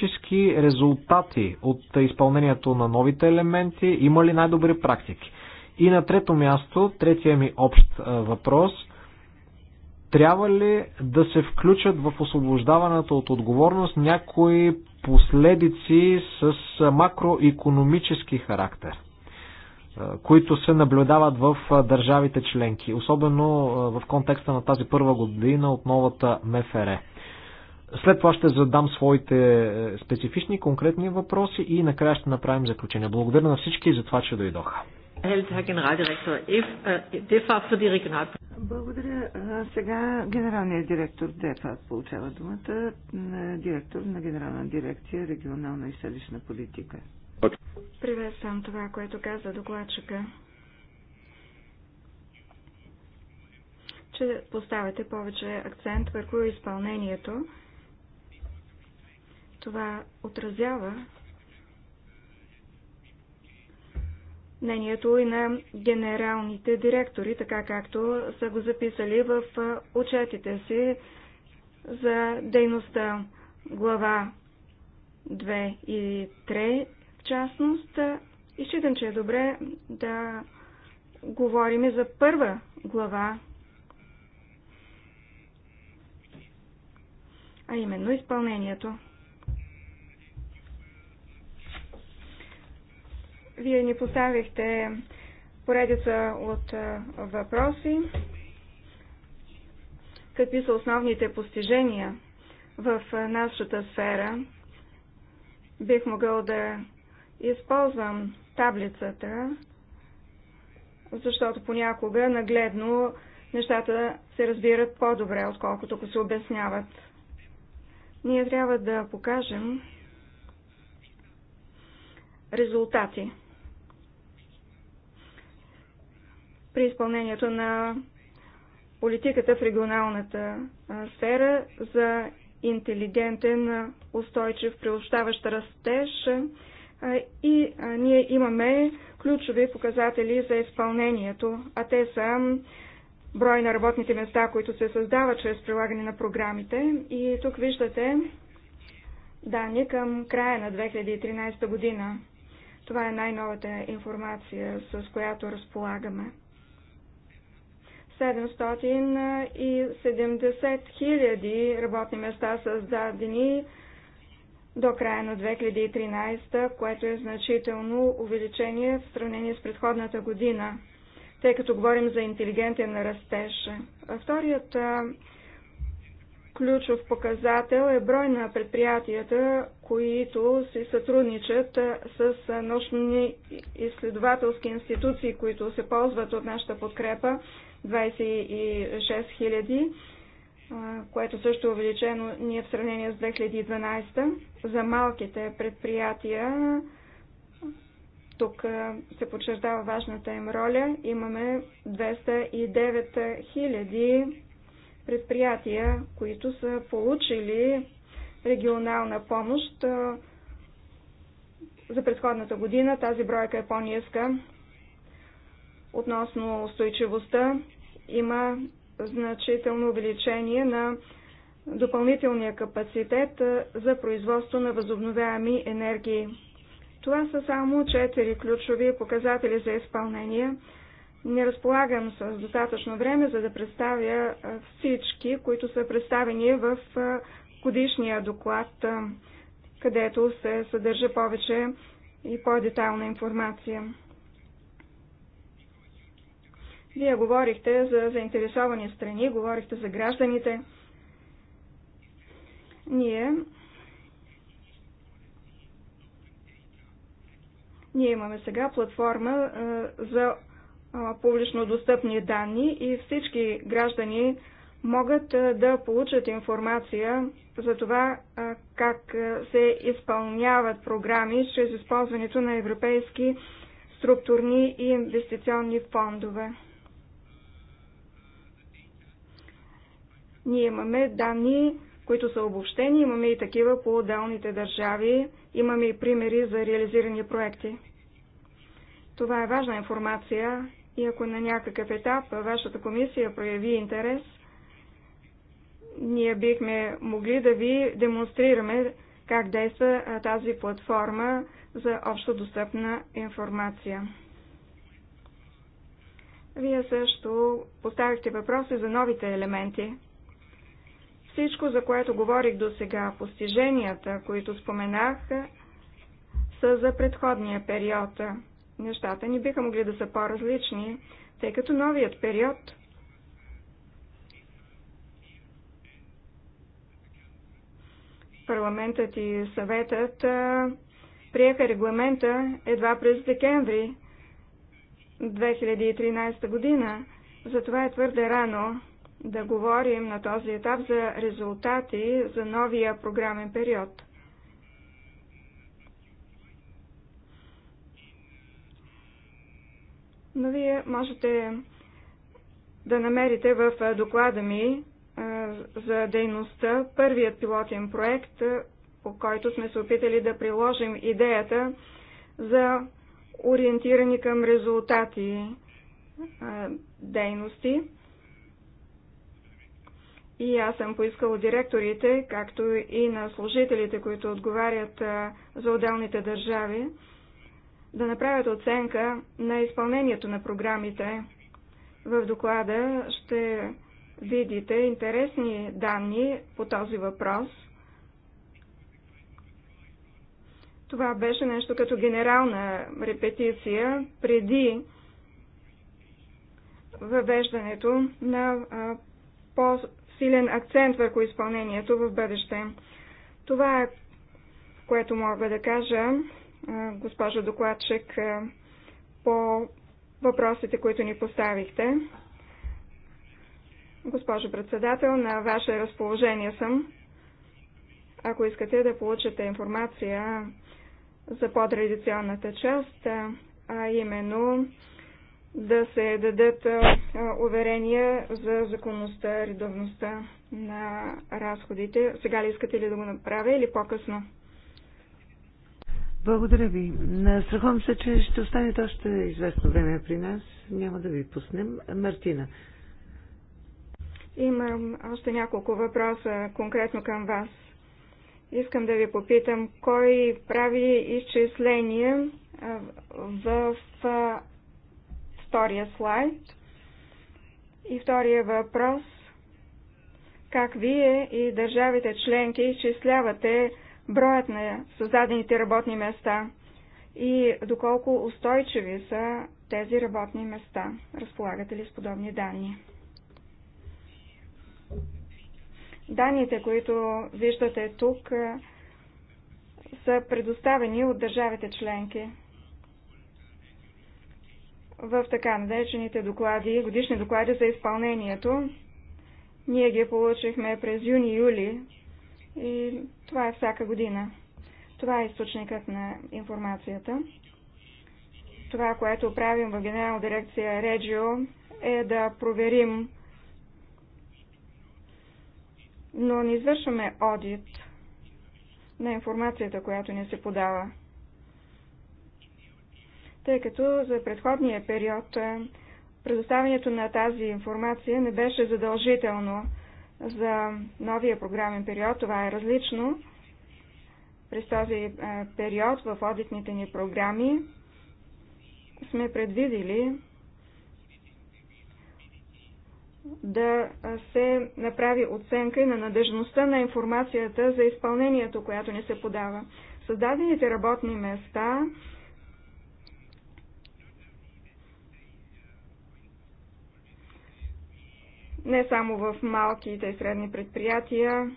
практически резултати от изпълнението на новите елементи? Има ли най-добри практики? И на трето място, третия ми общ въпрос. Трябва ли да се включат в освобождаването от отговорност някои последици с макроекономически характер, които се наблюдават в държавите членки, особено в контекста на тази първа година от новата МФР? След това ще задам своите е, специфични, конкретни въпроси и накрая ще направим заключение. Благодаря на всички за това, че дойдоха. Е, Благодаря. Сега генералният директор ДЕФА получава думата, е, директор на Генерална дирекция регионална и селищна политика. Приветствам това, което каза докладчика. че поставяте повече акцент върху изпълнението това отразява мнението и на генералните директори, така както са го записали в отчетите си за дейността глава 2 и 3 в частност. И считам, че е добре да говорим и за първа глава, а именно изпълнението. Вие ни поставихте поредица от въпроси. Какви са основните постижения в нашата сфера? Бих могъл да използвам таблицата, защото понякога нагледно нещата се разбират по-добре, отколкото ако се обясняват. Ние трябва да покажем резултати. при изпълнението на политиката в регионалната сфера за интелигентен, устойчив, приобщаващ растеж. И ние имаме ключови показатели за изпълнението, а те са брой на работните места, които се създават чрез прилагане на програмите. И тук виждате данни към края на 2013 година. Това е най-новата информация, с която разполагаме. 770 хиляди работни места създадени до края на 2013, което е значително увеличение в сравнение с предходната година, тъй като говорим за интелигентен растеж. Вторият ключов показател е брой на предприятията, които си сътрудничат с научни изследователски институции, които се ползват от нашата подкрепа 26 хиляди, което също е увеличено ние в сравнение с 2012. За малките предприятия тук се подчертава важната им роля. Имаме 209 хиляди предприятия, които са получили регионална помощ за предходната година. Тази бройка е по-ниска относно устойчивостта има значително увеличение на допълнителния капацитет за производство на възобновяеми енергии. Това са само четири ключови показатели за изпълнение. Не разполагам с достатъчно време, за да представя всички, които са представени в годишния доклад, където се съдържа повече и по-детална информация. Вие говорихте за заинтересовани страни, говорихте за гражданите. Ние Ние имаме сега платформа а, за а, публично достъпни данни и всички граждани могат а, да получат информация за това а, как а, се изпълняват програми чрез използването на европейски структурни и инвестиционни фондове. Ние имаме данни, които са обобщени, имаме и такива по отделните държави, имаме и примери за реализирани проекти. Това е важна информация и ако на някакъв етап вашата комисия прояви интерес, ние бихме могли да ви демонстрираме как действа тази платформа за общо достъпна информация. Вие също поставихте въпроси за новите елементи. Всичко, за което говорих до сега, постиженията, които споменах, са за предходния период. Нещата ни биха могли да са по-различни, тъй като новият период парламентът и съветът приеха регламента едва през декември 2013 година. Затова е твърде рано да говорим на този етап за резултати за новия програмен период. Но вие можете да намерите в доклада ми за дейността първият пилотен проект, по който сме се опитали да приложим идеята за ориентирани към резултати дейности. И аз съм поискала директорите, както и на служителите, които отговарят за отделните държави, да направят оценка на изпълнението на програмите. В доклада ще видите интересни данни по този въпрос. Това беше нещо като генерална репетиция преди въвеждането на по силен акцент върху изпълнението в бъдеще. Това е което мога да кажа, госпожо докладчик, по въпросите, които ни поставихте. Госпожо председател, на ваше разположение съм. Ако искате да получите информация за по-традиционната част, а именно да се дадат уверения за законността, редовността на разходите. Сега ли искате ли да го направя или по-късно? Благодаря ви. Страхувам се, че ще останете още известно време при нас. Няма да ви пуснем. Мартина. Имам още няколко въпроса конкретно към вас. Искам да ви попитам, кой прави изчисления в втория слайд. И втория въпрос. Как вие и държавите членки изчислявате броят на създадените работни места и доколко устойчиви са тези работни места? Разполагате ли с подобни данни? Данните, които виждате тук, са предоставени от държавите членки в така наречените доклади, годишни доклади за изпълнението. Ние ги получихме през юни-юли и това е всяка година. Това е източникът на информацията. Това, което правим в Генерална дирекция Реджио е да проверим, но не извършваме одит на информацията, която ни се подава тъй като за предходния период е, предоставянето на тази информация не беше задължително за новия програмен период. Това е различно. През този е, период в одитните ни програми сме предвидили да се направи оценка и на надежността на информацията за изпълнението, която ни се подава. Създадените работни места не само в малките и средни предприятия,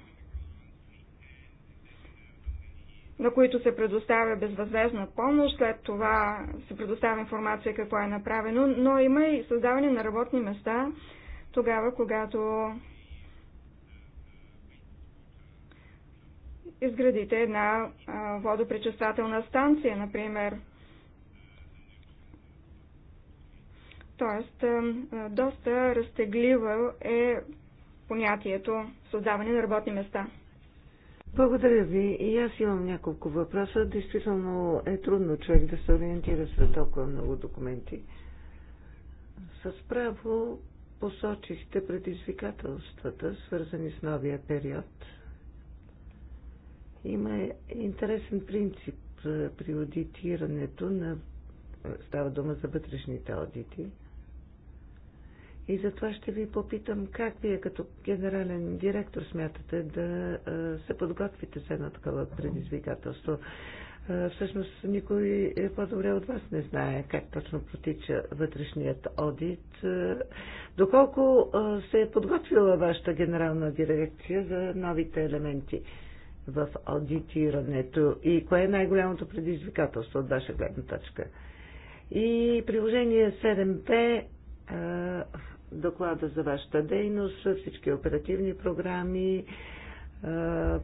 на които се предоставя безвъзмезна помощ, след това се предоставя информация какво е направено, но има и създаване на работни места тогава, когато изградите една водопречествателна станция, например – Тоест, доста разтегливо е понятието създаване на работни места. Благодаря ви. И аз имам няколко въпроса. Действително е трудно човек да се ориентира сред толкова много документи. С право посочихте предизвикателствата, свързани с новия период. Има интересен принцип при аудитирането на... Става дума за вътрешните аудити – и затова ще ви попитам как вие като генерален директор смятате да се подготвите за едно такова предизвикателство. Всъщност никой е по-добре от вас не знае как точно протича вътрешният одит. Доколко се е подготвила вашата генерална дирекция за новите елементи в аудитирането и кое е най-голямото предизвикателство от ваша гледна точка? И приложение 7b доклада за вашата дейност, всички оперативни програми,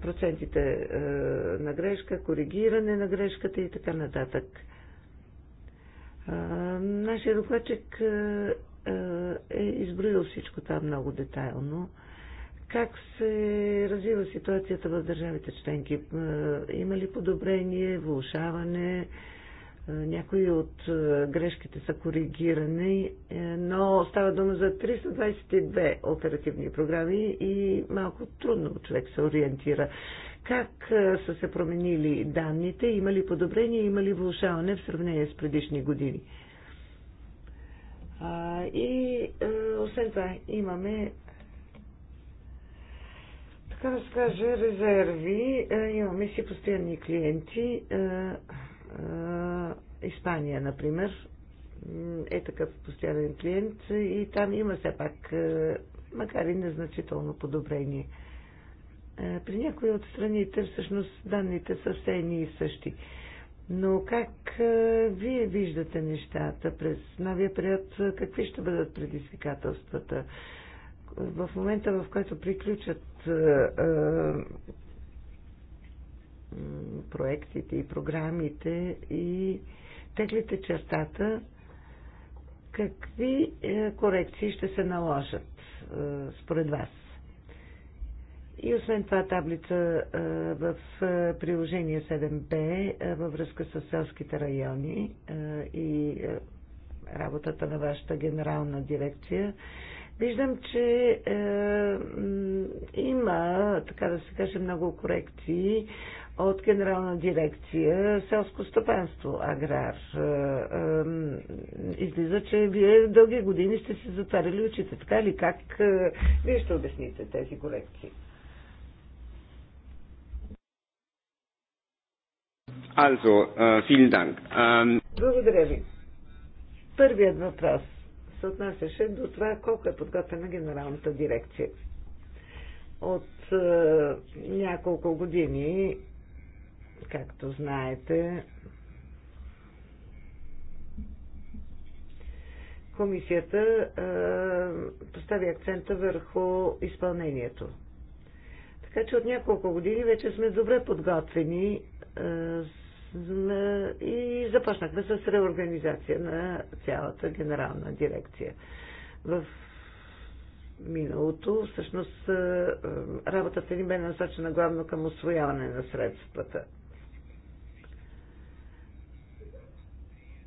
процентите на грешка, коригиране на грешката и така нататък. Нашия докладчик е изброил всичко това много детайлно. Как се развива ситуацията в държавите членки? Има ли подобрение, влушаване? Някои от е, грешките са коригирани, е, но става дума за 322 оперативни програми и малко трудно човек се ориентира. Как е, са се променили данните? Има ли подобрение, има ли влушаване в сравнение с предишни години? И освен това имаме така да се каже, резерви. Имаме си постоянни клиенти. Е, Испания, например, е такъв постоянен клиент и там има все пак, е, макар и незначително подобрение. Е, при някои от страните всъщност данните са все едни и същи. Но как вие виждате нещата през новия период? Какви ще бъдат предизвикателствата? В момента, в който приключат проектите и програмите и теглите чертата какви е, корекции ще се наложат е, според вас. И освен това таблица е, в приложение 7b във връзка с селските райони и работата на вашата генерална дирекция. Виждам, че е, има, така да се каже, много корекции от Генерална дирекция селско стопанство Аграр. Е, е, излиза, че вие дълги години сте се затваряли очите. Така ли? Как е, вие ще обясните тези корекции? Also, vielen Dank. Благодаря ви. Първият въпрос се отнасяше до това колко е подготвена генералната дирекция. От uh, няколко години Както знаете, комисията а, постави акцента върху изпълнението. Така че от няколко години вече сме добре подготвени а, и започнахме с реорганизация на цялата генерална дирекция. В миналото, всъщност, работата ни бе насочена главно към освояване на средствата.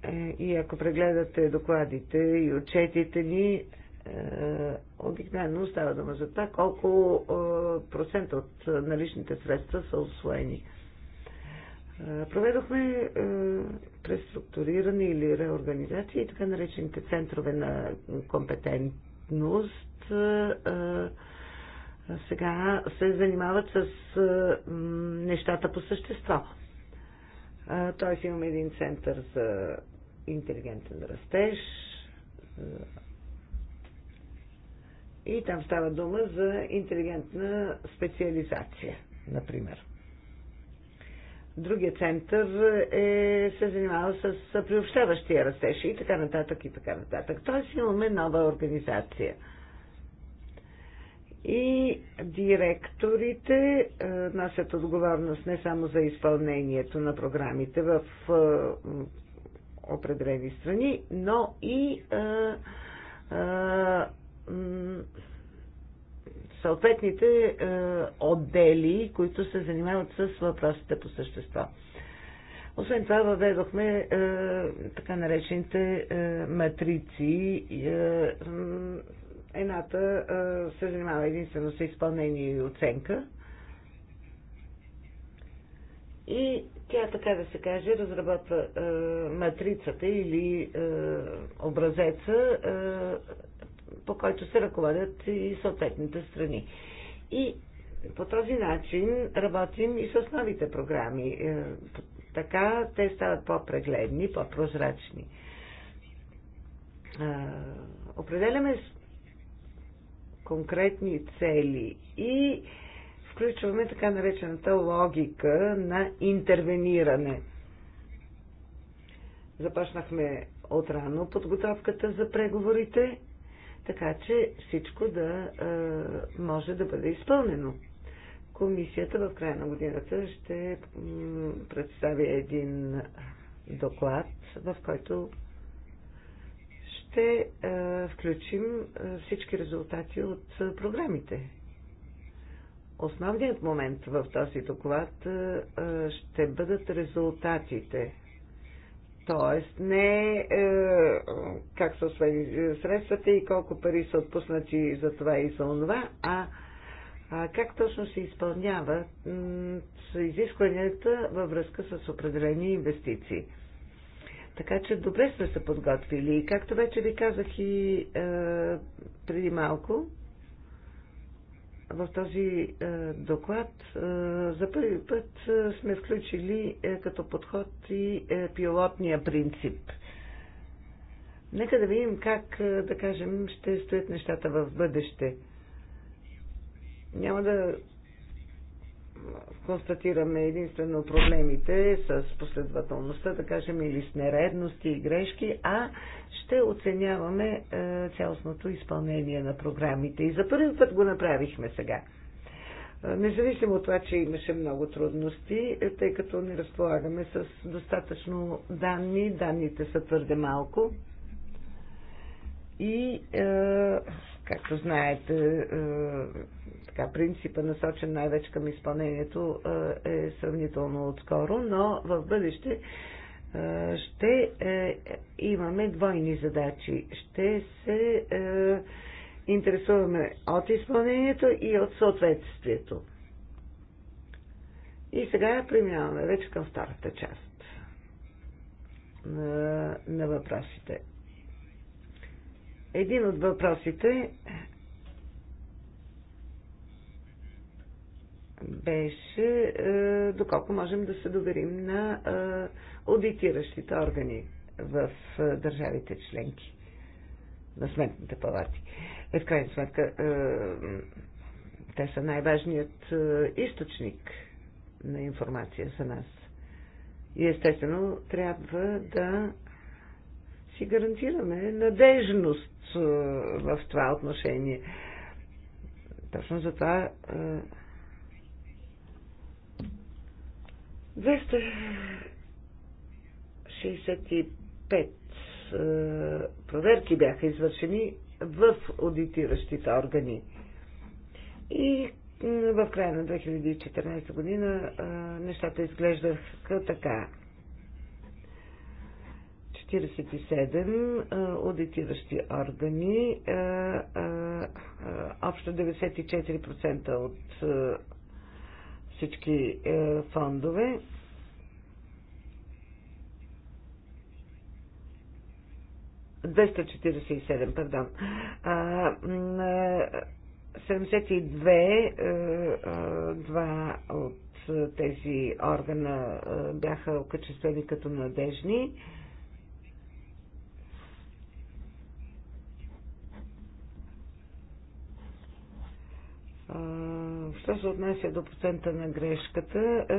Е, и ако прегледате докладите и отчетите ни, е, обикновено става дума за това колко е, процент от наличните средства са освоени. Проведохме преструктуриране или реорганизация и така наречените центрове на компетентност. Сега се занимават с нещата по същество. Тоест имаме един център за интелигентен растеж. Е, и там става дума за интелигентна специализация, например. Другия център е, се занимава с приобщаващия растеж и така нататък и така нататък. Тоест имаме нова организация. И директорите е, носят отговорност не само за изпълнението на програмите в е, определени страни, но и а, а, съответните а, отдели, които се занимават с въпросите по същество. Освен това въведохме а, така наречените а, матрици. Е, е, едната а, се занимава единствено с изпълнение и оценка, и тя, така да се каже, разработва е, матрицата или е, образеца, е, по който се ръководят и съответните страни. И по този начин работим и с новите програми. Е, така те стават по-прегледни, по-прозрачни. Е, определяме конкретни цели и е, включваме така наречената логика на интервениране. Започнахме от рано подготовката за преговорите, така че всичко да е, може да бъде изпълнено. Комисията в края на годината ще представи един доклад, в който ще е, включим е, всички резултати от програмите Основният момент в този доклад е, е, ще бъдат резултатите. Тоест не е, как са свали средствата и колко пари са отпуснати за това и за това, а а как точно се изпълнява с изискванията във връзка с определени инвестиции. Така че добре сме се подготвили и както вече ви казах и е, преди малко, в този е, доклад е, за първи път е, сме включили като подход и пилотния принцип. Нека да видим как, да кажем, ще стоят нещата в бъдеще. Няма да констатираме единствено проблемите с последователността, да кажем, или с нередности и грешки, а ще оценяваме е, цялостното изпълнение на програмите. И за първи път го направихме сега. Е, независимо от това, че имаше много трудности, е, тъй като не разполагаме с достатъчно данни, данните са твърде малко. И, е, както знаете, е, така, принципа насочен най-вече към изпълнението е, е сравнително отскоро, но в бъдеще е, ще е, имаме двойни задачи. Ще се интересуваме от изпълнението и от съответствието. И сега преминаваме вече към втората част на, на въпросите. Един от въпросите беше е, доколко можем да се доверим на е, аудитиращите органи в е, държавите членки на сметните палати. Е, в крайна сметка, те са най-важният източник на информация за нас. И естествено, трябва да си гарантираме надежност в това отношение. Точно за това 265 е, проверки бяха извършени в аудитиращите органи. И в края на 2014 година е, нещата изглеждаха така. 47 е, аудитиращи органи, общо 94% от всички е, фондове. Двеста пардон. 72 е, е, два от тези органа бяха окачествени като надежни. А, Що се отнася до процента на грешката, е,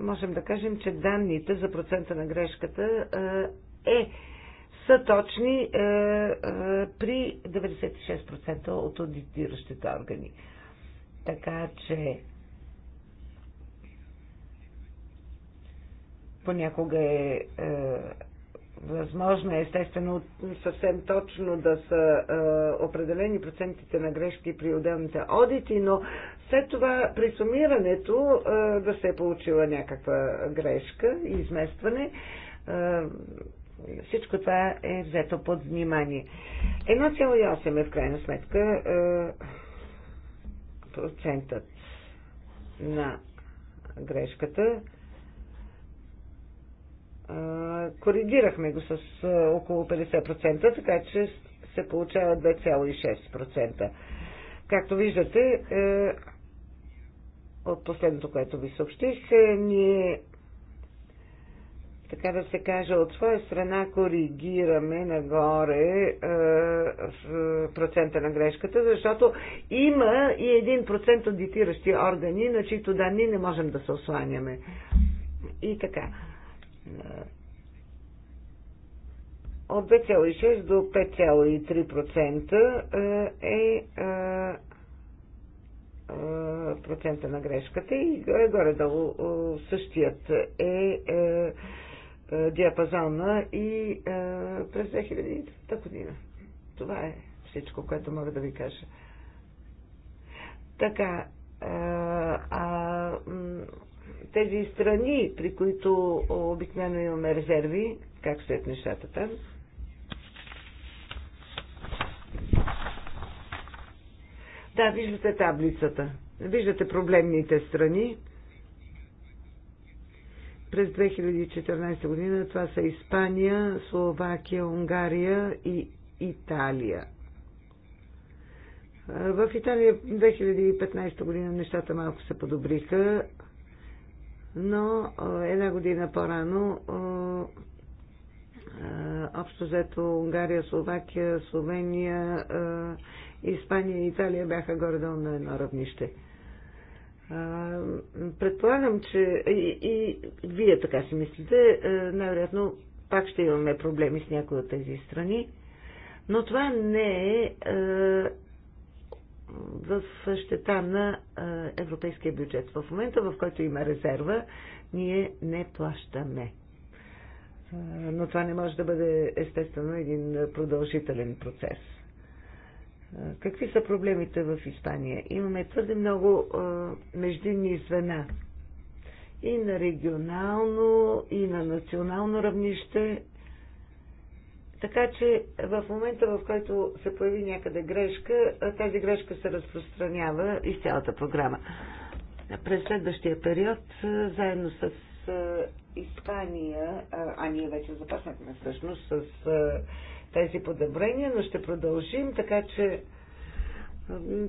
можем да кажем, че данните за процента на грешката е, е са точни е, при 96% от аудитиращите органи. Така че понякога е, е възможно, естествено, съвсем точно да са е, определени процентите на грешки при отделните одити, но след това при сумирането да се е получила някаква грешка, изместване. Всичко това е взето под внимание. 1,8 е в крайна сметка процентът на грешката. Коригирахме го с около 50%, така че се получава 2,6%. Както виждате, е, от последното, което ви съобщих, е, ние, така да се каже, от своя страна коригираме нагоре е, процента на грешката, защото има и един процент дитиращи органи, на чието данни не можем да се осланяме. И така. От 2,6 до 5,3% е, е процента на грешката и горе-долу същият е, е, е диапазона и е, през 2000 година. Това е всичко, което мога да ви кажа. Така, а тези страни, при които обикновено имаме резерви, как стоят нещата там? Да, виждате таблицата. Виждате проблемните страни. През 2014 година това са Испания, Словакия, Унгария и Италия. В Италия 2015 година нещата малко се подобриха, но една година по-рано общо взето Унгария, Словакия, Словения Испания и Италия бяха горе-долу на едно равнище. Предполагам, че и, и вие така си мислите, най-вероятно пак ще имаме проблеми с някои от тези страни, но това не е в щета на европейския бюджет. В момента, в който има резерва, ние не плащаме. Но това не може да бъде естествено един продължителен процес. Какви са проблемите в Испания? Имаме твърде много междинни звена. И на регионално, и на национално равнище. Така че в момента, в който се появи някъде грешка, тази грешка се разпространява из цялата програма. През следващия период, заедно с Испания, а ние вече започнахме всъщност с тези подобрения, но ще продължим, така че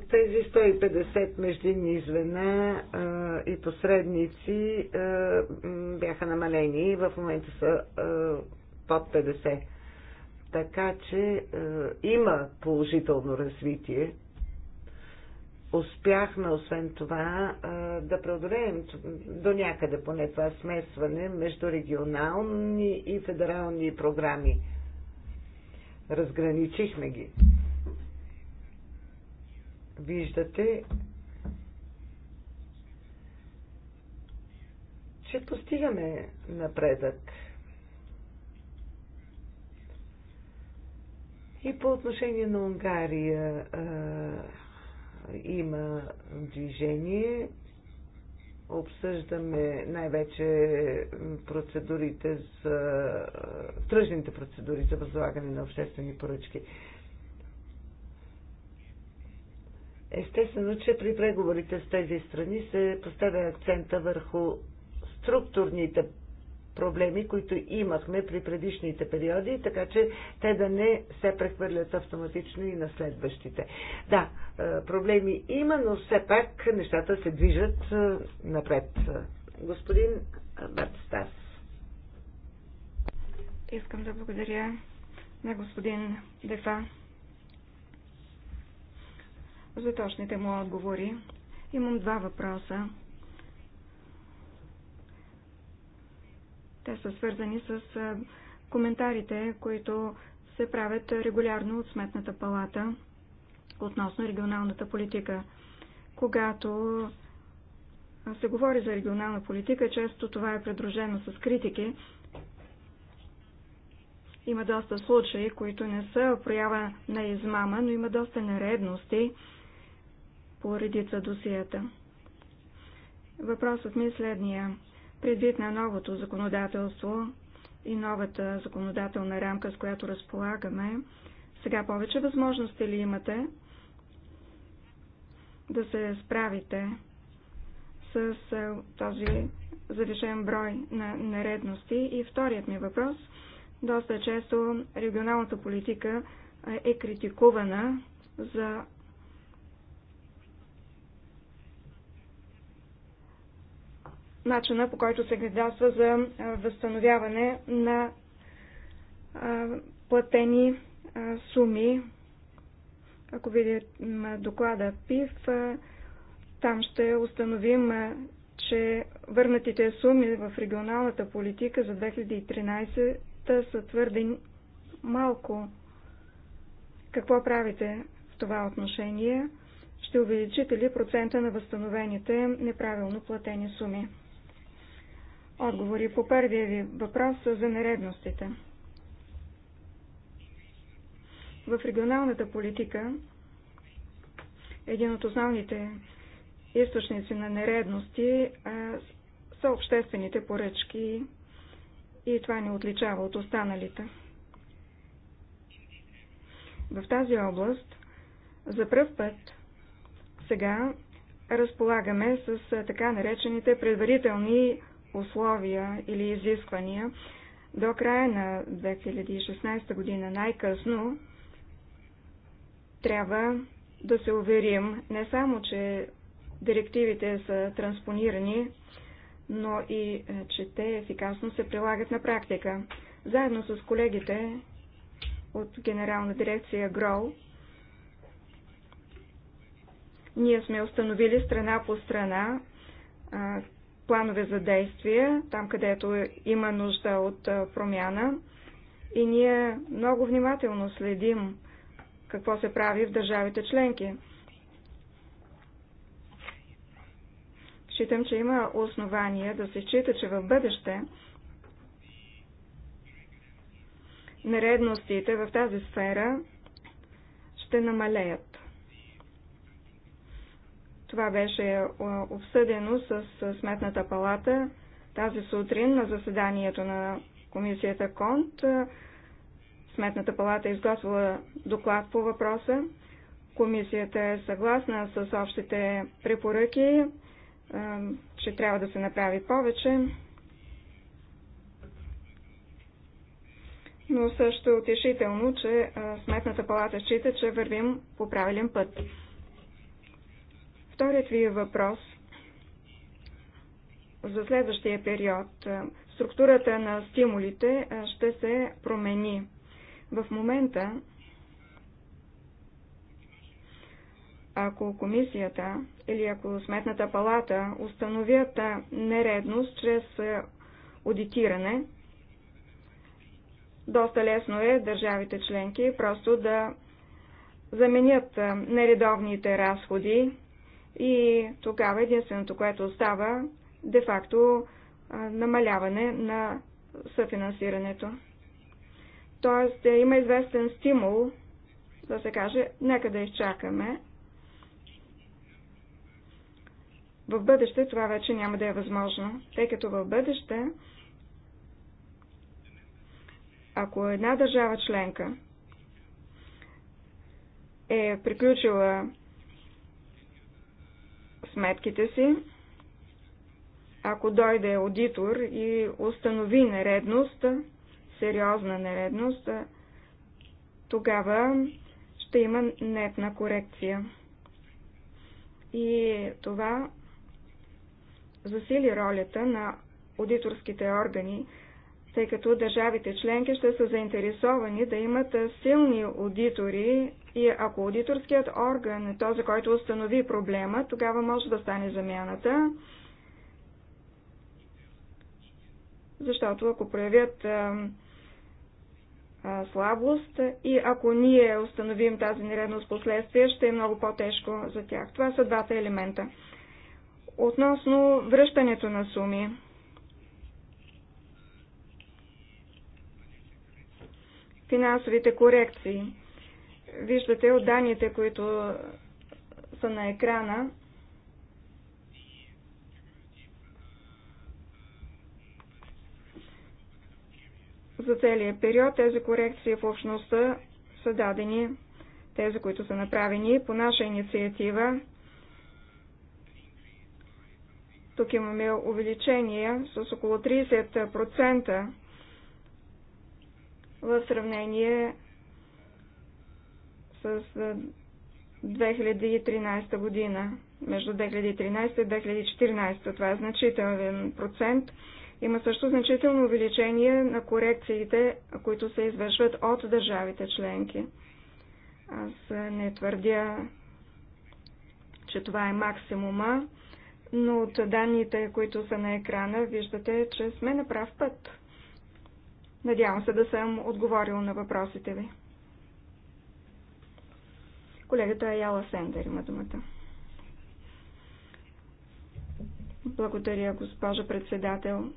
тези 150 междинни звена а, и посредници а, бяха намалени и в момента са а, под 50. Така че а, има положително развитие. Успяхме, освен това, а, да преодолеем до някъде поне това смесване между регионални и федерални програми Разграничихме ги. Виждате, че постигаме напредък. И по отношение на Унгария а, има движение обсъждаме най-вече процедурите за тръжните процедури за възлагане на обществени поръчки. Естествено, че при преговорите с тези страни се поставя акцента върху структурните проблеми, които имахме при предишните периоди, така че те да не се прехвърлят автоматично и на следващите. Да, е, проблеми има, но все пак нещата се движат е, напред. Господин Барт Стас. Искам да благодаря на господин Дефа за точните му отговори. Имам два въпроса. Те са свързани с коментарите, които се правят регулярно от Сметната палата относно регионалната политика. Когато се говори за регионална политика, често това е придружено с критики. Има доста случаи, които не са проява на измама, но има доста нередности по редица досията. Въпросът ми е следния. Предвид на новото законодателство и новата законодателна рамка, с която разполагаме, сега повече възможности ли имате да се справите с този завишен брой на нередности? И вторият ми въпрос. Доста често регионалната политика е критикувана за начина по който се гледаства за възстановяване на платени суми. Ако видим доклада ПИФ, там ще установим, че върнатите суми в регионалната политика за 2013 са твърде малко. Какво правите в това отношение? Ще увеличите ли процента на възстановените неправилно платени суми? отговори по първия ви въпрос за нередностите. В регионалната политика един от основните източници на нередности а, са обществените поръчки и това ни отличава от останалите. В тази област за пръв път сега разполагаме с така наречените предварителни условия или изисквания до края на 2016 година най-късно трябва да се уверим не само, че директивите са транспонирани, но и е, че те ефикасно се прилагат на практика. Заедно с колегите от Генерална дирекция ГРОУ, ние сме установили страна по страна планове за действие, там където има нужда от промяна. И ние много внимателно следим какво се прави в държавите членки. Считам, че има основания да се счита, че в бъдеще нередностите в тази сфера ще намалеят. Това беше обсъдено с Сметната палата тази сутрин на заседанието на комисията КОНТ. Сметната палата е изготвила доклад по въпроса. Комисията е съгласна с общите препоръки, че трябва да се направи повече. Но също е утешително, че Сметната палата счита, че вървим по правилен път. Вторият ви въпрос за следващия период. Структурата на стимулите ще се промени. В момента, ако комисията или ако сметната палата установят нередност чрез аудитиране, доста лесно е държавите членки просто да заменят нередовните разходи и тогава единственото, което остава, де-факто намаляване на съфинансирането. Тоест е, има известен стимул да се каже, нека да изчакаме. В бъдеще това вече няма да е възможно, тъй като в бъдеще, ако една държава членка е приключила сметките си. Ако дойде аудитор и установи нередност, сериозна нередност, тогава ще има нетна корекция. И това засили ролята на аудиторските органи, тъй като държавите членки ще са заинтересовани да имат силни аудитори и ако аудиторският орган е този, който установи проблема, тогава може да стане замяната. Защото ако проявят а, а, слабост и ако ние установим тази нередност последствие, ще е много по-тежко за тях. Това са двата елемента. Относно връщането на суми. Финансовите корекции виждате от данните, които са на екрана, за целия период тези корекции в общността са дадени, тези, които са направени по наша инициатива. Тук имаме увеличение с около 30% в сравнение с 2013 година. Между 2013 и 2014 това е значителен процент. Има също значително увеличение на корекциите, които се извършват от държавите членки. Аз не твърдя, че това е максимума, но от данните, които са на екрана, виждате, че сме на прав път. Надявам се да съм отговорил на въпросите ви. Колегата Аяла Сендер има думата. Благодаря, госпожа председател.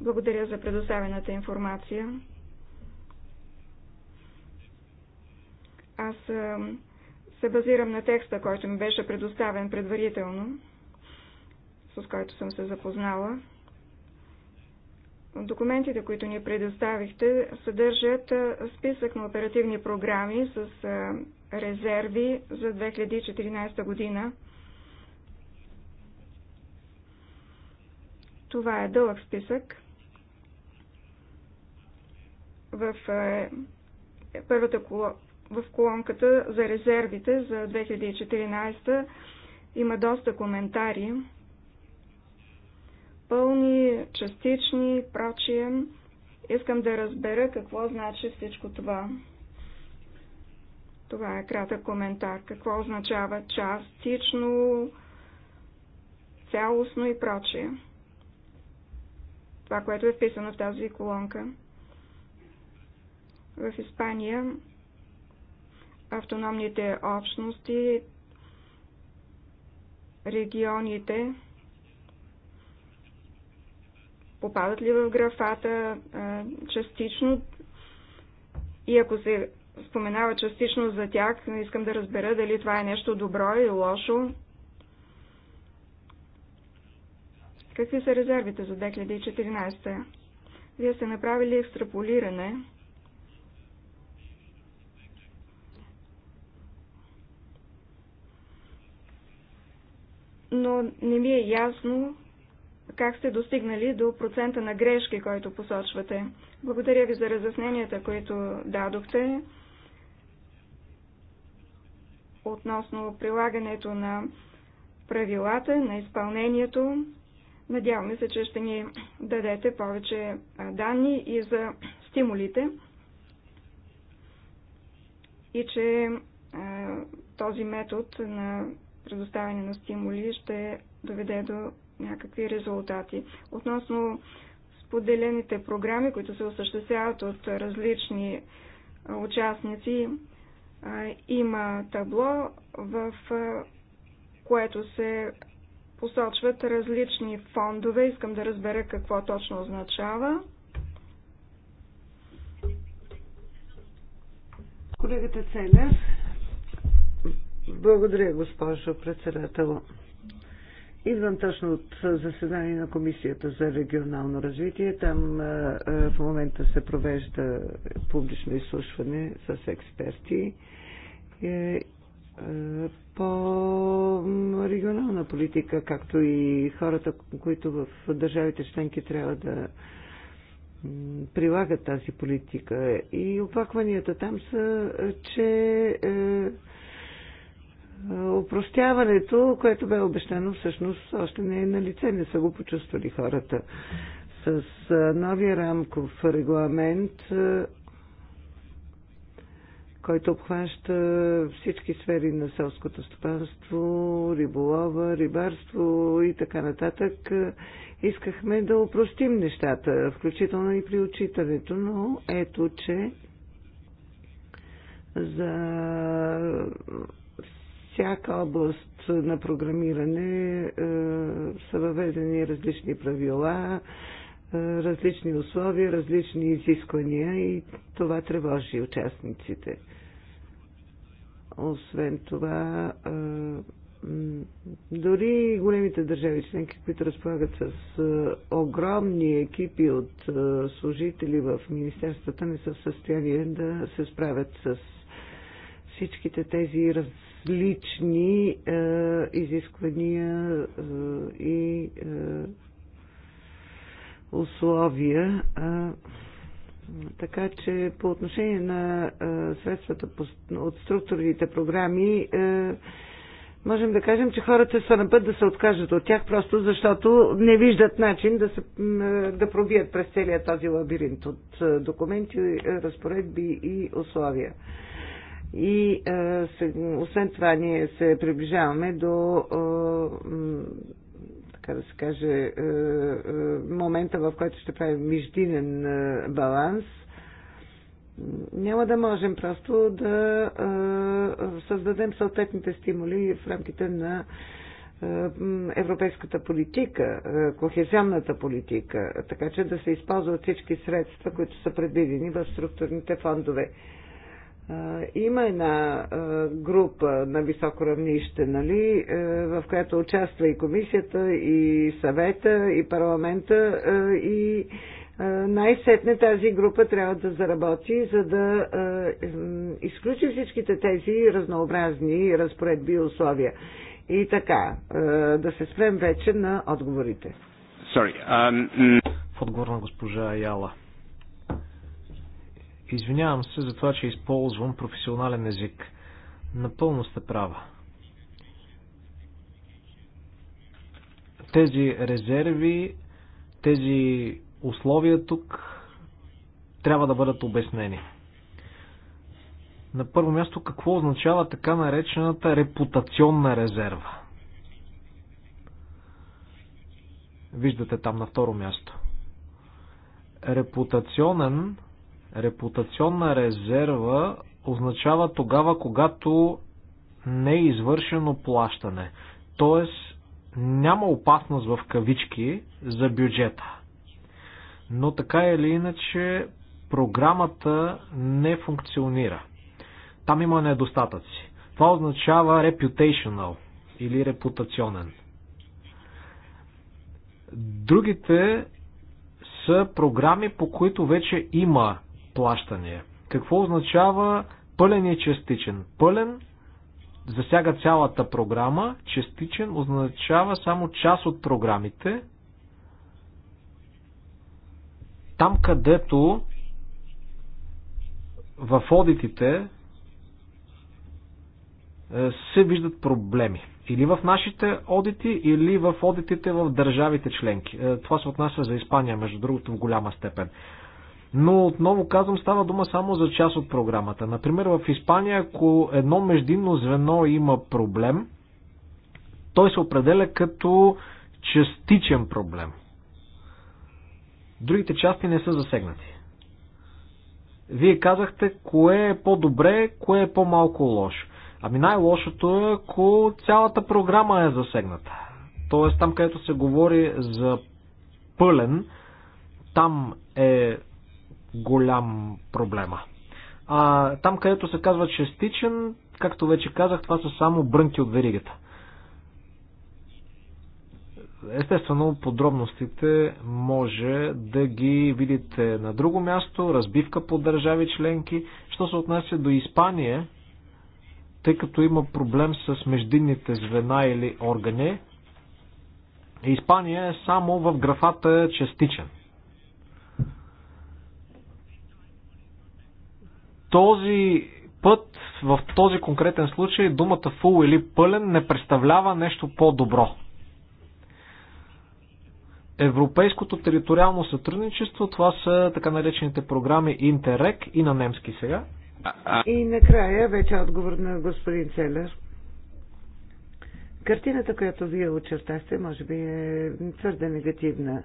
Благодаря за предоставената информация. Аз се базирам на текста, който ми беше предоставен предварително, с който съм се запознала. Документите, които ни предоставихте, съдържат списък на оперативни програми с резерви за 2014 година. Това е дълъг списък. В първата в колонката за резервите за 2014 има доста коментари пълни, частични и прочие. Искам да разбера какво значи всичко това. Това е кратък коментар. Какво означава частично, цялостно и прочие. Това, което е вписано в тази колонка. В Испания автономните общности, регионите попадат ли в графата а, частично и ако се споменава частично за тях, искам да разбера дали това е нещо добро или лошо. Какви са резервите за 2014? Вие сте направили екстраполиране. Но не ми е ясно как сте достигнали до процента на грешки, който посочвате. Благодаря ви за разясненията, които дадохте относно прилагането на правилата, на изпълнението. Надяваме се, че ще ни дадете повече данни и за стимулите и че този метод на предоставяне на стимули ще доведе до някакви резултати. Относно споделените програми, които се осъществяват от различни участници, има табло, в което се посочват различни фондове. Искам да разбера какво точно означава. Колегата Целер. Благодаря, госпожо председател. Идвам точно от заседание на Комисията за регионално развитие. Там в момента се провежда публично изслушване с експерти е, по регионална политика, както и хората, които в държавите членки трябва да прилагат тази политика. И оплакванията там са, че е, Опростяването, което бе обещано, всъщност още не е на лице, не са го почувствали хората. С новия рамков регламент, който обхваща всички сфери на селското стопанство, риболова, рибарство и така нататък, искахме да опростим нещата, включително и при отчитането, но ето, че за всяка област на програмиране е, са въведени различни правила, е, различни условия, различни изисквания и това тревожи участниците. Освен това, е, дори големите държави членки, които разполагат с огромни екипи от служители в министерствата, не са в състояние да се справят с всичките тези раз, различни е, изисквания е, и е, условия. Е, така че по отношение на е, средствата по, от структурните програми, е, можем да кажем, че хората са на път да се откажат от тях, просто защото не виждат начин да, се, е, да пробият през целият този лабиринт от е, документи, е, разпоредби и условия. И а, е, се, освен това ние се приближаваме до а, е, така да се каже а, е, а, момента, в който ще правим междинен а, баланс. Няма да можем просто да а, създадем съответните стимули в рамките на европейската политика, кохезионната политика, така че да се използват всички средства, които са предвидени в структурните фондове има една група на високо равнище, нали, в която участва и комисията, и съвета, и парламента, и най-сетне тази група трябва да заработи, за да изключи всичките тези разнообразни разпоредби и условия. И така, да се спрем вече на отговорите. Sorry, um... В отговор на госпожа Яла. Извинявам се за това, че използвам професионален език. Напълно сте права. Тези резерви, тези условия тук трябва да бъдат обяснени. На първо място, какво означава така наречената репутационна резерва? Виждате там на второ място. Репутационен Репутационна резерва означава тогава, когато не е извършено плащане. Тоест, няма опасност в кавички за бюджета. Но така или иначе, програмата не функционира. Там има недостатъци. Това означава reputational или репутационен. Другите са програми, по които вече има плащания. Какво означава пълен и частичен? Пълен засяга цялата програма, частичен означава само част от програмите, там където в одитите е, се виждат проблеми. Или в нашите одити, или в одитите в държавите членки. Е, това се отнася за Испания, между другото, в голяма степен. Но отново казвам, става дума само за част от програмата. Например, в Испания, ако едно междинно звено има проблем, той се определя като частичен проблем. Другите части не са засегнати. Вие казахте, кое е по-добре, кое е по-малко лошо. Ами най-лошото е, ако цялата програма е засегната. Тоест там, където се говори за пълен, там е голям проблема. А там, където се казва частичен, както вече казах, това са само брънки от веригата. Естествено, подробностите може да ги видите на друго място, разбивка по държави членки. Що се отнася до Испания, тъй като има проблем с междинните звена или органи, Испания е само в графата частичен. този път, в този конкретен случай, думата фул или пълен не представлява нещо по-добро. Европейското териториално сътрудничество, това са така наречените програми Интерек и на немски сега. И накрая вече отговор на господин Целер. Картината, която вие очертахте, може би е твърде негативна.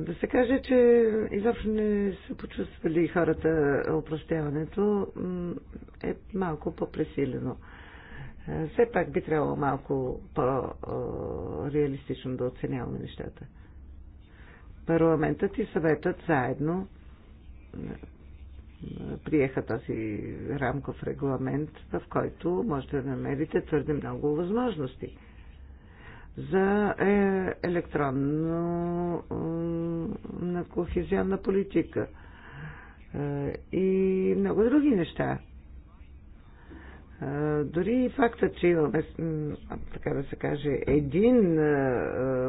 Да се каже, че изобщо не са почувствали хората опростяването е малко по-пресилено. Все пак би трябвало малко по-реалистично да оценяваме нещата. Парламентът и съветът заедно приеха този рамков регламент, в който можете да намерите твърде много възможности – за е, електронно на кохезионна политика е, и много други неща. Е, дори и факта, че имаме, така да се каже, един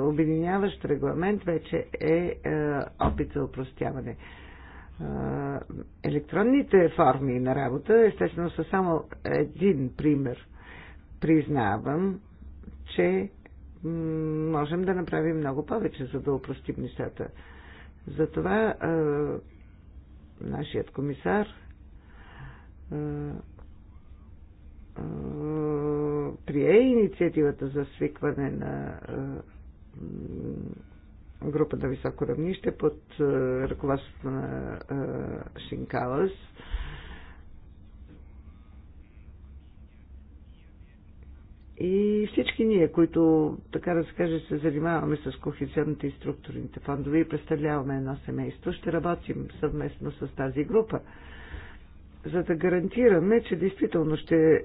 обединяващ регламент вече е опит за упростяване. Електронните форми на работа, естествено, са само един пример. Признавам, че можем да направим много повече, за да упростим нещата. Затова нашият комисар прие инициативата за свикване на група на високо равнище под ръководството на Шинкалас. И всички ние, които, така да се каже, се занимаваме с кохезионните и структурните фондове и представляваме едно семейство, ще работим съвместно с тази група, за да гарантираме, че действително ще е,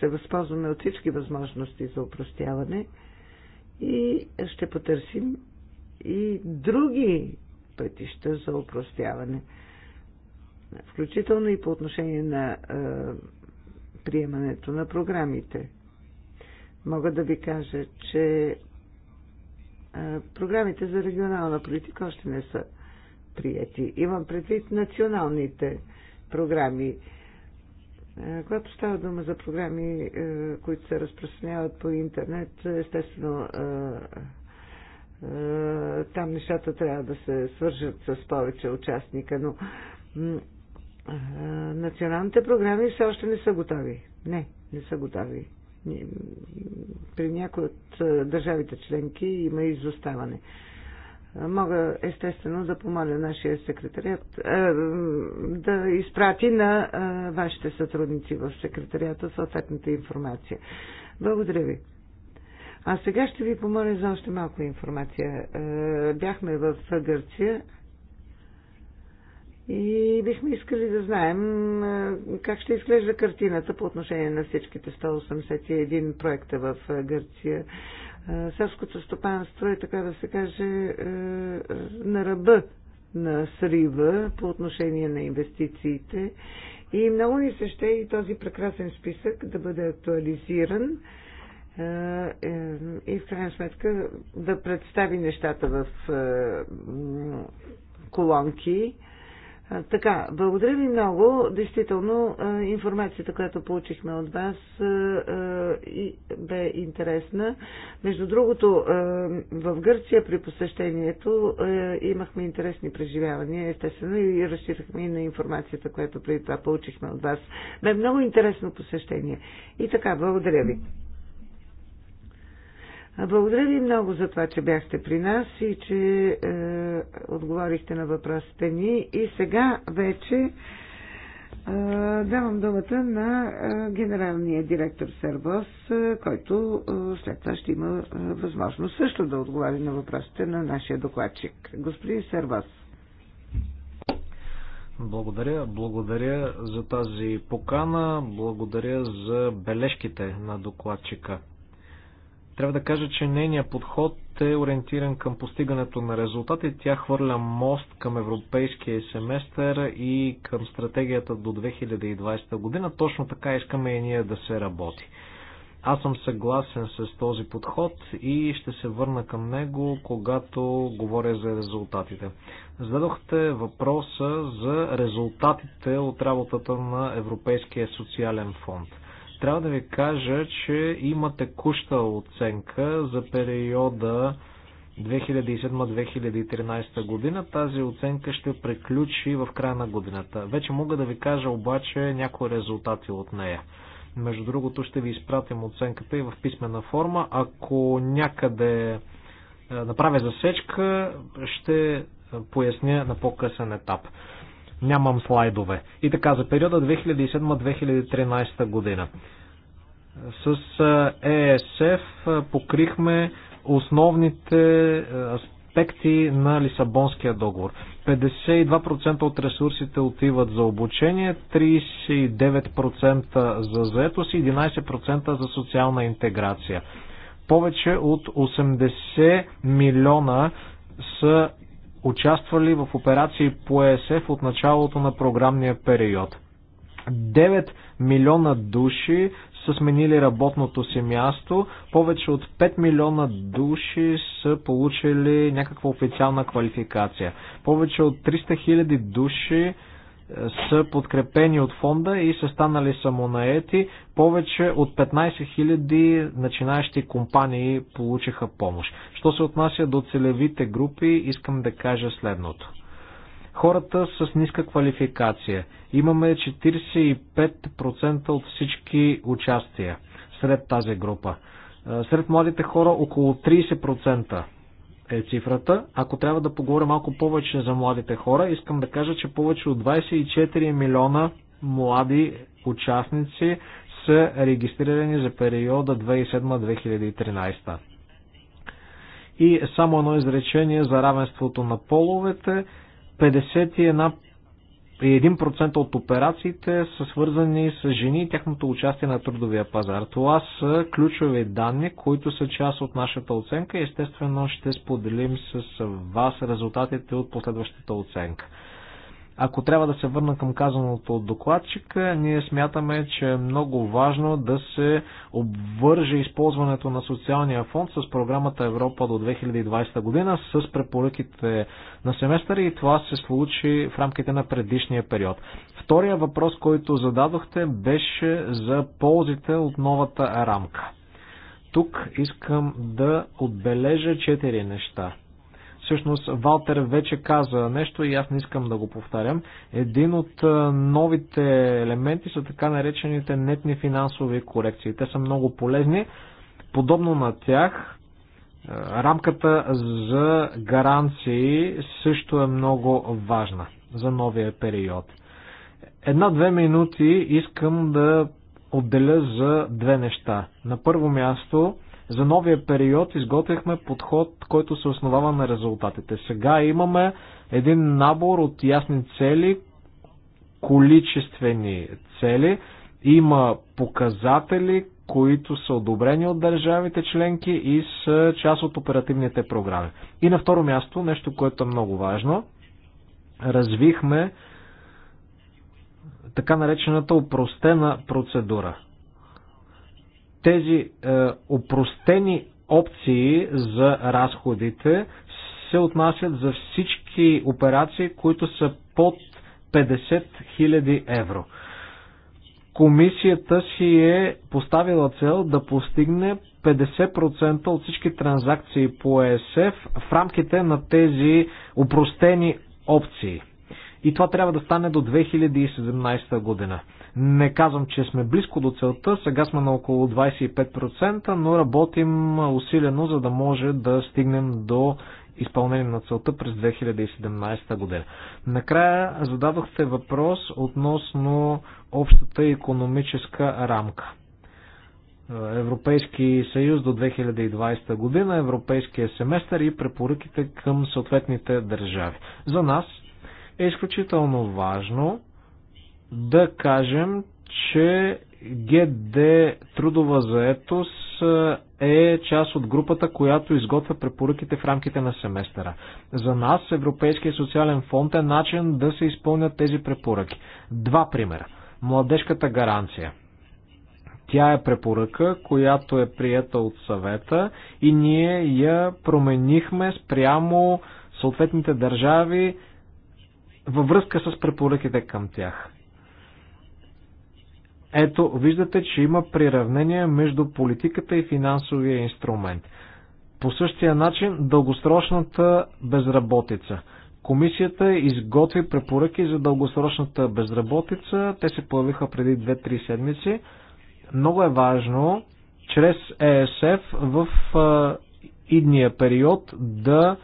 се възползваме от всички възможности за упростяване и ще потърсим и други пътища за упростяване, включително и по отношение на е, приемането на програмите мога да ви кажа, че програмите за регионална политика още не са прияти. Имам предвид националните програми. Когато става дума за програми, които се разпространяват по интернет, естествено там нещата трябва да се свържат с повече участника, но националните програми все още не са готови. Не, не са готови при някои от е, държавите членки има изоставане. Мога естествено да помоля нашия секретарият е, да изпрати на е, вашите сътрудници в секретарията съответната информация. Благодаря ви. А сега ще ви помоля за още малко информация. Бяхме в Гърция и бихме искали да знаем как ще изглежда картината по отношение на всичките 181 проекта в Гърция. Селското стопанство е, така да се каже, на ръба на срива по отношение на инвестициите. И много ни се ще и този прекрасен списък да бъде актуализиран е, и в крайна сметка да представи нещата в колонки така, благодаря ви много. Действително, информацията, която получихме от вас, бе интересна. Между другото, в Гърция при посещението имахме интересни преживявания, естествено, и разчитахме и на информацията, която преди това получихме от вас. Бе много интересно посещение. И така, благодаря ви. Благодаря ви много за това, че бяхте при нас и че е, отговорихте на въпросите ни. И сега вече е, давам думата на е, генералния директор Сербос, е, който е, след това ще има е, възможност също да отговори на въпросите на нашия докладчик. Господин Сербос. Благодаря. Благодаря за тази покана. Благодаря за бележките на докладчика. Трябва да кажа, че нейният подход е ориентиран към постигането на резултати. Тя хвърля мост към европейския семестър и към стратегията до 2020 година. Точно така искаме и ние да се работи. Аз съм съгласен с този подход и ще се върна към него, когато говоря за резултатите. Зададохте въпроса за резултатите от работата на Европейския социален фонд – трябва да ви кажа, че има текуща оценка за периода 2007-2013 година. Тази оценка ще приключи в края на годината. Вече мога да ви кажа обаче някои резултати от нея. Между другото ще ви изпратим оценката и в писмена форма. Ако някъде е, направя засечка, ще поясня на по-късен етап. Нямам слайдове. И така, за периода 2007-2013 година. С ЕСФ покрихме основните аспекти на Лисабонския договор. 52% от ресурсите отиват за обучение, 39% за заетост и 11% за социална интеграция. Повече от 80 милиона са участвали в операции по ЕСФ от началото на програмния период. 9 милиона души са сменили работното си място, повече от 5 милиона души са получили някаква официална квалификация. Повече от 300 хиляди души са подкрепени от фонда и са станали самонаети. Повече от 15 000 начинаещи компании получиха помощ. Що се отнася до целевите групи, искам да кажа следното. Хората с ниска квалификация. Имаме 45% от всички участия сред тази група. Сред младите хора около 30% е цифрата. Ако трябва да поговоря малко повече за младите хора, искам да кажа, че повече от 24 милиона млади участници са регистрирани за периода 2007-2013. И само едно изречение за равенството на половете. 51 и 1% от операциите са свързани с жени и тяхното участие на трудовия пазар. Това са ключови данни, които са част от нашата оценка и естествено ще споделим с вас резултатите от последващата оценка. Ако трябва да се върна към казаното от докладчика, ние смятаме, че е много важно да се обвърже използването на социалния фонд с програмата Европа до 2020 година с препоръките на семестъра и това се случи в рамките на предишния период. Втория въпрос, който зададохте, беше за ползите от новата рамка. Тук искам да отбележа четири неща. Всъщност Валтер вече каза нещо и аз не искам да го повтарям. Един от е, новите елементи са така наречените нетни финансови корекции. Те са много полезни. Подобно на тях, е, рамката за гаранции също е много важна за новия период. Една-две минути искам да отделя за две неща. На първо място, за новия период изготвихме подход, който се основава на резултатите. Сега имаме един набор от ясни цели, количествени цели. Има показатели, които са одобрени от държавите членки и са част от оперативните програми. И на второ място, нещо, което е много важно, развихме така наречената упростена процедура. Тези е, опростени опции за разходите се отнасят за всички операции, които са под 50 000 евро. Комисията си е поставила цел да постигне 50% от всички транзакции по ЕСФ в рамките на тези упростени опции и това трябва да стане до 2017 година. Не казвам, че сме близко до целта, сега сме на около 25%, но работим усилено, за да може да стигнем до изпълнение на целта през 2017 година. Накрая зададохте въпрос относно общата економическа рамка. Европейски съюз до 2020 година, Европейския семестър и препоръките към съответните държави. За нас е изключително важно да кажем, че ГД Трудова заетост е част от групата, която изготвя препоръките в рамките на семестъра. За нас Европейския социален фонд е начин да се изпълнят тези препоръки. Два примера. Младежката гаранция. Тя е препоръка, която е приета от съвета и ние я променихме спрямо съответните държави във връзка с препоръките към тях. Ето, виждате, че има приравнение между политиката и финансовия инструмент. По същия начин, дългосрочната безработица. Комисията изготви препоръки за дългосрочната безработица. Те се появиха преди 2-3 седмици. Много е важно чрез ЕСФ в идния период да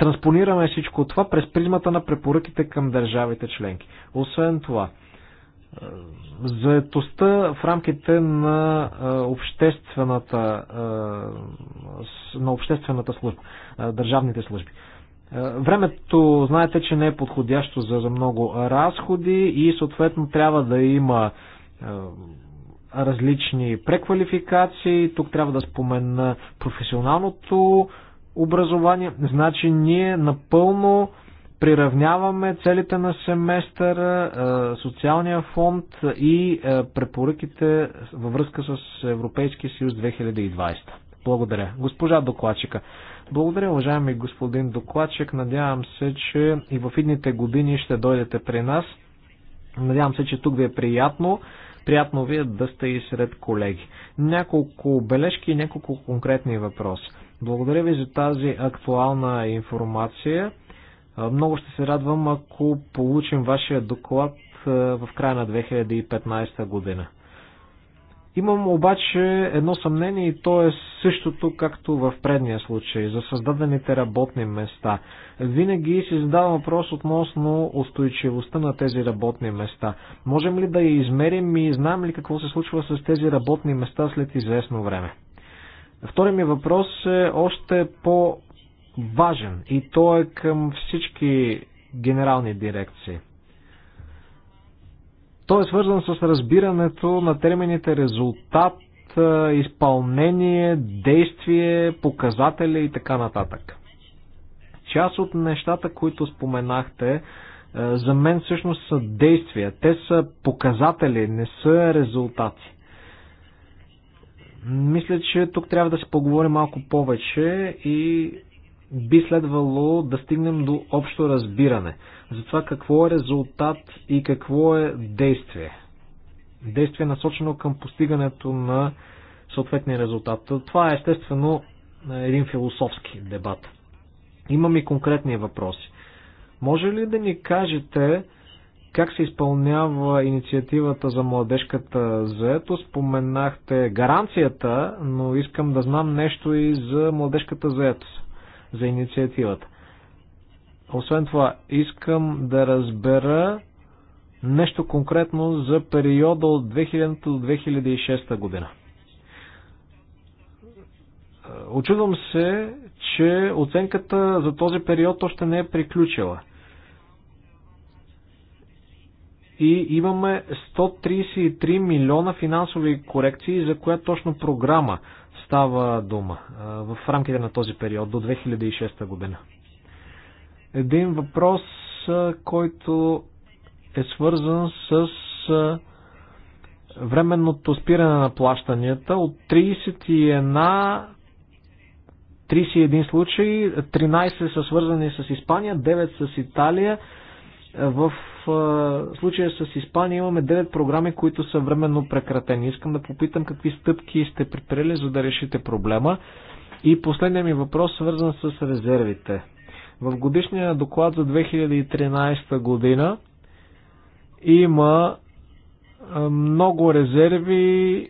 транспонираме всичко това през призмата на препоръките към държавите членки. Освен това, е, заетостта в рамките на е, обществената, е, на обществената служба, държавните служби. Времето, знаете, че не е подходящо за, за много разходи и съответно трябва да има различни преквалификации. Тук трябва да спомена професионалното образование. Значи ние напълно приравняваме целите на семестъра, е, социалния фонд и е, препоръките във връзка с Европейския съюз 2020. Благодаря. Госпожа докладчика. Благодаря, уважаеми господин докладчик. Надявам се, че и в идните години ще дойдете при нас. Надявам се, че тук ви е приятно. Приятно ви е да сте и сред колеги. Няколко бележки и няколко конкретни въпроси. Благодаря ви за тази актуална информация. Много ще се радвам, ако получим вашия доклад в края на 2015 година. Имам обаче едно съмнение и то е същото, както в предния случай, за създадените работни места. Винаги си задавам въпрос относно устойчивостта на тези работни места. Можем ли да я измерим и знаем ли какво се случва с тези работни места след известно време? Втори ми въпрос е още по-важен и то е към всички генерални дирекции. Той е свързан с разбирането на термините резултат, изпълнение, действие, показатели и така нататък. Част от нещата, които споменахте, за мен всъщност са действия. Те са показатели, не са резултати. Мисля, че тук трябва да се поговорим малко повече и би следвало да стигнем до общо разбиране за това какво е резултат и какво е действие. Действие насочено към постигането на съответния резултат. Това е естествено един философски дебат. Имам и конкретни въпроси. Може ли да ни кажете как се изпълнява инициативата за младежката заетост? Споменахте гаранцията, но искам да знам нещо и за младежката заетост, за инициативата. Освен това, искам да разбера нещо конкретно за периода от 2000 до 2006 година. Очудвам се, че оценката за този период още не е приключила. и имаме 133 милиона финансови корекции, за коя точно програма става дума в рамките на този период до 2006 година. Един въпрос, който е свързан с временното спиране на плащанията от 31 31 случаи, 13 са свързани с Испания, 9 с Италия, в случая с Испания имаме 9 програми, които са временно прекратени. Искам да попитам какви стъпки сте предприели, за да решите проблема. И последният ми въпрос свързан с резервите. В годишния доклад за 2013 година има много резерви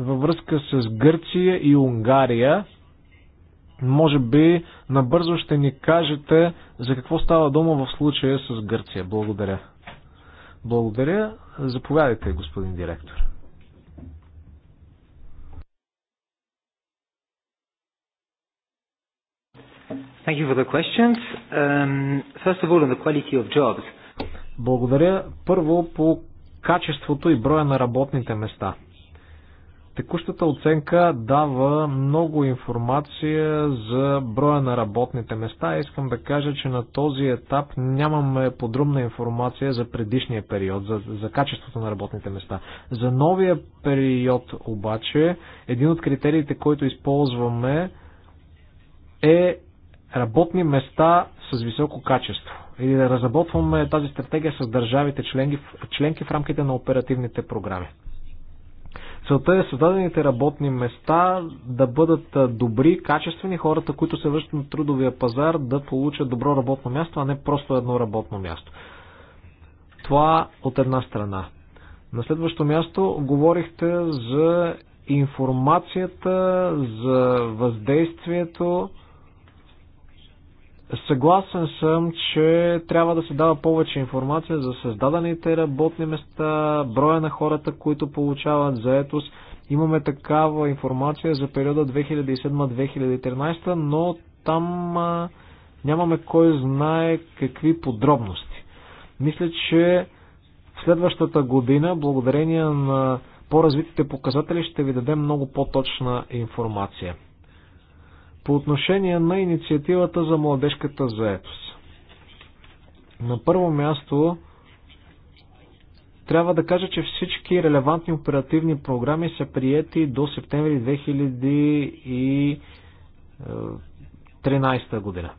във връзка с Гърция и Унгария. Може би набързо ще ни кажете за какво става дума в случая с Гърция. Благодаря. Благодаря. Заповядайте, господин директор. Thank you for the questions. Um, first of all, on the quality of jobs. Благодаря. Първо по качеството и броя на работните места. Текущата оценка дава много информация за броя на работните места. Искам да кажа, че на този етап нямаме подробна информация за предишния период, за, за качеството на работните места. За новия период обаче, един от критериите, който използваме е работни места с високо качество. И да разработваме тази стратегия с държавите членки, членки в рамките на оперативните програми. Целта е създадените работни места да бъдат добри, качествени, хората, които се връщат на трудовия пазар, да получат добро работно място, а не просто едно работно място. Това от една страна. На следващо място говорихте за информацията, за въздействието Съгласен съм, че трябва да се дава повече информация за създадените работни места, броя на хората, които получават заетост. Имаме такава информация за периода 2007-2013, но там а, нямаме кой знае какви подробности. Мисля, че в следващата година, благодарение на по-развитите показатели, ще ви дадем много по-точна информация по отношение на инициативата за младежката заетост. На първо място трябва да кажа, че всички релевантни оперативни програми са приети до септември 2013 е, година.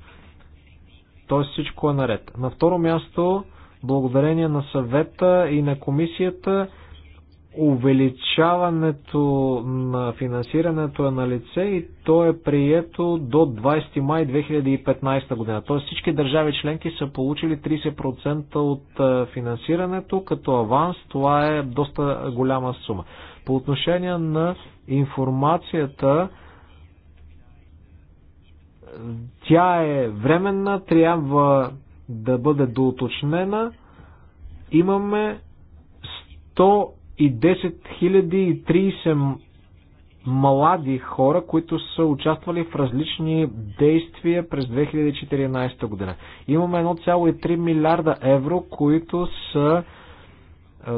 Тоест всичко е наред. На второ място, благодарение на съвета и на комисията, увеличаването на финансирането е на лице и то е прието до 20 май 2015 година. Тоест всички държави членки са получили 30% от финансирането като аванс. Това е доста голяма сума. По отношение на информацията, тя е временна, трябва да бъде доуточнена. Имаме 100 10 030 млади хора, които са участвали в различни действия през 2014 година. Имаме 1,3 милиарда евро, които са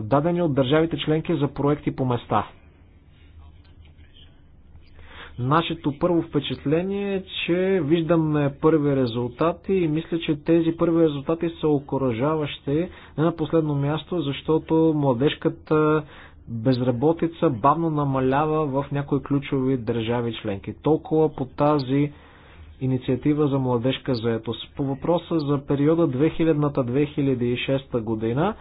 дадени от държавите членки за проекти по места. Нашето първо впечатление е, че виждаме първи резултати и мисля, че тези първи резултати са окоръжаващи не на последно място, защото младежката безработица бавно намалява в някои ключови държави членки. Толкова по тази инициатива за младежка заетост. По въпроса за периода 2000-2006 година,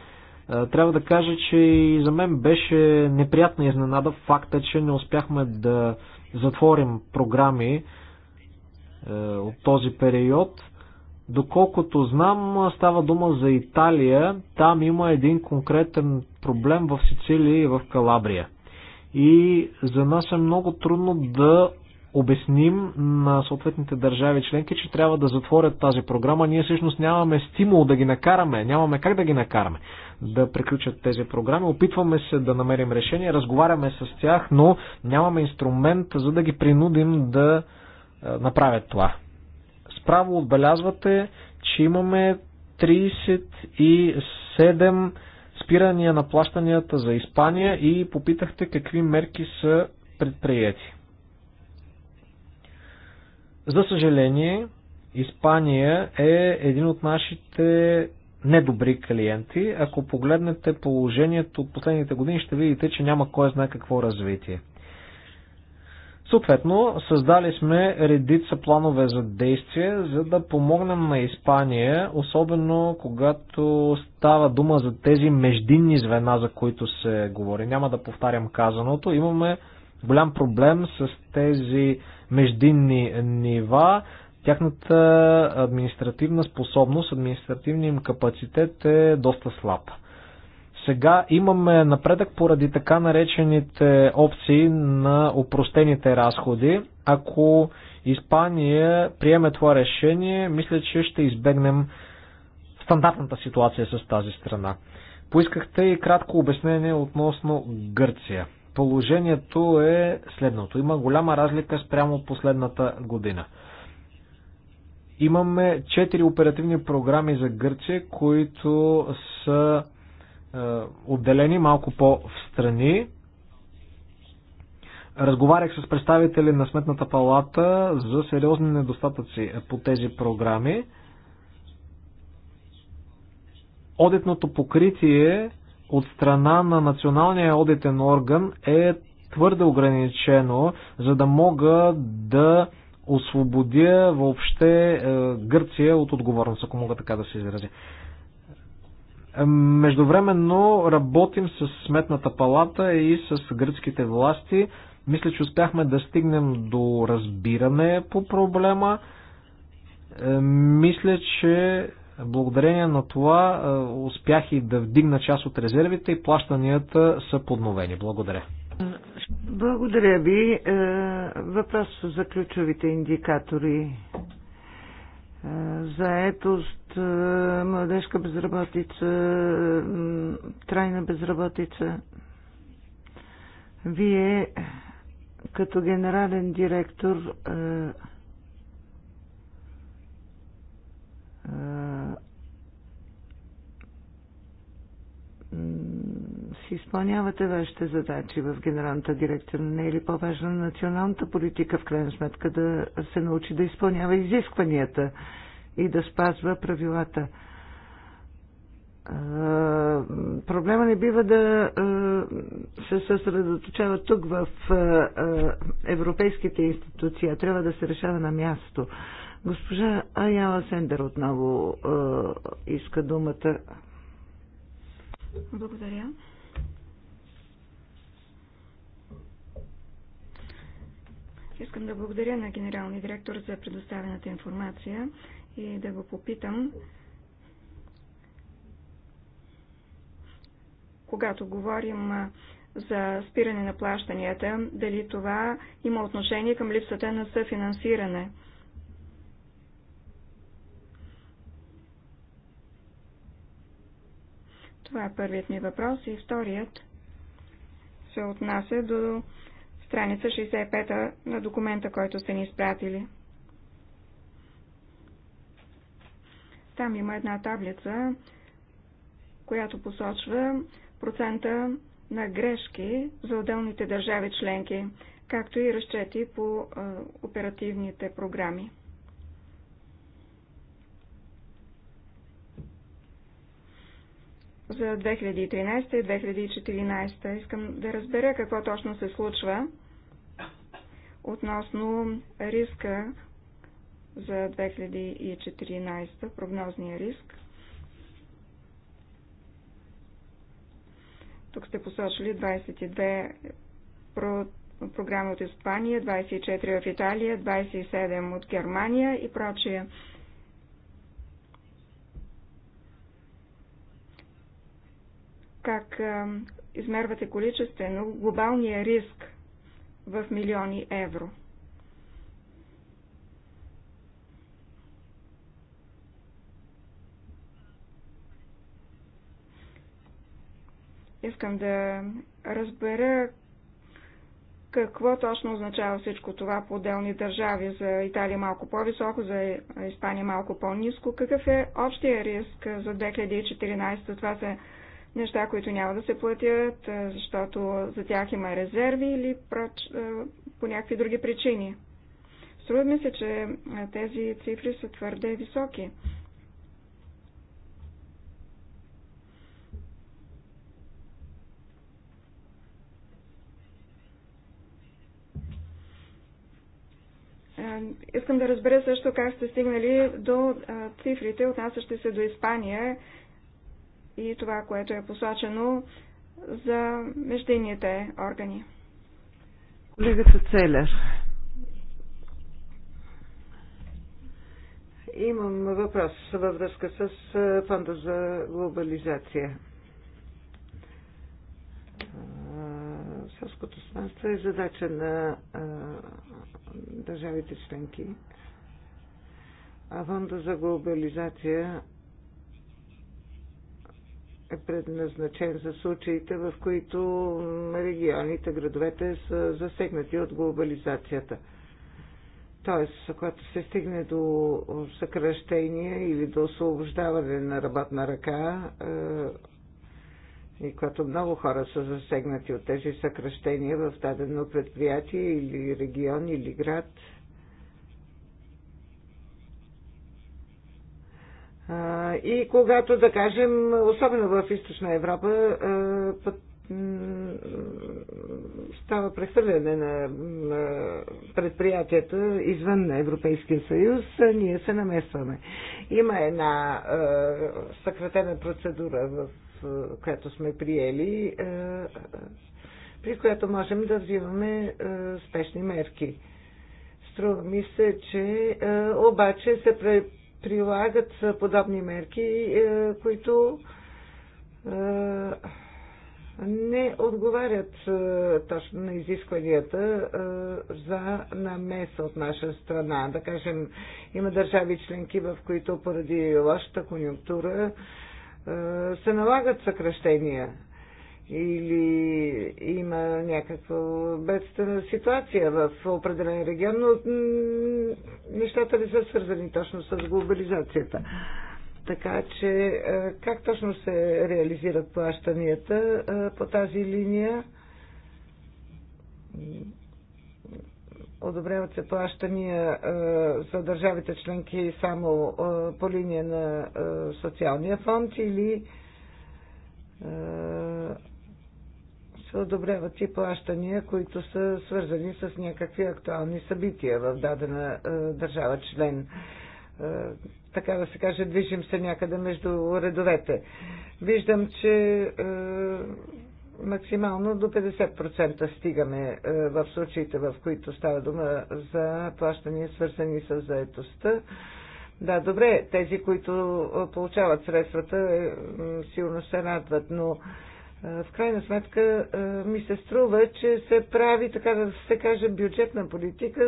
е, трябва да кажа, че и за мен беше неприятна изненада факта, че не успяхме да затворим програми е, от този период. Доколкото знам, става дума за Италия. Там има един конкретен проблем в Сицилия и в Калабрия. И за нас е много трудно да обясним на съответните държави членки, че трябва да затворят тази програма. Ние всъщност нямаме стимул да ги накараме. Нямаме как да ги накараме да приключат тези програми. Опитваме се да намерим решение, разговаряме с тях, но нямаме инструмент за да ги принудим да е, направят това. Справо отбелязвате, че имаме 37 спирания на плащанията за Испания и попитахте какви мерки са предприяти. За съжаление, Испания е един от нашите недобри клиенти. Ако погледнете положението от последните години, ще видите, че няма кой знае какво развитие. Съответно, създали сме редица планове за действие, за да помогнем на Испания, особено когато става дума за тези междинни звена, за които се говори. Няма да повтарям казаното. Имаме голям проблем с тези междинни нива. Тяхната административна способност, административният им капацитет е доста слаб. Сега имаме напредък поради така наречените опции на опростените разходи. Ако Испания приеме това решение, мисля, че ще избегнем стандартната ситуация с тази страна. Поискахте и кратко обяснение относно Гърция. Положението е следното. Има голяма разлика спрямо последната година. Имаме четири оперативни програми за Гърция, които са е, отделени малко по-встрани. Разговарях с представители на Сметната палата за сериозни недостатъци по тези програми. Одитното покритие от страна на националния одитен орган е твърде ограничено, за да мога да освободя въобще е, Гърция от отговорност, ако мога така да се изразя. Е, междувременно работим с Сметната палата и с гръцките власти. Мисля, че успяхме да стигнем до разбиране по проблема. Е, мисля, че благодарение на това успях и да вдигна част от резервите и плащанията са подновени. Благодаря. Благодаря ви. Е, въпрос за ключовите индикатори. Е, заетост, е, младежка безработица, трайна безработица. Вие като генерален директор си изпълнявате вашите задачи в Генералната дирекция? Не е ли по-важна националната политика в крайна сметка да се научи да изпълнява изискванията и да спазва правилата? проблема не бива да се съсредоточава тук в европейските институции, а трябва да се решава на място. Госпожа Аяла Сендер отново иска думата. Благодаря. Искам да благодаря на генералния директор за предоставената информация и да го попитам, когато говорим за спиране на плащанията, дали това има отношение към липсата на съфинансиране. Това е първият ми въпрос и вторият се отнася до страница 65 на документа, който сте ни изпратили. Там има една таблица, която посочва процента на грешки за отделните държави членки, както и разчети по оперативните програми. за 2013 и 2014. Искам да разбера какво точно се случва относно риска за 2014, прогнозния риск. Тук сте посочили 22 про... програми от Испания, 24 в Италия, 27 от Германия и прочие. как измервате количествено глобалния риск в милиони евро. Искам да разбера какво точно означава всичко това по отделни държави. За Италия малко по-високо, за Испания малко по-низко. Какъв е общия риск за 2014? Това са неща, които няма да се платят, е, защото за тях има резерви или е, по някакви други причини. Струва ми се, че е, тези цифри са твърде високи. Искам да разбера също как сте стигнали до цифрите, отнасящи се до Испания и това, което е посочено за междинните органи. Колегата Целер. Имам въпрос във връзка с фонда за глобализация. Селското стопанство е задача на държавите членки. А фонда за глобализация е предназначен за случаите, в които регионите, градовете са засегнати от глобализацията. Тоест, когато се стигне до съкръщение или до освобождаване на работна ръка, е, и когато много хора са засегнати от тези съкръщения в дадено предприятие или регион или град, И когато, да кажем, особено в източна Европа, е, става прехвърляне на предприятията извън на Европейския съюз, е, ние се намесваме. Има една е, съкратена процедура, в която сме приели, при която можем да взимаме спешни мерки. Струва ми се, че обаче се прилагат подобни мерки, е, които е, не отговарят е, точно на изискванията за намеса от наша страна. Да кажем, има държави членки, в които поради лошата конюнктура се налагат съкръщения или има някаква бедствена ситуация в определен регион, но нещата не са свързани точно с глобализацията. Така че е, как точно се реализират плащанията е, по тази линия? Одобряват се плащания е, за държавите членки само по линия на социалния фонд или се одобряват и плащания, които са свързани с някакви актуални събития в дадена е, държава член. Е, така да се каже, движим се някъде между редовете. Виждам, че е, максимално до 50% стигаме в случаите, в които става дума за плащания, свързани с заетостта. Да, добре, тези, които получават средствата, сигурно се радват, но в крайна сметка ми се струва, че се прави, така да се каже, бюджетна политика,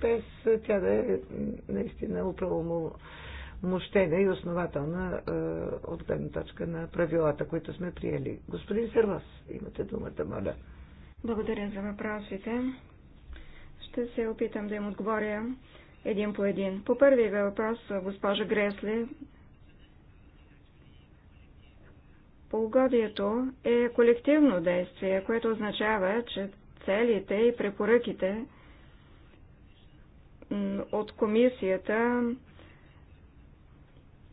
без тя да е наистина оправомощена и основателна от гледна точка на правилата, които сме приели. Господин Сервас, имате думата, моля. Благодаря за въпросите. Ще се опитам да им отговоря един по един. По първия въпрос, госпожа Гресли, Полугодието е колективно действие, което означава, че целите и препоръките от комисията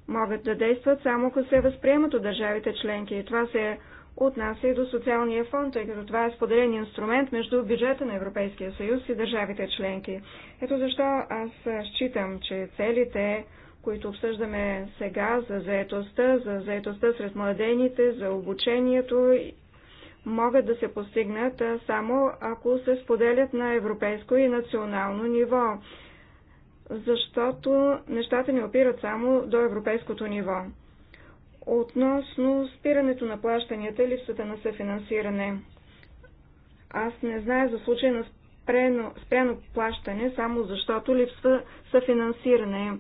могат да действат само ако се възприемат от държавите членки. И това се отнася и до социалния фонд, тъй като това е споделен инструмент между бюджета на Европейския съюз и държавите членки. Ето защо аз считам, че целите които обсъждаме сега за заетостта, за заетостта сред младените, за обучението, могат да се постигнат само ако се споделят на европейско и национално ниво, защото нещата не опират само до европейското ниво. Относно спирането на плащанията и липсата на съфинансиране. Аз не зная за случай на спряно, спряно плащане, само защото липсва съфинансиране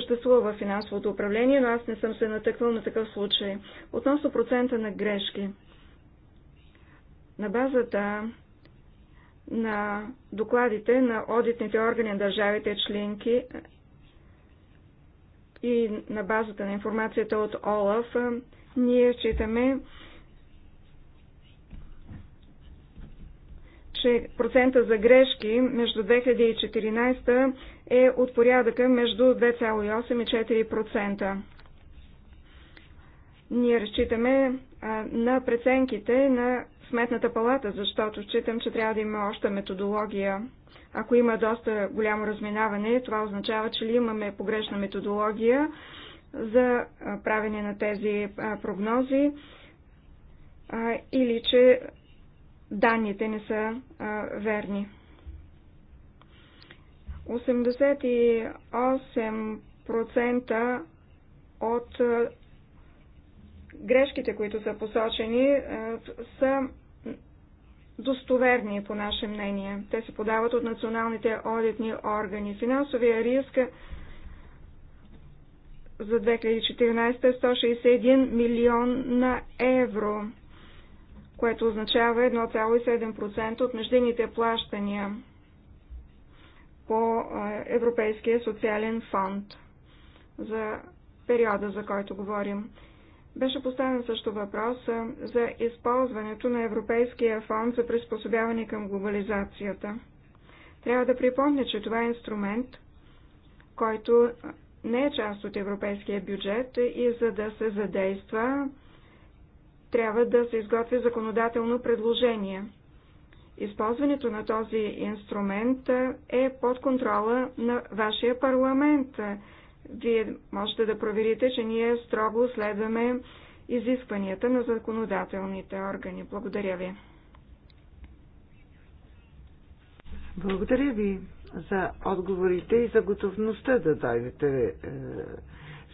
съществува в финансовото управление, но аз не съм се натъквал на такъв случай. Относно процента на грешки. На базата на докладите на одитните органи на държавите членки и на базата на информацията от ОЛАФ, ние считаме, че процента за грешки между 2014 е от порядъка между 2,8 и 4%. Ние разчитаме на преценките на Сметната палата, защото считам, че трябва да има още методология. Ако има доста голямо разминаване, това означава, че ли имаме погрешна методология за правене на тези прогнози или че данните не са а, верни. 88% от грешките, които са посочени, са достоверни, по наше мнение. Те се подават от националните одитни органи. Финансовия риск за 2014 е 161 милиона евро което означава 1,7% от междинните плащания по Европейския социален фонд за периода, за който говорим. Беше поставен също въпрос за използването на Европейския фонд за приспособяване към глобализацията. Трябва да припомня, че това е инструмент, който не е част от европейския бюджет и за да се задейства, трябва да се изготви законодателно предложение. Използването на този инструмент е под контрола на вашия парламент. Вие можете да проверите, че ние строго следваме изискванията на законодателните органи. Благодаря ви. Благодаря ви за отговорите и за готовността да дойдете е,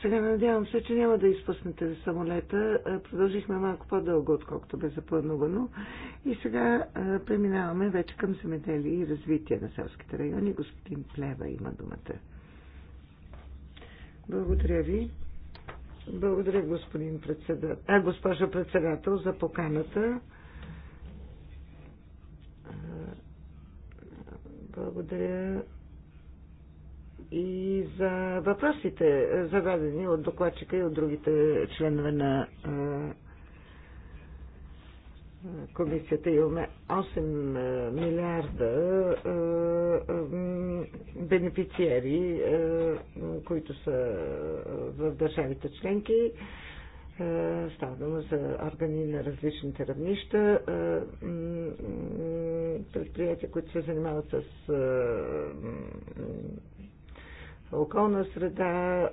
сега надявам се, че няма да изпуснете самолета. Е, продължихме малко по-дълго, отколкото бе запланувано. И сега е, преминаваме вече към земеделие и развитие на селските райони. Господин Плева има думата. Благодаря ви. Благодаря, господин председател. А, госпожа председател, за поканата. Е, благодаря и за въпросите, зададени от докладчика и от другите членове на е, комисията имаме 8 е, милиарда е, бенефициери, които са в държавите членки. Става дума за органи на различните равнища, предприятия, които се занимават с околна среда,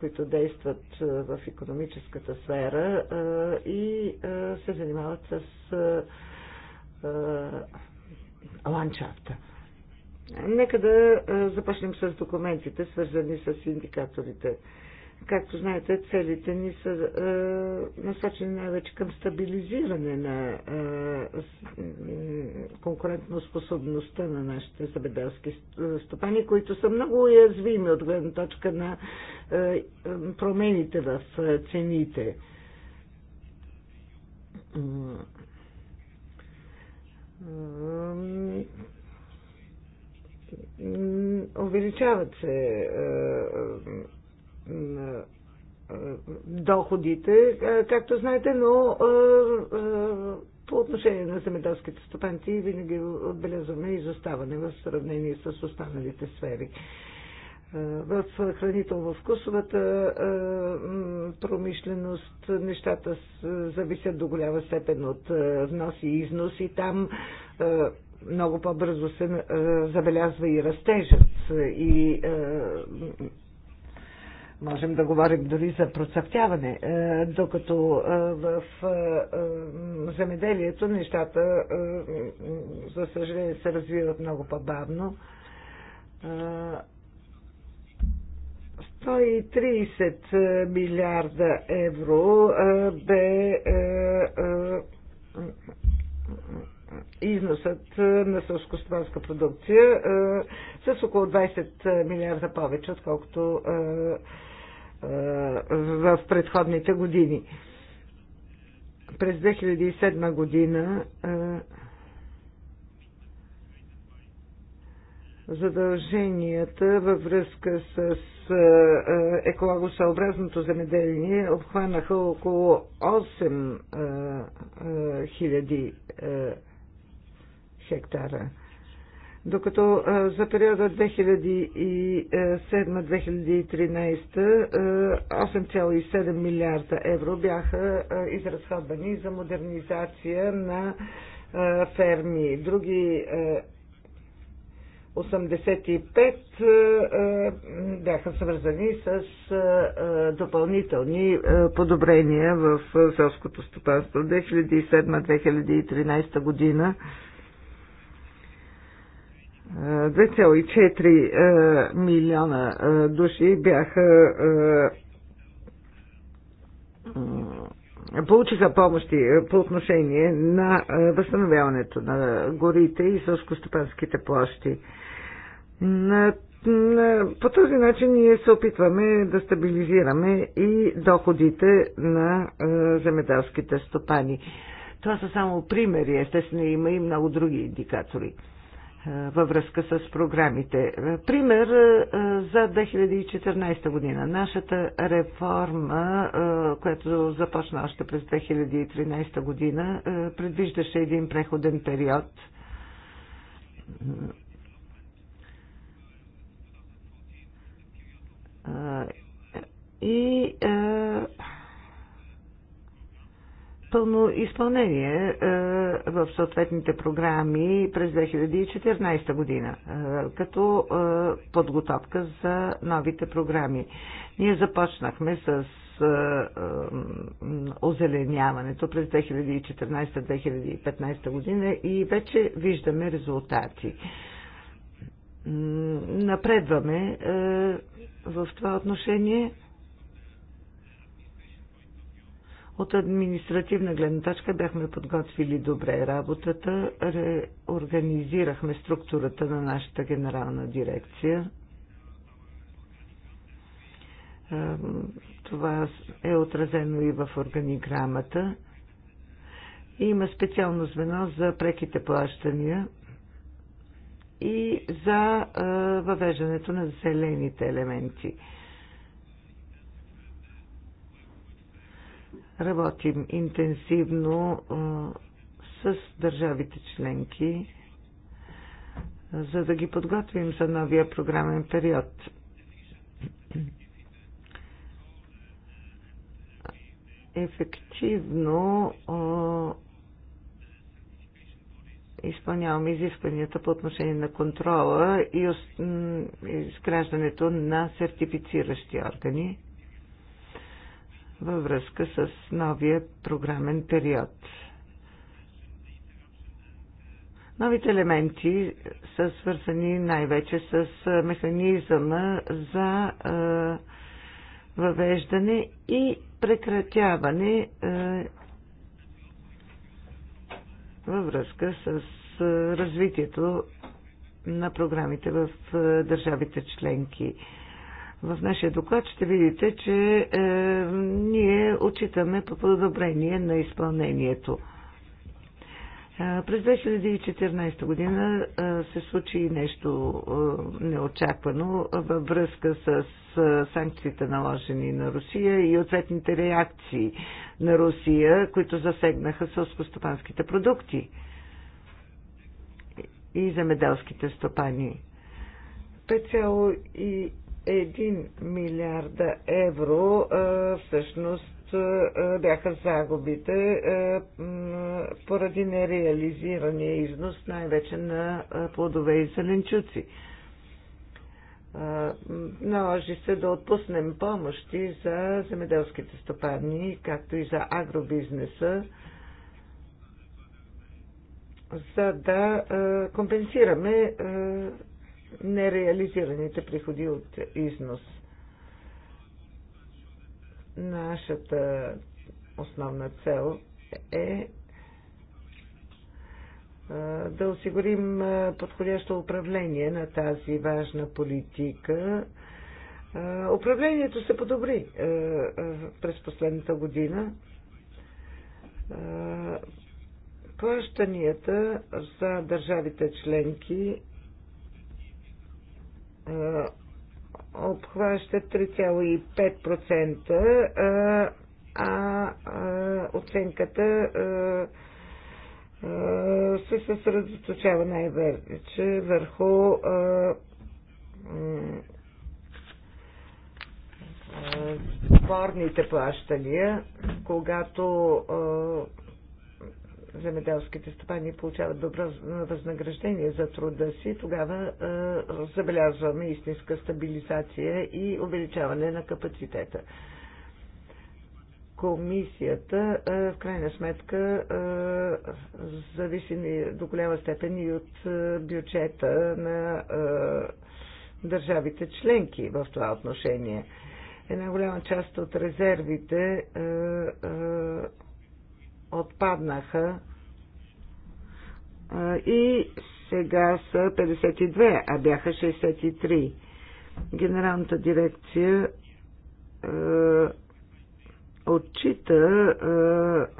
които действат в економическата сфера и се занимават с ландшафта. Нека да започнем с документите, свързани с индикаторите. Както знаете, целите ни са е, насочени най-вече към стабилизиране на е, конкурентоспособността на нашите събедалски е, стопани, които са много уязвими от гледна точка на е, е промените в е, цените. Увеличават се доходите, както знаете, но по отношение на земеделските стопанти винаги отбелязваме изоставане в сравнение с останалите сфери. В хранително-вкусовата промишленост нещата зависят до голяма степен от внос и износ и там много по-бързо се забелязва и растежът и Можем да говорим дори за процъфтяване, е, докато е, в е, земеделието нещата, за съжаление, се развиват много по-бавно. 130 милиарда евро бе износът на сълскостопанска продукция с около 20 милиарда повече, отколкото в предходните години. През 2007 година задълженията във връзка с екологосъобразното земеделие обхванаха около 8 000 хектара. Докато за периода 2007-2013 8,7 милиарда евро бяха изразходвани за модернизация на ферми. Други 85 бяха свързани с допълнителни подобрения в селското стопанство. 2007-2013 година 2,4 е, милиона е, души бяха е, получиха помощи по отношение на възстановяването на горите и сълскостопанските площи. По този начин ние се опитваме да стабилизираме и доходите на земеделските стопани. Това са само примери, естествено има и много други индикатори във връзка с програмите. Пример за 2014 година. Нашата реформа, която започна още през 2013 година, предвиждаше един преходен период. И пълно изпълнение е, в съответните програми през 2014 година, е, като е, подготовка за новите програми. Ние започнахме с озеленяването през 2014-2015 година и вече виждаме резултати. Напредваме в това отношение. От административна гледна точка бяхме подготвили добре работата, реорганизирахме структурата на нашата генерална дирекция. Това е отразено и в органиграмата. Има специално звено за преките плащания и за въвеждането на зелените елементи – Работим интенсивно с държавите членки, за да ги подготвим за новия програмен период. Ефективно изпълняваме изискванията по отношение на контрола и изграждането на сертифициращи органи във връзка с новия програмен период. Новите елементи са свързани най-вече с механизъма за въвеждане и прекратяване във връзка с развитието на програмите в държавите членки в нашия доклад ще видите, че е, ние отчитаме по подобрение на изпълнението. Е, през 2014 година е, се случи нещо е, неочаквано във връзка с е, санкциите наложени на Русия и ответните реакции на Русия, които засегнаха сълскостопанските продукти и земеделските стопани. 1 милиарда евро всъщност бяха загубите поради нереализирания износ, най-вече на плодове и зеленчуци. Наложи се да отпуснем помощи за земеделските стопани, както и за агробизнеса, за да компенсираме нереализираните приходи от износ. Нашата основна цел е да осигурим подходящо управление на тази важна политика. Управлението се подобри през последната година. Плащанията за държавите членки Обхваща 3,5%, а оценката се съсредоточава най-вече върху спорните плащания, когато земеделските стопани получават добро възнаграждение за труда си, тогава е, забелязваме истинска стабилизация и увеличаване на капацитета. Комисията е, в крайна сметка е, зависи до голяма степен и от бюджета на държавите членки в това отношение. Една голяма част от резервите отпаднаха и сега са 52, а бяха 63. Генералната дирекция е, отчита е,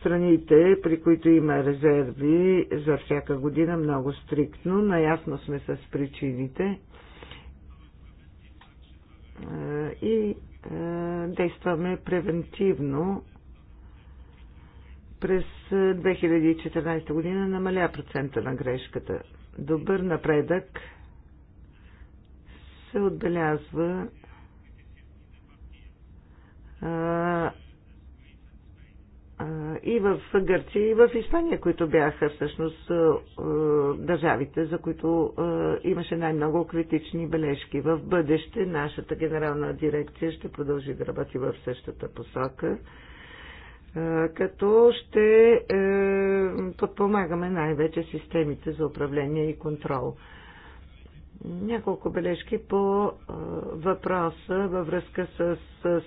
страните, при които има резерви за всяка година много стриктно. Наясно сме с причините. И е, действаме превентивно. През 2014 е, година намаля процента на грешката. Добър напредък се отбелязва е, и в Гърция, и в Испания, които бяха всъщност е, държавите, за които е, имаше най-много критични бележки. В бъдеще нашата генерална дирекция ще продължи да работи в същата посока, е, като ще подпомагаме най-вече системите за управление и контрол. Няколко бележки по въпроса във връзка с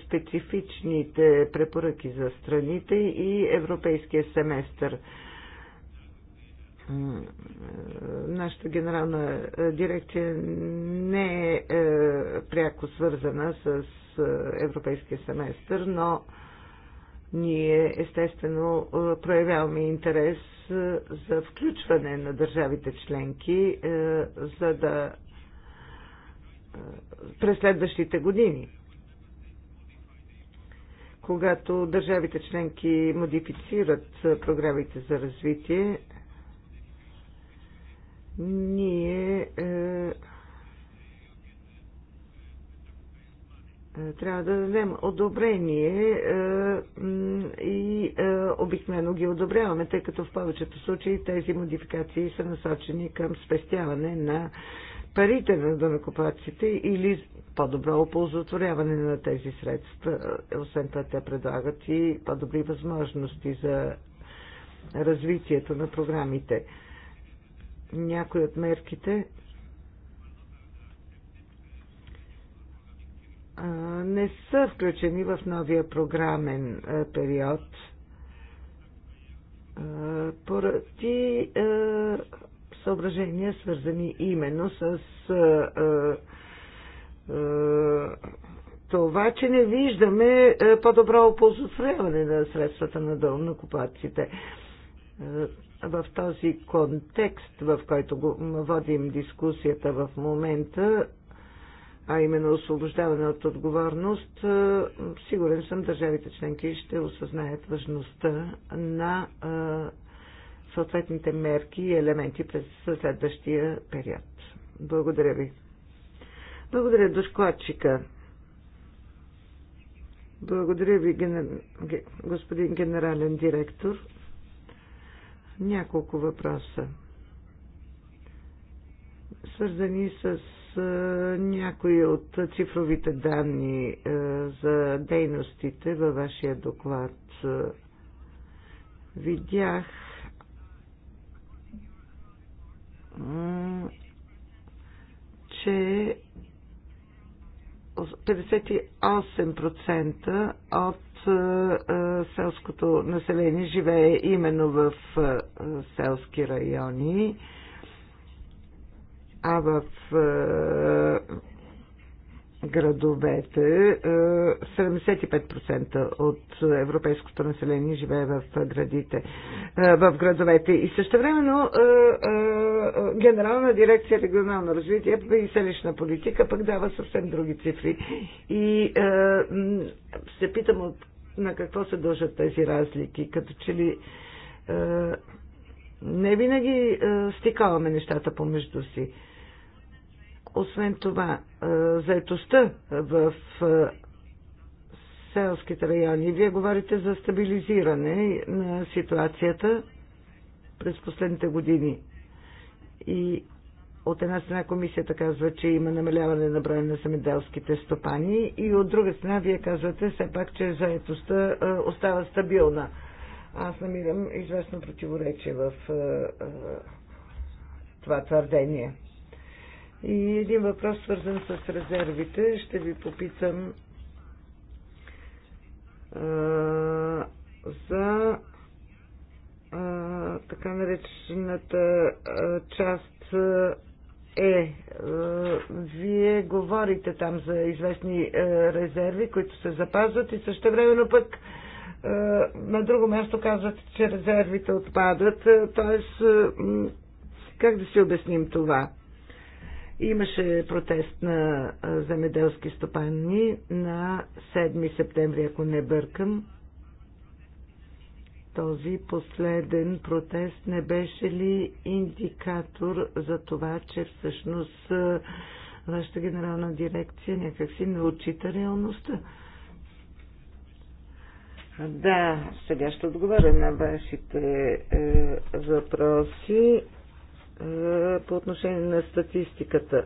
специфичните препоръки за страните и европейския семестър. Нашата генерална дирекция не е пряко свързана с европейския семестър, но ние естествено проявяваме интерес за включване на държавите членки, за да през следващите години, когато държавите членки модифицират програмите за развитие, ние е, е трябва да дадем одобрение е, и е, обикновено ги одобряваме, тъй като в повечето случаи тези модификации са насочени към спестяване на е, парите на дънакоплатците или по-добро оползотворяване на тези средства. Освен това, те предлагат и по-добри възможности за развитието на програмите. Някои от мерките не са включени в новия програмен период поради съображения, свързани именно с това, че не виждаме по-добро оползотворяване на средствата на дълнокопаците. В този контекст, в който го водим дискусията в момента, а именно освобождаване от отговорност, сигурен съм, държавите членки ще осъзнаят важността на съответните мерки и елементи през следващия период. Благодаря ви. Благодаря дошкладчика. Благодаря ви, господин генерален директор. Няколко въпроса, свързани с някои от цифровите данни за дейностите във вашия доклад. Видях че 58% от е, е, селското население живее именно в е, селски райони, а в градовете. 75% е, от европейското население живее в градите, е, в градовете. И също времено е, Генерална дирекция регионално развитие и селищна политика пък дава съвсем други цифри. И се питам от на какво се дължат тези разлики, като че ли не винаги стикаваме нещата помежду си. Освен това, заетостта в селските райони. Вие говорите за стабилизиране на ситуацията през последните години. И от една страна комисията казва, че има намаляване на броя на земеделските стопани и от друга страна вие казвате все пак, че заетостта остава стабилна. Аз намирам известно противоречие в това твърдение. И един въпрос, свързан с резервите, ще ви попитам а, за а, така наречената а, част е. Вие говорите там за известни резерви, които се запазват и също времено пък на друго място казват, че резервите отпадат. Тоест, как да си обясним това? Имаше протест на земеделски стопани на 7 септември, ако не бъркам. Този последен протест не беше ли индикатор за това, че всъщност вашата генерална дирекция някакси не отчита реалността? Да, сега ще отговоря на вашите е, въпроси. Е, по отношение на статистиката.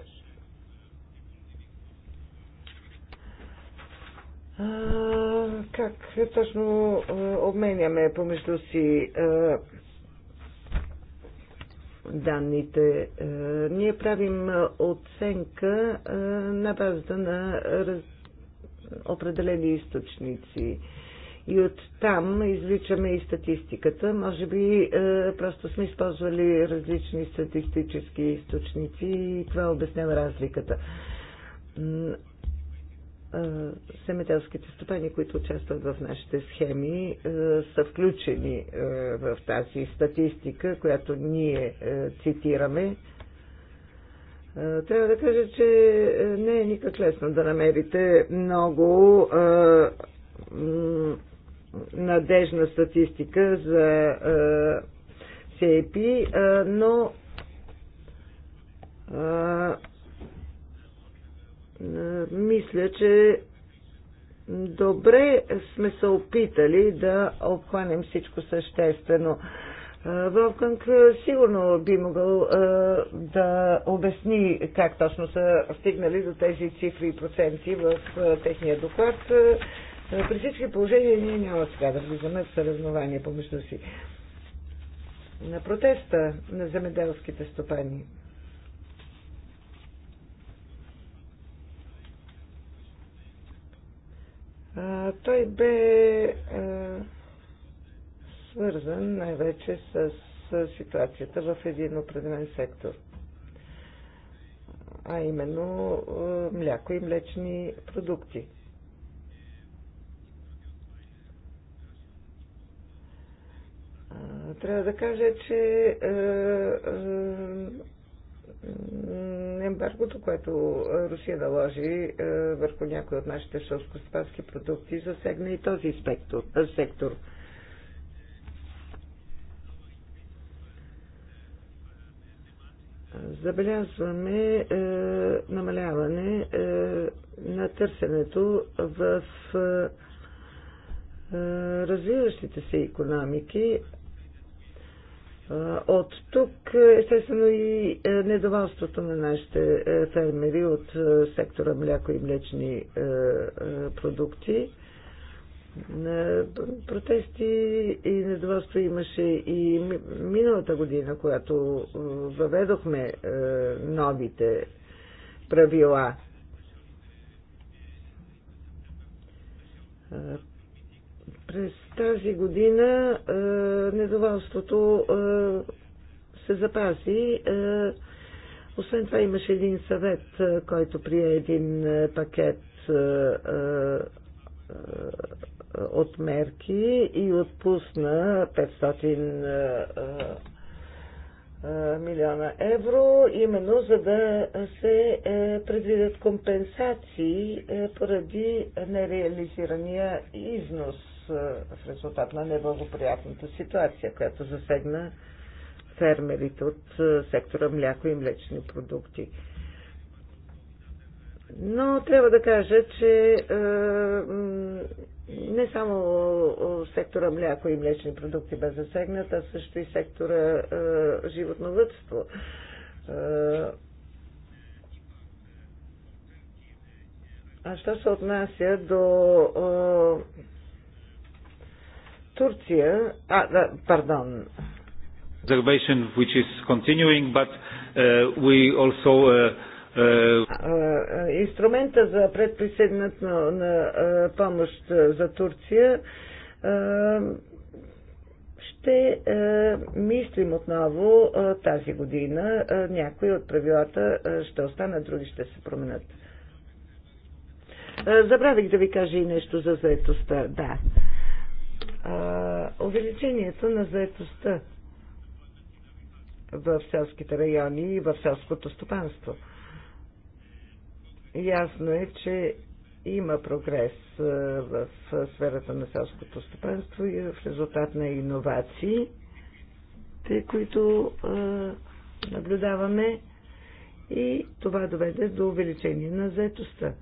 Как точно е, обменяме помежду си е, данните? Ние правим оценка на базата на определени източници и от там извличаме и статистиката. Може би е, просто сме използвали различни статистически източници и това обяснява разликата. Семетелските е, стопани, които участват в нашите схеми, е, са включени е, в тази статистика, която ние е, цитираме. Е, трябва да кажа, че е, не е никак лесно да намерите много надежна статистика за е, СЕПИ, е, но е, мисля, че добре сме се опитали да обхванем всичко съществено. Вълканг сигурно би могъл да обясни как точно са стигнали до тези цифри и проценти в техния доклад. Е, при всички положения ние няма сега да влизаме в съревнование помежду си. На протеста на земеделските стопани. Той бе свързан най-вече с ситуацията в един определен сектор а именно мляко и млечни продукти. трябва да кажа, че е, е, ембаргото, което Русия наложи е, върху някои от нашите селскостопански продукти, засегна и този спектор, сектор. Забелязваме е, намаляване е, на търсенето в е, развиващите се економики, от тук, естествено, и е, недоволството на нашите е, фермери от е, сектора мляко и млечни продукти. Протести и недоволство имаше и миналата година, когато въведохме новите правила. През тази година е, недоволството е, се запази. Е, освен това имаше един съвет, е, който прие един е, пакет е, е, от мерки и отпусна 500 е, милиона евро, именно за да се предвидят компенсации поради нереализирания износ в резултат на неблагоприятната ситуация, която засегна фермерите от сектора мляко и млечни продукти. Но трябва да кажа, че е, не само сектора мляко и млечни продукти бе засегнат, а също и сектора е, животновътство. Е, а що се отнася до е, Турция, а, да, пардон. Observation which is continuing, but uh, we also uh, uh Инструмента за предприседната на, на помощ за Турция ще мислим отново тази година. някои от правилата ще останат, други ще се променят. забравих да ви кажа и нещо за заетостта. Да увеличението на заетостта в селските райони и в селското стопанство. Ясно е, че има прогрес в сферата на селското стопанство и в резултат на иновации, които наблюдаваме и това доведе до увеличение на заетостта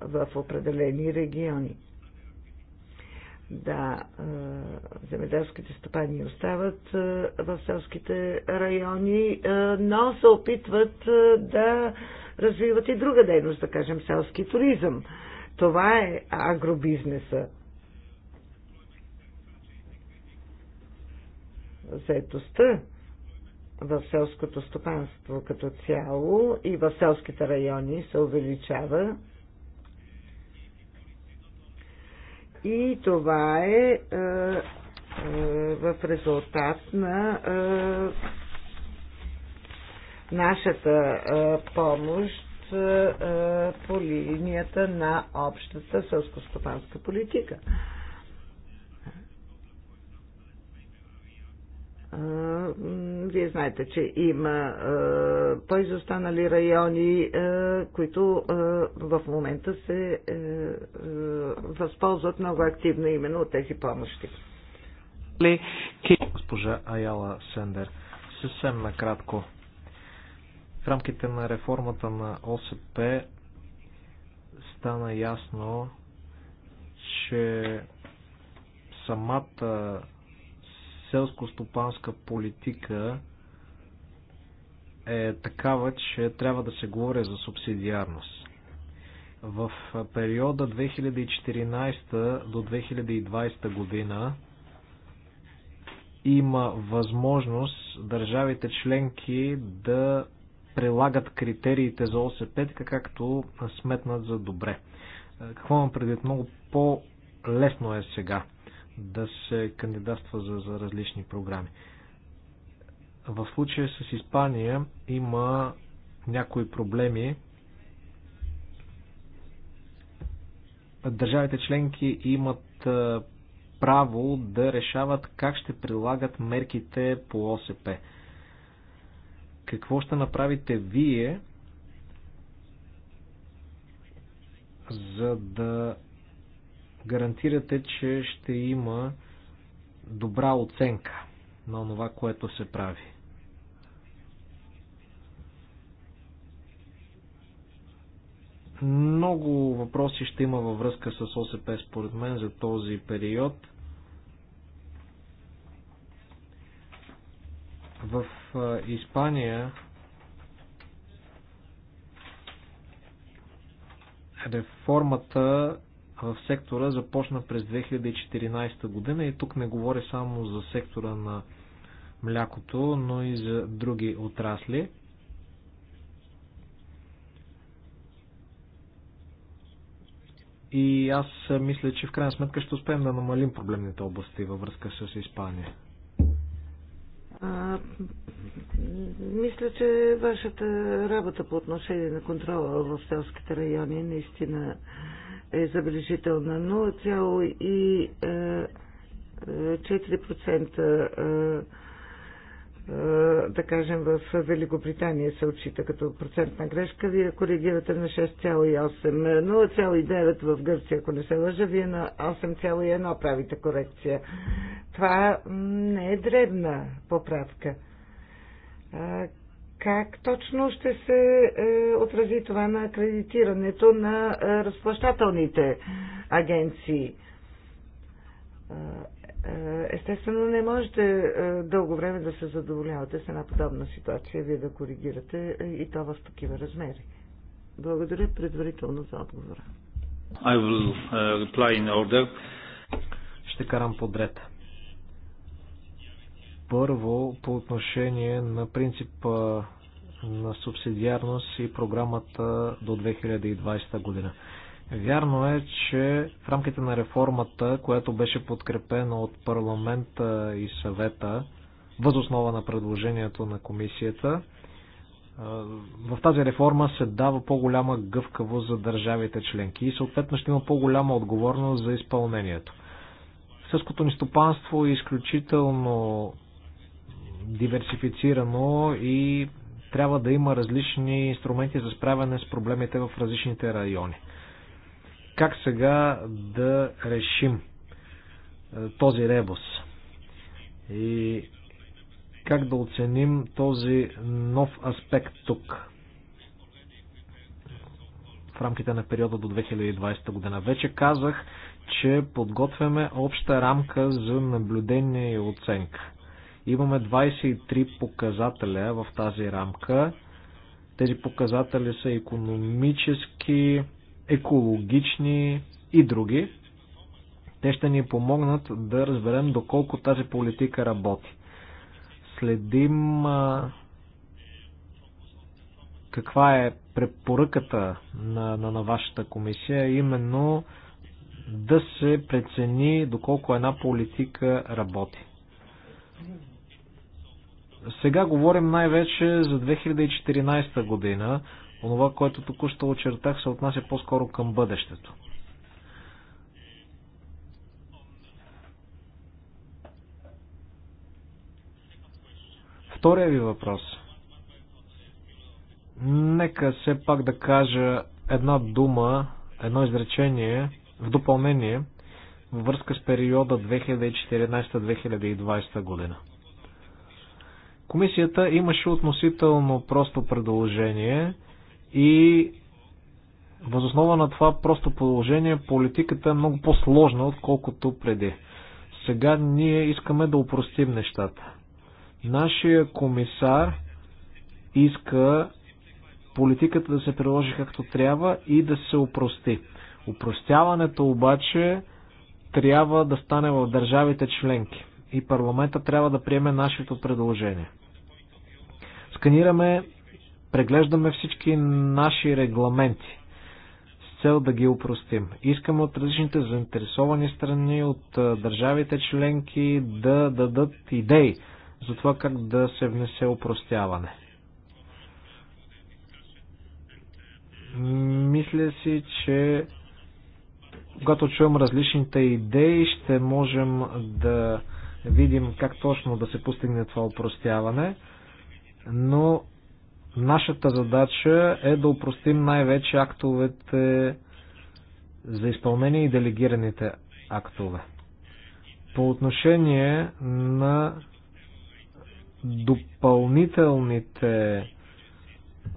в определени региони. Да, земеделските стопани остават в селските райони, но се опитват да развиват и друга дейност, да кажем селски туризъм. Това е агробизнеса. Заетостта в селското стопанство като цяло и в селските райони се увеличава И това е, е, е в резултат на е, нашата е, помощ е, е по линията на общата сълскостопанска политика. Вие знаете, че има по-изостанали райони, които в момента се е, е, възползват много активно именно от тези помощи. Госпожа Аяла Сендер, съвсем накратко. В рамките на реформата на ОСП стана ясно, че самата селско-стопанска политика е такава, че трябва да се говори за субсидиарност. В периода 2014 до 2020 година има възможност държавите членки да прилагат критериите за ОСП, така както сметнат за добре. Какво имам предвид? Много по-лесно е сега да се кандидатства за, за различни програми. В случая с Испания има някои проблеми. Държавите членки имат право да решават как ще прилагат мерките по ОСП. Какво ще направите вие, за да гарантирате, че ще има добра оценка на това, което се прави? Много въпроси ще има във връзка с ОСП според мен за този период. В Испания реформата в сектора започна през 2014 година и тук не говоря само за сектора на млякото, но и за други отрасли. И аз мисля, че в крайна сметка ще успеем да намалим проблемните области във връзка с Испания. А, мисля, че вашата работа по отношение на контрола в селските райони е наистина е забележителна. 0,4% е, е, е, да кажем в Великобритания се отчита като процентна грешка, вие коригирате на 6,8. 0,9 в Гърция, ако не се лъжа, вие на 8,1 правите корекция. Това не е дребна поправка. Как точно ще се е, отрази това на акредитирането на е, разплащателните агенции? Е, е, естествено, не можете е, дълго време да се задоволявате с една подобна ситуация, вие да коригирате и то в такива размери. Благодаря предварително за отговора. I will reply in order. Ще карам подред. Първо, по отношение на принципа на субсидиарност и програмата до 2020 година. Вярно е, че в рамките на реформата, която беше подкрепена от парламента и съвета, възоснова на предложението на комисията, в тази реформа се дава по-голяма гъвкавост за държавите членки и съответно ще има по-голяма отговорност за изпълнението. Съското ни стопанство е изключително диверсифицирано и трябва да има различни инструменти за справяне с проблемите в различните райони. Как сега да решим е, този ребус? И как да оценим този нов аспект тук в рамките на периода до 2020 година. Вече казах, че подготвяме обща рамка за наблюдение и оценка. Имаме 23 показателя в тази рамка. Тези показатели са економически, екологични и други. Те ще ни помогнат да разберем доколко тази политика работи. Следим каква е препоръката на, на, на вашата комисия, именно да се прецени доколко една политика работи. Сега говорим най-вече за 2014 година. Онова, което току-що очертах, се отнася по-скоро към бъдещето. Втория ви въпрос. Нека все пак да кажа една дума, едно изречение в допълнение във връзка с периода 2014-2020 година. Комисията имаше относително просто предложение и възоснова на това просто предложение политиката е много по-сложна, отколкото преди. Сега ние искаме да упростим нещата. Нашия комисар иска политиката да се приложи както трябва и да се упрости. Упростяването обаче трябва да стане в държавите членки и парламента трябва да приеме нашето предложение. Сканираме, преглеждаме всички наши регламенти с цел да ги упростим. Искаме от различните заинтересовани страни, от държавите членки да дадат идеи за това как да се внесе упростяване. Мисля си, че когато чуем различните идеи, ще можем да видим как точно да се постигне това упростяване но нашата задача е да упростим най-вече актовете за изпълнение и делегираните актове. По отношение на допълнителните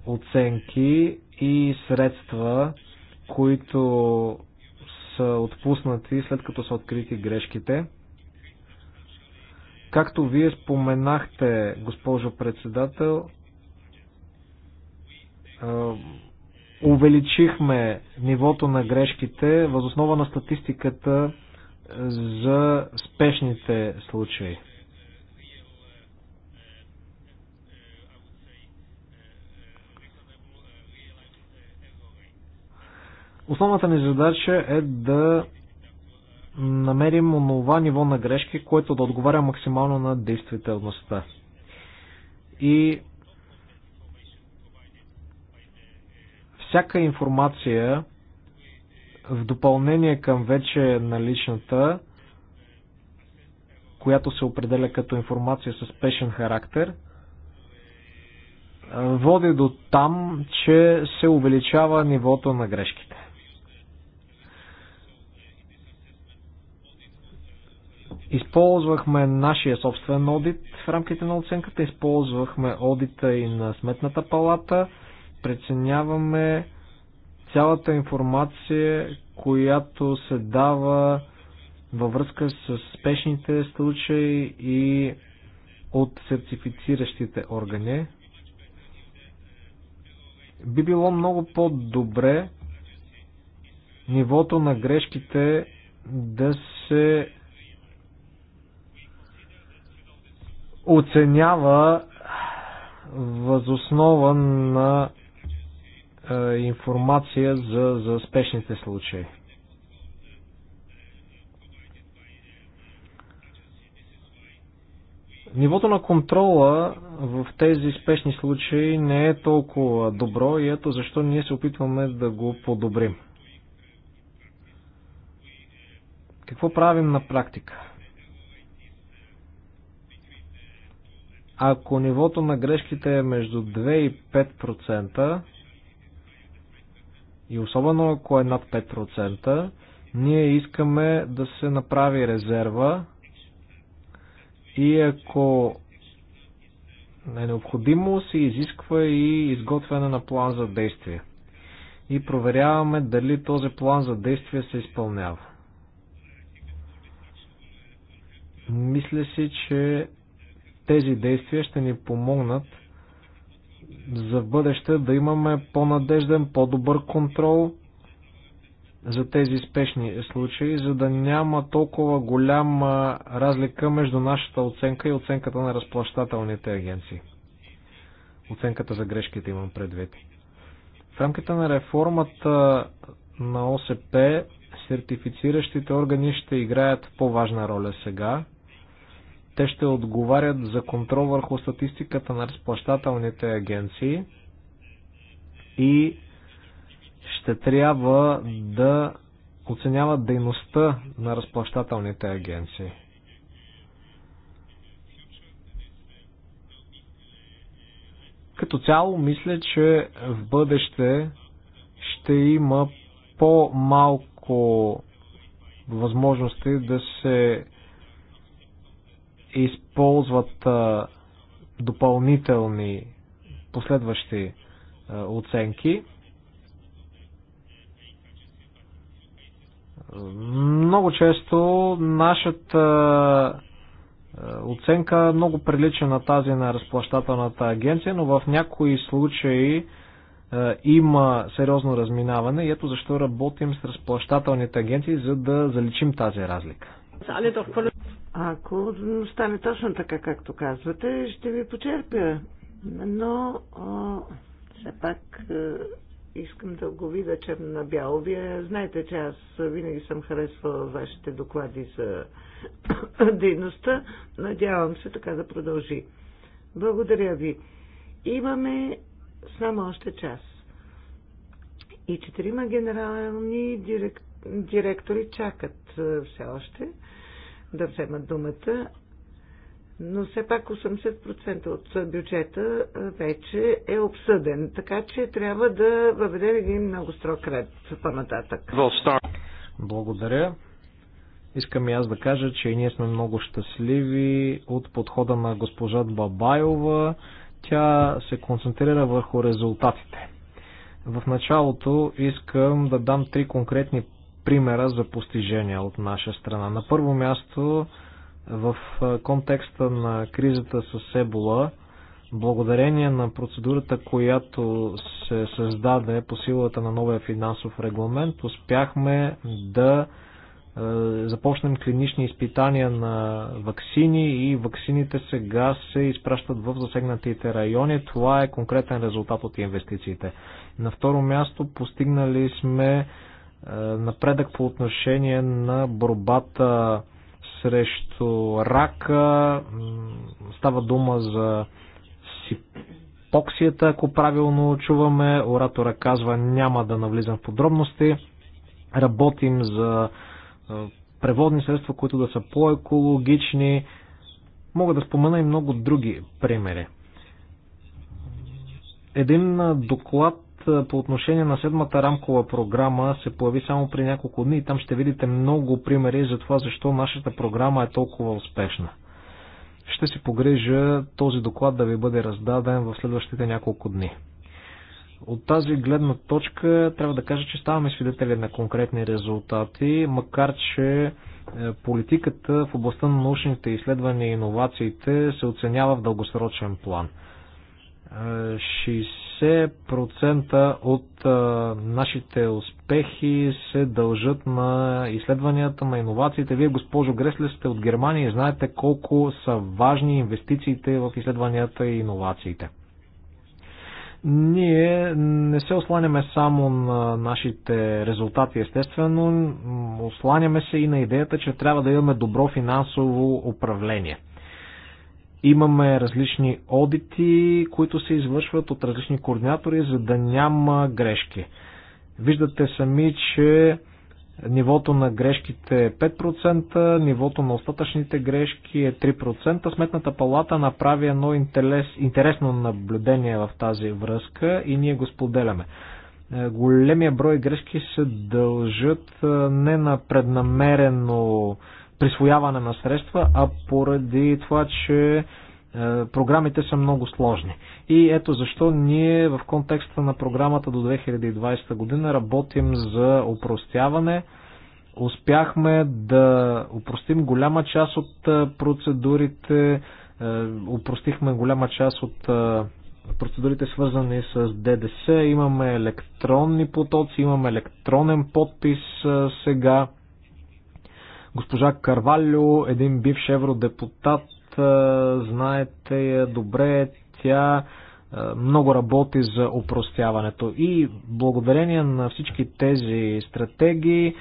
оценки и средства, които са отпуснати след като са открити грешките, Както вие споменахте, госпожо председател, увеличихме нивото на грешките възоснова на статистиката за спешните случаи. Основната ни задача е да намерим онова ниво на грешки, което да отговаря максимално на действителността. И всяка информация в допълнение към вече наличната, която се определя като информация с спешен характер, води до там, че се увеличава нивото на грешките. Използвахме нашия собствен одит в рамките на оценката, използвахме одита и на Сметната палата, преценяваме цялата информация, която се дава във връзка с спешните случаи и от сертифициращите органи. Би било много по-добре нивото на грешките да се оценява възоснова на е, информация за, за спешните случаи. Нивото на контрола в тези спешни случаи не е толкова добро и ето защо ние се опитваме да го подобрим. Какво правим на практика? Ако нивото на грешките е между 2 и 5%, и особено ако е над 5%, ние искаме да се направи резерва и ако е необходимо, се изисква и изготвяне на план за действие. И проверяваме дали този план за действие се изпълнява. Мисля си, че тези действия ще ни помогнат за бъдеще да имаме по-надежден, по-добър контрол за тези спешни случаи, за да няма толкова голяма разлика между нашата оценка и оценката на разплащателните агенции. Оценката за грешките имам предвид. В рамките на реформата на ОСП сертифициращите органи ще играят по-важна роля сега. Те ще отговарят за контрол върху статистиката на разплащателните агенции и ще трябва да оценяват дейността на разплащателните агенции. Като цяло мисля, че в бъдеще ще има по-малко възможности да се използват допълнителни последващи оценки. Много често нашата оценка е много прилича на тази на разплащателната агенция, но в някои случаи има сериозно разминаване и ето защо работим с разплащателните агенции, за да заличим тази разлика. Ако стане точно така, както казвате, ще ви почерпя. Но о, все пак е, искам да го видя черно на бяло. Вие знаете, че аз винаги съм харесвала вашите доклади за дейността. Надявам се така да продължи. Благодаря ви. Имаме само още час. И четирима генерални директори чакат все още да вземат думата, но все пак 80% от бюджета вече е обсъден, така че трябва да въведем един много строг ред по-нататък. Благодаря. Искам и аз да кажа, че и ние сме много щастливи от подхода на госпожа Бабайова. Тя се концентрира върху резултатите. В началото искам да дам три конкретни примера за постижения от наша страна. На първо място, в контекста на кризата с Ебола, благодарение на процедурата, която се създаде по силата на новия финансов регламент, успяхме да започнем клинични изпитания на вакцини и ваксините сега се изпращат в засегнатите райони. Това е конкретен резултат от инвестициите. На второ място постигнали сме е, напредък по отношение на борбата срещу рака. Става дума за сипоксията, ако правилно чуваме. Оратора казва, няма да навлизам в подробности. Работим за е, преводни средства, които да са по-екологични. Мога да спомена и много други примери. Един доклад по отношение на седмата рамкова програма се появи само при няколко дни и там ще видите много примери за това защо нашата програма е толкова успешна. Ще се погрежа този доклад да ви бъде раздаден в следващите няколко дни. От тази гледна точка трябва да кажа, че ставаме свидетели на конкретни резултати, макар че е, политиката в областта на научните изследвания и иновациите се оценява в дългосрочен план. Е, 90% от а, нашите успехи се дължат на изследванията, на иновациите. Вие, госпожо Гресле, сте от Германия и знаете колко са важни инвестициите в изследванията и иновациите. Ние не се осланяме само на нашите резултати, естествено, осланяме се и на идеята, че трябва да имаме добро финансово управление – Имаме различни одити, които се извършват от различни координатори, за да няма грешки. Виждате сами, че нивото на грешките е 5%, нивото на остатъчните грешки е 3%. Сметната палата направи едно интерес, интересно наблюдение в тази връзка и ние го споделяме. Е, големия брой грешки се дължат е, не на преднамерено присвояване на средства, а поради това, че е, програмите са много сложни. И ето защо ние в контекста на програмата до 2020 година работим за упростяване. Успяхме да упростим голяма част от е, процедурите, е, упростихме голяма част от процедурите свързани с ДДС, имаме електронни потоци, имаме електронен подпис сега. Госпожа Карвалю, един бивш евродепутат, знаете я добре, тя много работи за упростяването. И благодарение на всички тези стратегии,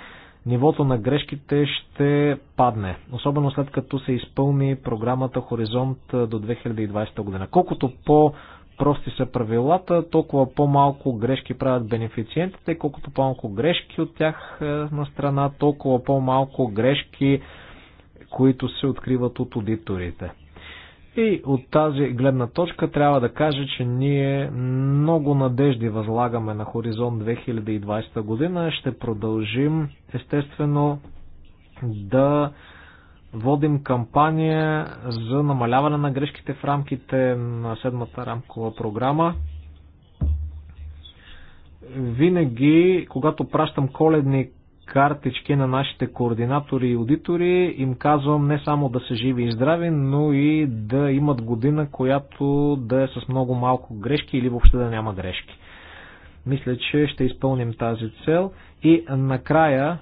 нивото на грешките ще падне, особено след като се изпълни програмата Хоризонт до 2020 година. Колкото по прости са правилата, толкова по-малко грешки правят бенефициентите, колкото по-малко грешки от тях е, на страна, толкова по-малко грешки, които се откриват от аудиторите. И от тази гледна точка трябва да кажа, че ние много надежди възлагаме на Хоризонт 2020 година. Ще продължим естествено да Водим кампания за намаляване на грешките в рамките на седмата рамкова програма. Винаги, когато пращам коледни картички на нашите координатори и аудитори, им казвам не само да са живи и здрави, но и да имат година, която да е с много малко грешки или въобще да няма грешки. Мисля, че ще изпълним тази цел. И накрая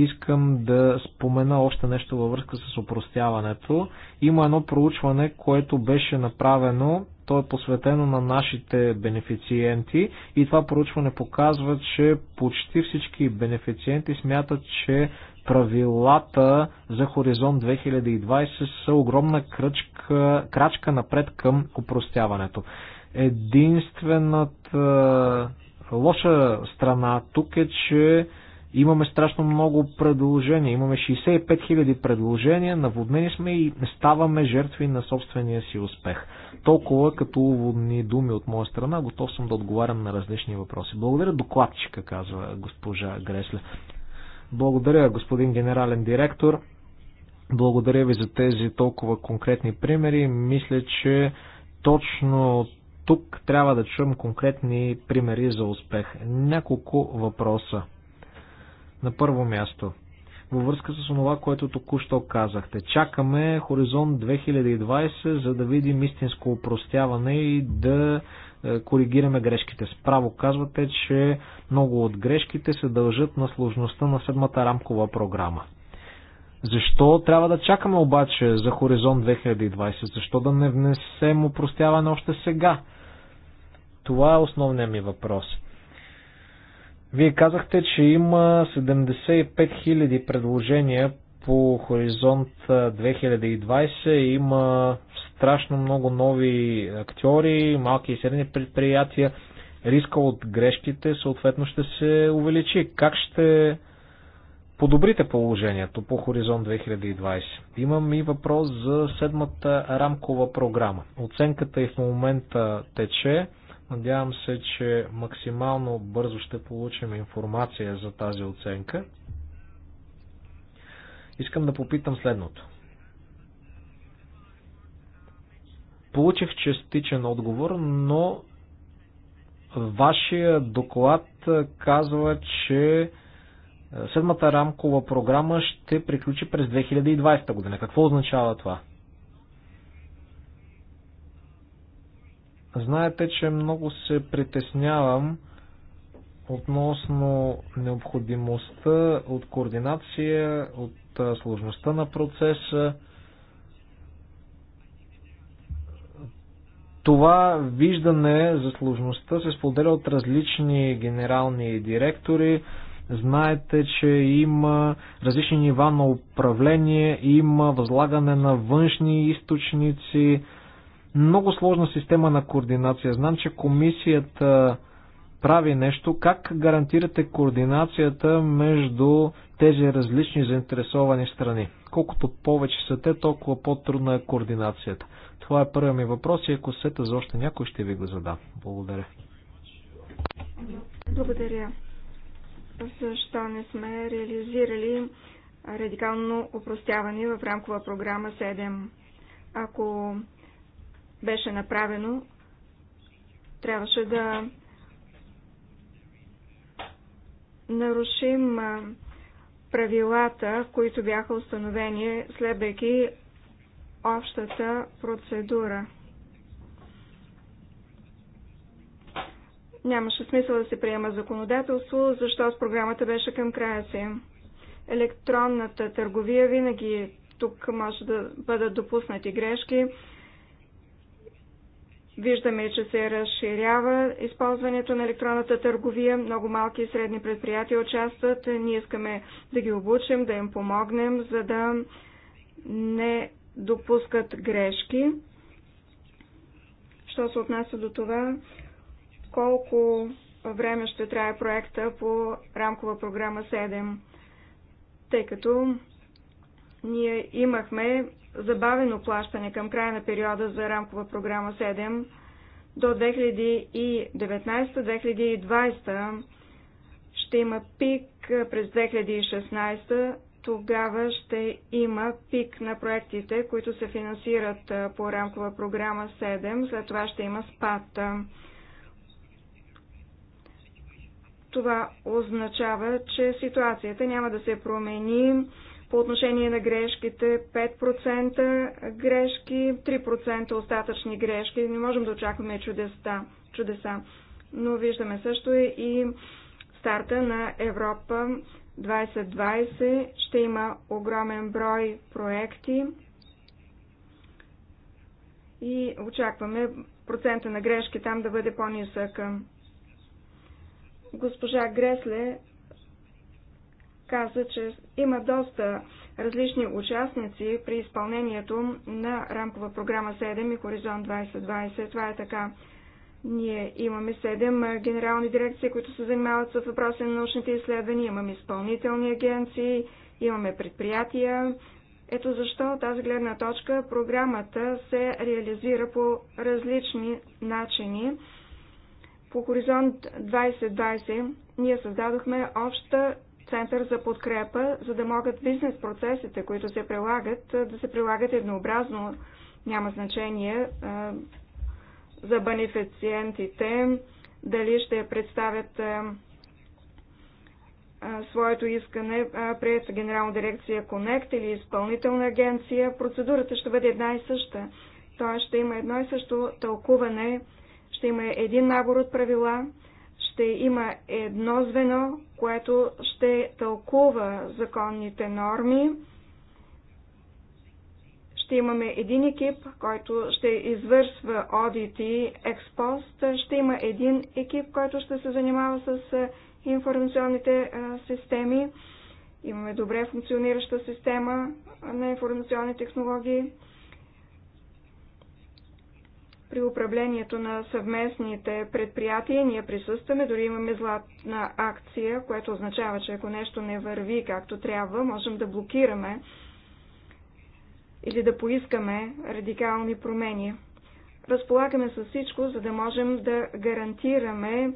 искам да спомена още нещо във връзка с опростяването. Има едно проучване, което беше направено, то е посветено на нашите бенефициенти и това проучване показва, че почти всички бенефициенти смятат, че правилата за Хоризонт 2020 са огромна кръчка, крачка напред към опростяването. Единствената е, лоша страна тук е, че Имаме страшно много предложения. Имаме 65 000 предложения, наводнени сме и ставаме жертви на собствения си успех. Толкова като уводни думи от моя страна, готов съм да отговарям на различни въпроси. Благодаря докладчика, казва госпожа Гресле. Благодаря, господин генерален директор. Благодаря ви за тези толкова конкретни примери. Мисля, че точно тук трябва да чуем конкретни примери за успех. Няколко въпроса. На първо място, във връзка с това, което току-що казахте, чакаме Хоризонт 2020, за да видим истинско упростяване и да е, коригираме грешките. Справо казвате, че много от грешките се дължат на сложността на седмата рамкова програма. Защо трябва да чакаме обаче за Хоризонт 2020? Защо да не внесем упростяване още сега? Това е основният ми въпрос. Вие казахте, че има 75 000 предложения по Хоризонт 2020. Има страшно много нови актьори, малки и средни предприятия. Риска от грешките съответно ще се увеличи. Как ще подобрите положението по Хоризонт 2020? Имам и въпрос за седмата рамкова програма. Оценката и в момента тече. Надявам се, че максимално бързо ще получим информация за тази оценка. Искам да попитам следното. Получих частичен отговор, но вашия доклад казва, че седмата рамкова програма ще приключи през 2020 година. Какво означава това? Знаете, че много се притеснявам относно необходимостта от координация, от сложността на процеса. Това виждане за сложността се споделя от различни генерални директори. Знаете, че има различни нива на управление, има възлагане на външни източници, много сложна система на координация. Знам, че комисията прави нещо. Как гарантирате координацията между тези различни заинтересовани страни? Колкото повече са те, толкова по-трудна е координацията. Това е първият ми въпрос и ако сета за още някой, ще ви го задам. Благодаря. Благодаря. Защо не сме реализирали радикално упростяване в рамкова програма 7? Ако беше направено, трябваше да нарушим правилата, които бяха установени, следвайки общата процедура. Нямаше смисъл да се приема законодателство, защото програмата беше към края си. Електронната търговия винаги тук може да бъдат допуснати грешки. Виждаме, че се разширява използването на електронната търговия. Много малки и средни предприятия участват. Ние искаме да ги обучим, да им помогнем, за да не допускат грешки. Що се отнася до това, колко време ще трябва проекта по рамкова програма 7, тъй като ние имахме забавено плащане към края на периода за рамкова програма 7 до 2019-2020 ще има пик през 2016, тогава ще има пик на проектите, които се финансират по рамкова програма 7, след това ще има спад. Това означава, че ситуацията няма да се промени по отношение на грешките 5% грешки, 3% остатъчни грешки. Не можем да очакваме чудеса. чудеса. Но виждаме също и старта на Европа 2020. Ще има огромен брой проекти и очакваме процента на грешки там да бъде по-нисък. Госпожа Гресле каза, че има доста различни участници при изпълнението на рамкова програма 7 и Хоризонт 2020. Това е така. Ние имаме 7 генерални дирекции, които се занимават с въпроси на научните изследвания, имаме изпълнителни агенции, имаме предприятия. Ето защо от тази гледна точка програмата се реализира по различни начини. По Хоризонт 2020 ние създадохме обща център за подкрепа, за да могат бизнес процесите, които се прилагат, да се прилагат еднообразно. Няма значение за бенефициентите дали ще представят своето искане пред Генерална дирекция Connect или изпълнителна агенция. Процедурата ще бъде една и съща. Т.е. ще има едно и също тълкуване, ще има един набор от правила, ще има едно звено, което ще тълкува законните норми. Ще имаме един екип, който ще извършва одити експост. Ще има един екип, който ще се занимава с информационните системи. Имаме добре функционираща система на информационни технологии. При управлението на съвместните предприятия ние присъстваме, дори имаме златна акция, което означава, че ако нещо не върви както трябва, можем да блокираме или да поискаме радикални промени. Разполагаме с всичко, за да можем да гарантираме,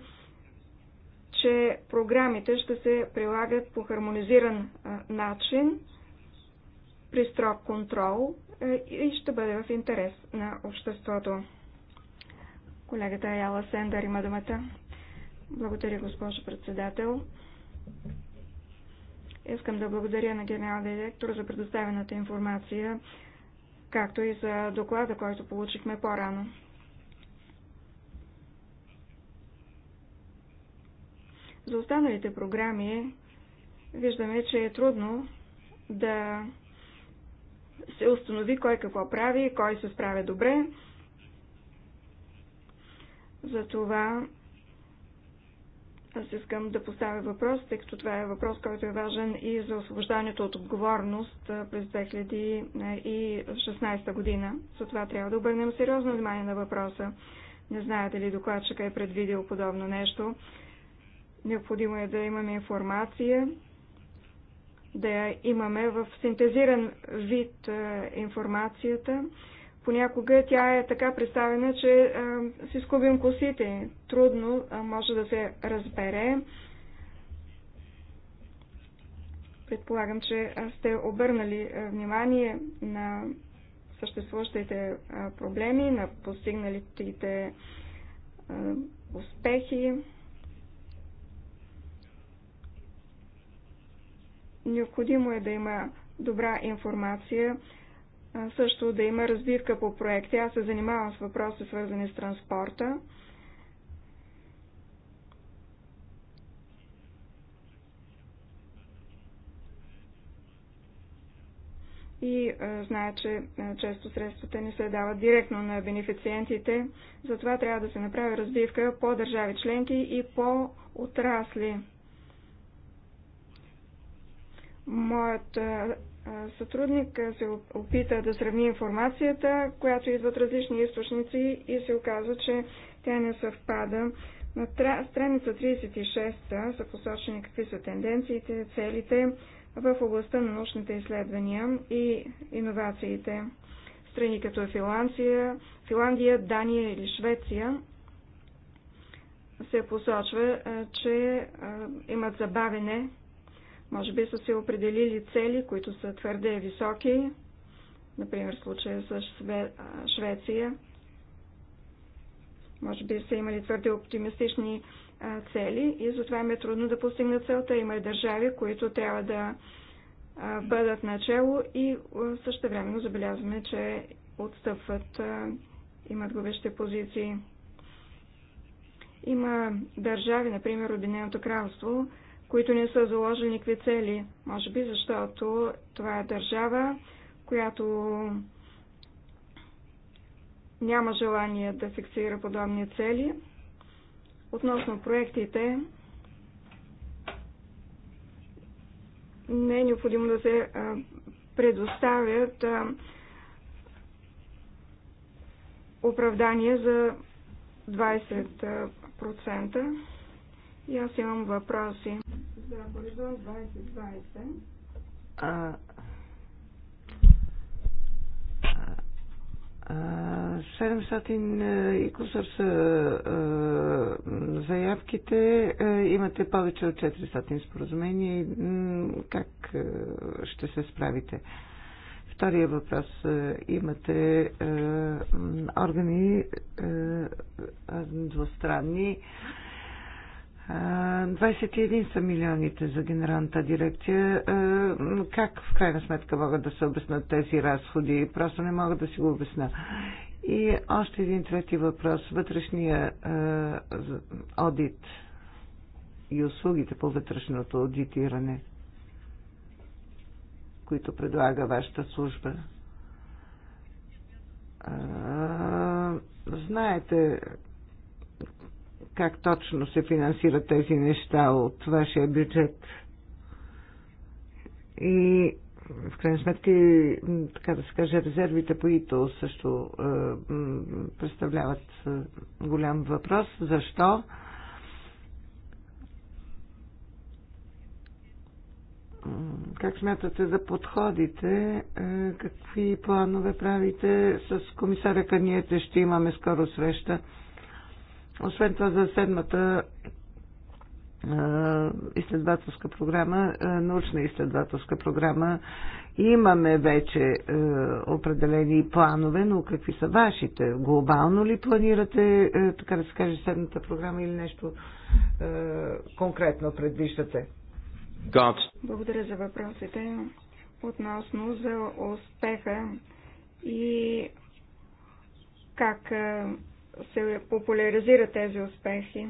че програмите ще се прилагат по хармонизиран начин, при строг контрол е, и ще бъде в интерес на обществото. Колегата Яла Сендър има думата. Благодаря, госпожо председател. Искам да благодаря на генерал директор за предоставената информация, както и за доклада, който получихме по-рано. За останалите програми виждаме, че е трудно да се установи кой какво прави, кой се справя добре. Затова аз искам да поставя въпрос, тъй като това е въпрос, който е важен и за освобождането от отговорност през 2016 година. Затова трябва да обърнем сериозно внимание на въпроса. Не знаете дали докладчика е предвидил подобно нещо. Необходимо е да имаме информация, да имаме в синтезиран вид информацията Понякога тя е така представена, че а, си скубим косите. Трудно а, може да се разбере. Предполагам, че сте обърнали внимание на съществуващите проблеми, на постигналите успехи. Необходимо е да има добра информация също да има развивка по проекти. Аз се занимавам с въпроси, свързани с транспорта. и а, знае, че а, често средствата не се дават директно на бенефициентите. Затова трябва да се направи разбивка по държави членки и по отрасли. Моят а, сътрудник се опита да сравни информацията, която идва от различни източници и се оказва, че тя не съвпада. На страница 36 са посочени какви са тенденциите, целите в областта на научните изследвания и иновациите. Страни като Финландия, Финландия, Дания или Швеция се посочва, че имат забавене може би са се определили цели, които са твърде високи, например в случая с Шве... Швеция. Може би са имали твърде оптимистични цели и затова им е трудно да постигнат целта. Има и държави, които трябва да бъдат начало и също времено забелязваме, че отстъпват, имат губещи позиции. Има държави, например Обединеното кралство, които не са заложили никакви цели. Може би защото това е държава, която няма желание да фиксира подобни цели. Относно проектите, не е необходимо да се предоставят оправдания за 20%. И аз имам въпроси за Хоризонт 2020. А, 700 е, и кусор са е, заявките. Е, имате повече от 400 споразумения. Как ще се справите? Втория въпрос. Имате органи двустранни. Е, 21 са милионите за генералната дирекция. Е, как в крайна сметка могат да се обяснат тези разходи? Просто не мога да си го обясна. И още един трети въпрос. Вътрешния е, одит и услугите по вътрешното аудитиране, които предлага вашата служба. Е, знаете, как точно се финансират тези неща от вашия бюджет. И в крайна сметка, така да се каже, резервите които също е, представляват е, голям въпрос. Защо? Как смятате да подходите? Е, какви планове правите с комисаря Каниете? Ще имаме скоро среща. Освен това за седмата изследователска програма, научна изследователска програма. Имаме вече определени планове, но какви са вашите? Глобално ли планирате, така да се каже, седната програма или нещо конкретно предвиждате? God. Благодаря за въпросите относно за успеха и как се популяризира тези успехи.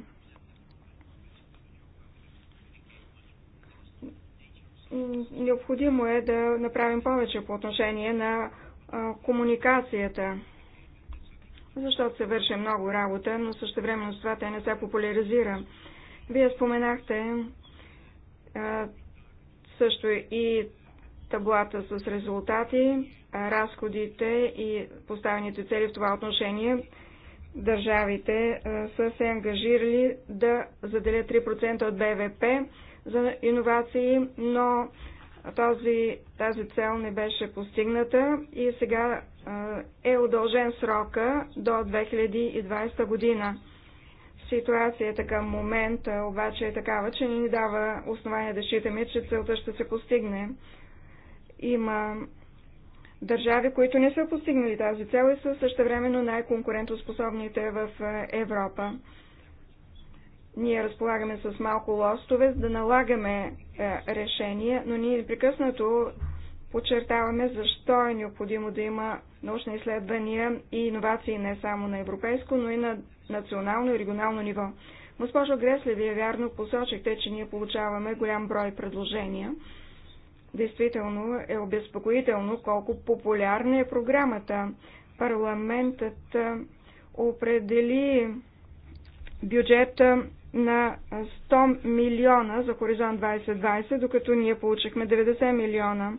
Необходимо е да направим повече по отношение на комуникацията, защото се върши много работа, но също време с това те не се популяризира. Вие споменахте също и таблата с резултати, разходите и поставените цели в това отношение държавите са се ангажирали да заделят 3% от БВП за иновации, но този, тази цел не беше постигната и сега е удължен срока до 2020 година. Ситуацията към момента обаче е такава, че не ни дава основание да считаме, че целта ще се постигне. Има държави, които не са постигнали тази цел и са същевременно най-конкурентоспособните в е, Европа. Ние разполагаме с малко лостове, за да налагаме е, решения, но ние непрекъснато подчертаваме защо е необходимо да има научни изследвания и иновации не само на европейско, но и на национално и регионално ниво. Госпожо Гресле, вие вярно посочихте, че ние получаваме голям брой предложения. Действително е обезпокоително колко популярна е програмата. Парламентът определи бюджета на 100 милиона за Хоризонт 2020, докато ние получихме 90 милиона.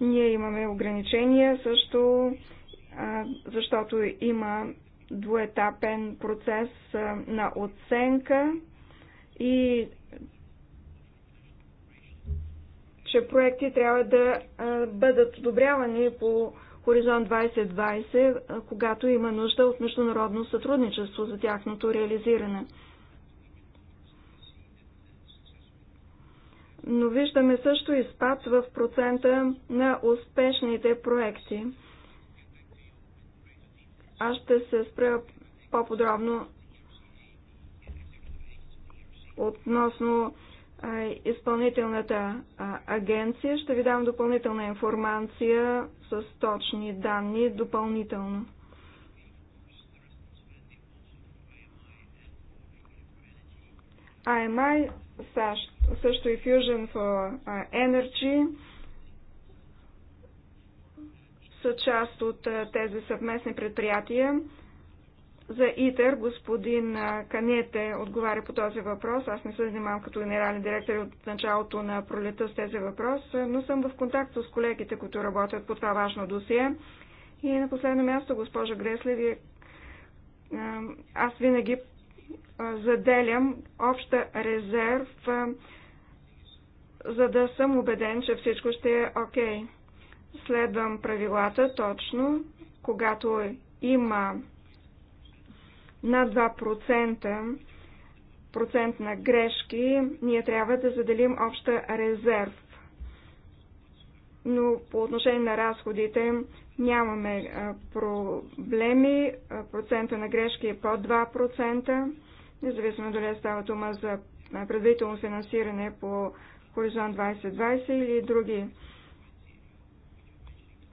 Ние имаме ограничения също, защото има двуетапен процес на оценка и че проекти трябва да бъдат одобрявани по Хоризонт 2020, когато има нужда от международно сътрудничество за тяхното реализиране. Но виждаме също и спад в процента на успешните проекти. Аз ще се спра по-подробно относно изпълнителната агенция. Ще ви дам допълнителна информация с точни данни допълнително. IMI, също и Fusion for Energy са част от тези съвместни предприятия. За ИТЕР господин Канете отговаря по този въпрос. Аз не се занимавам като генерален директор от началото на пролета с тези въпрос, но съм в контакт с колегите, които работят по това важно досие. И на последно място, госпожа Гресли, вие, аз винаги заделям обща резерв, за да съм убеден, че всичко ще е окей. Okay. Следвам правилата точно, когато има над 2% процент на грешки, ние трябва да заделим обща резерв. Но по отношение на разходите нямаме проблеми. Процента на грешки е под 2%. Независимо дали става дума за предварително финансиране по Хоризонт 2020 или други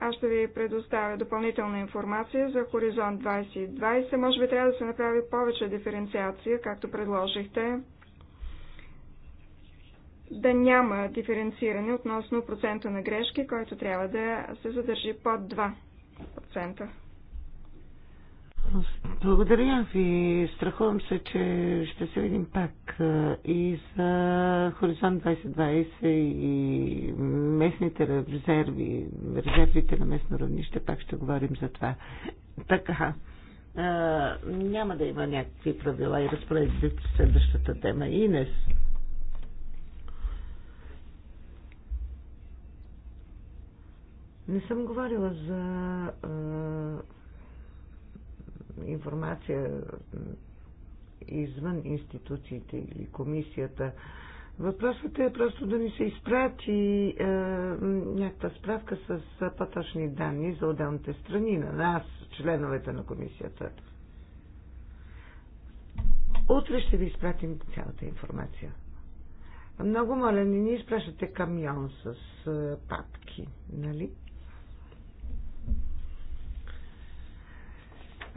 аз ще ви предоставя допълнителна информация за Хоризонт 2020. Може би трябва да се направи повече диференциация, както предложихте. Да няма диференциране относно процента на грешки, който трябва да се задържи под 2%. Благодаря ви. Страхувам се, че ще се видим пак и за Хоризонт 2020 и местните резерви, резервите на местно равнище, пак ще говорим за това. Така, а, няма да има някакви правила и разпоредби в следващата тема. Инес. Не съм говорила за а информация извън институциите или комисията. Въпросът е просто да ни се изпрати е, някаква справка с е, по-точни данни за отделните страни на нас, членовете на комисията. Утре ще ви изпратим цялата информация. Много моля, не ни изпращате камион с е, папки, нали?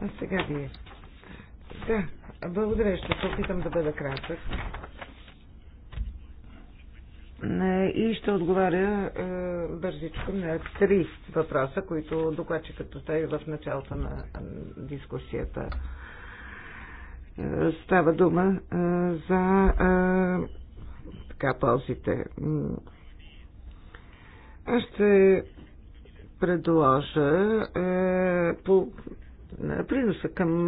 А сега вие. Да, благодаря. Ще се опитам да бъда кратък. И ще отговаря е, бързичко на три въпроса, които докладчикът постави в началото на дискусията. Е, става дума е, за е, така, ползите. Аз ще предложа е, по приноса към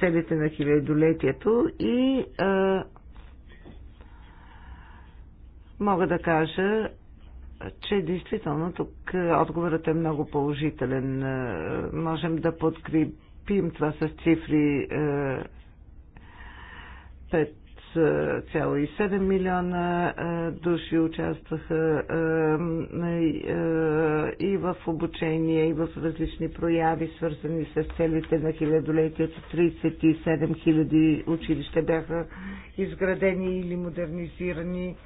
целите на хилядолетието и а, мога да кажа, че действително тук отговорът е много положителен. Можем да подкрепим това с цифри пред. 6,7 милиона души участваха и в обучение, и в различни прояви, свързани с целите на хилядолетието. 37 хиляди училища бяха изградени или модернизирани.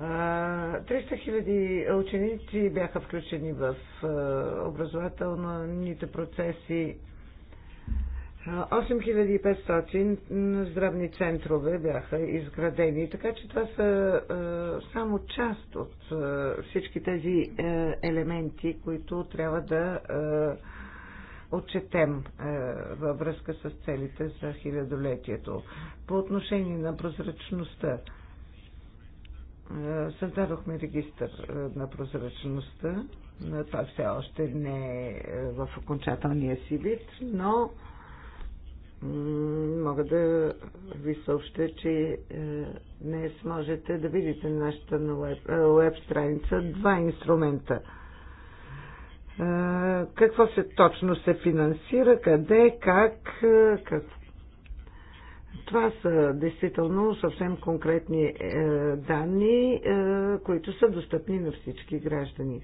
300 хиляди ученици бяха включени в образователните процеси. 8500 здравни центрове бяха изградени, така че това са само част от всички тези елементи, които трябва да отчетем във връзка с целите за хилядолетието. По отношение на прозрачността, създадохме регистър на прозрачността. Това все още не е в окончателния си вид, но мога да ви съобща, че е, днес можете да видите на нашата е, веб страница два инструмента. Е, какво се точно се финансира, къде, как, как. Това са действително съвсем конкретни данни, които са достъпни на всички граждани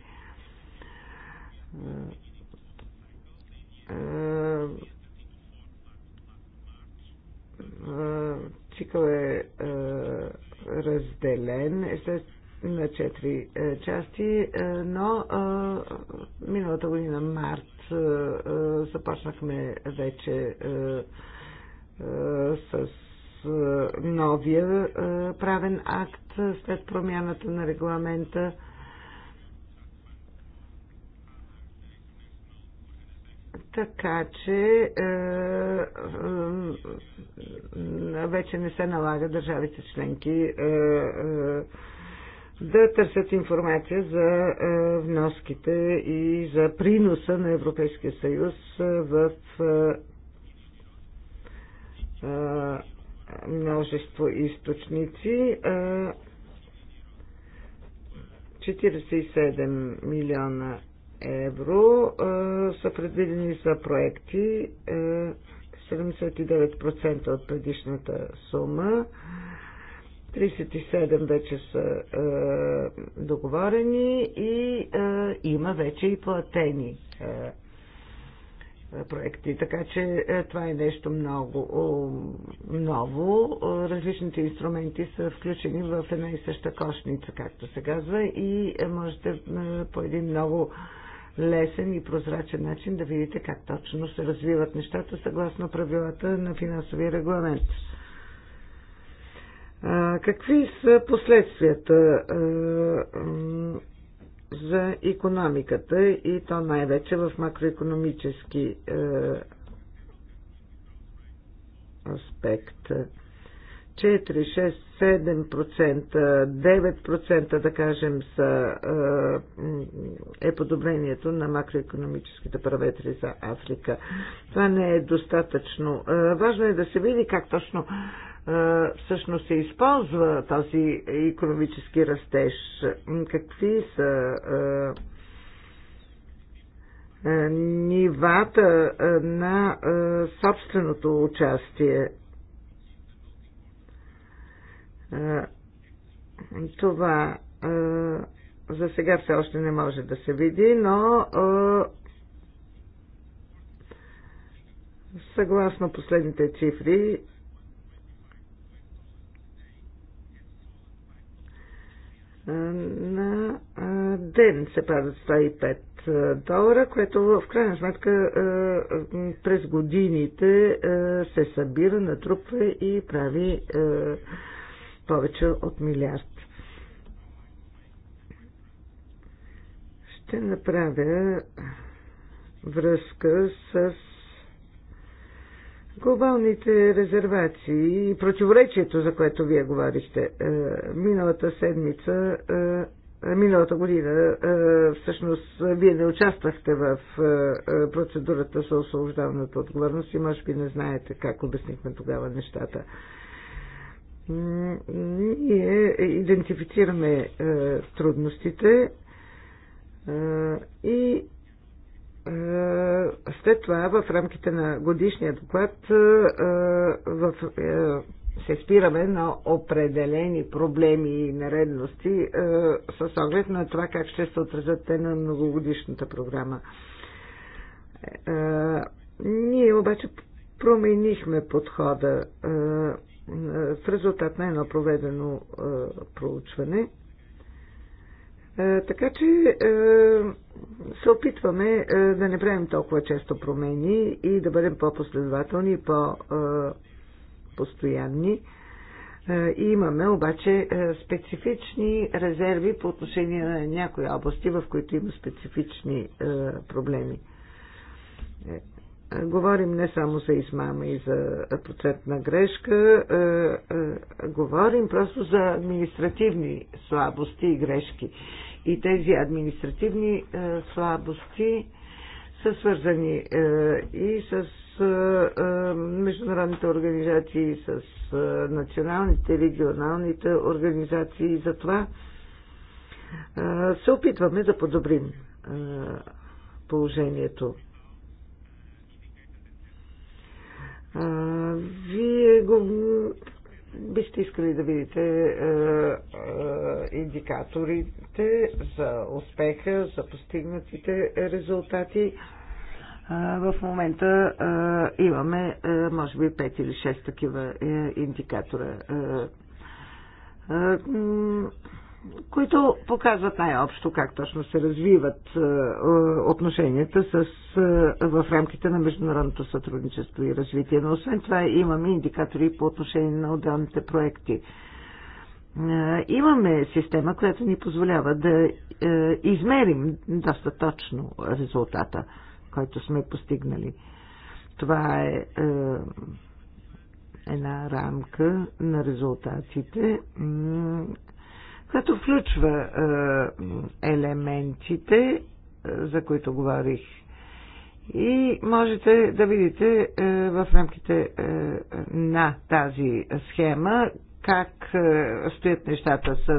цикъл е разделен е на четири части, но миналата година март започнахме вече с новия правен акт след промяната на регламента така че е, е, е, вече не се налага държавите членки е, е, да търсят информация за е, вноските и за приноса на Европейския съюз е, в е, е, множество източници. Е, 47 милиона евро са предвидени за проекти 79% от предишната сума. 37 вече са е, договорени и е, има вече и платени е, проекти. Така че е, това е нещо много о, ново. Различните инструменти са включени в една и съща кошница, както се казва, и можете е, по един много е, лесен и прозрачен начин да видите как точно се развиват нещата съгласно правилата на финансовия регламент. Какви са последствията за економиката и то най-вече в макроекономически аспект? 4, 6, 7%, 9% да кажем са, е, е подобрението на макроекономическите параметри за Африка. Това не е достатъчно. Е, важно е да се види как точно е, всъщност се използва този економически растеж. Какви са нивата на собственото участие това за сега все още не може да се види, но съгласно последните цифри на ден се падат 105 долара, което в крайна сметка през годините се събира, натрупва и прави повече от милиард. Ще направя връзка с глобалните резервации и противоречието, за което вие говорихте. Е, миналата седмица, е, е, миналата година, всъщност, вие не участвахте в процедурата за освобождаването отговорност и може би не знаете как обяснихме тогава нещата ние идентифицираме е, трудностите е, и е, след това в рамките на годишния доклад в, се спираме на определени проблеми и наредности с оглед на това как ще се отразят те на многогодишната програма. Ние обаче променихме подхода в резултат на едно проведено проучване. Така че се опитваме да не правим толкова често промени и да бъдем по-последователни и по-постоянни. И имаме обаче специфични резерви по отношение на някои области, в които има специфични проблеми. Е, говорим не само за измама и за процентна грешка, е, е, говорим просто за административни слабости и грешки. И тези административни слабости са свързани и с международните организации, с националните, регионалните организации. И затова се опитваме да подобрим положението. Вие го бихте искали да видите е, е, индикаторите за успеха, за постигнатите резултати. В момента имаме, може би, 5 или 6 такива е, индикатора които показват най-общо как точно се развиват е, е, отношенията с, е, в рамките на международното сътрудничество и развитие. Но освен това имаме индикатори по отношение на отделните проекти. Имаме система, която ни позволява да измерим доста точно резултата, който сме постигнали. Това е една рамка на резултатите като включва е, елементите, е, за които говорих. И можете да видите е, в рамките на тази схема как стоят нещата с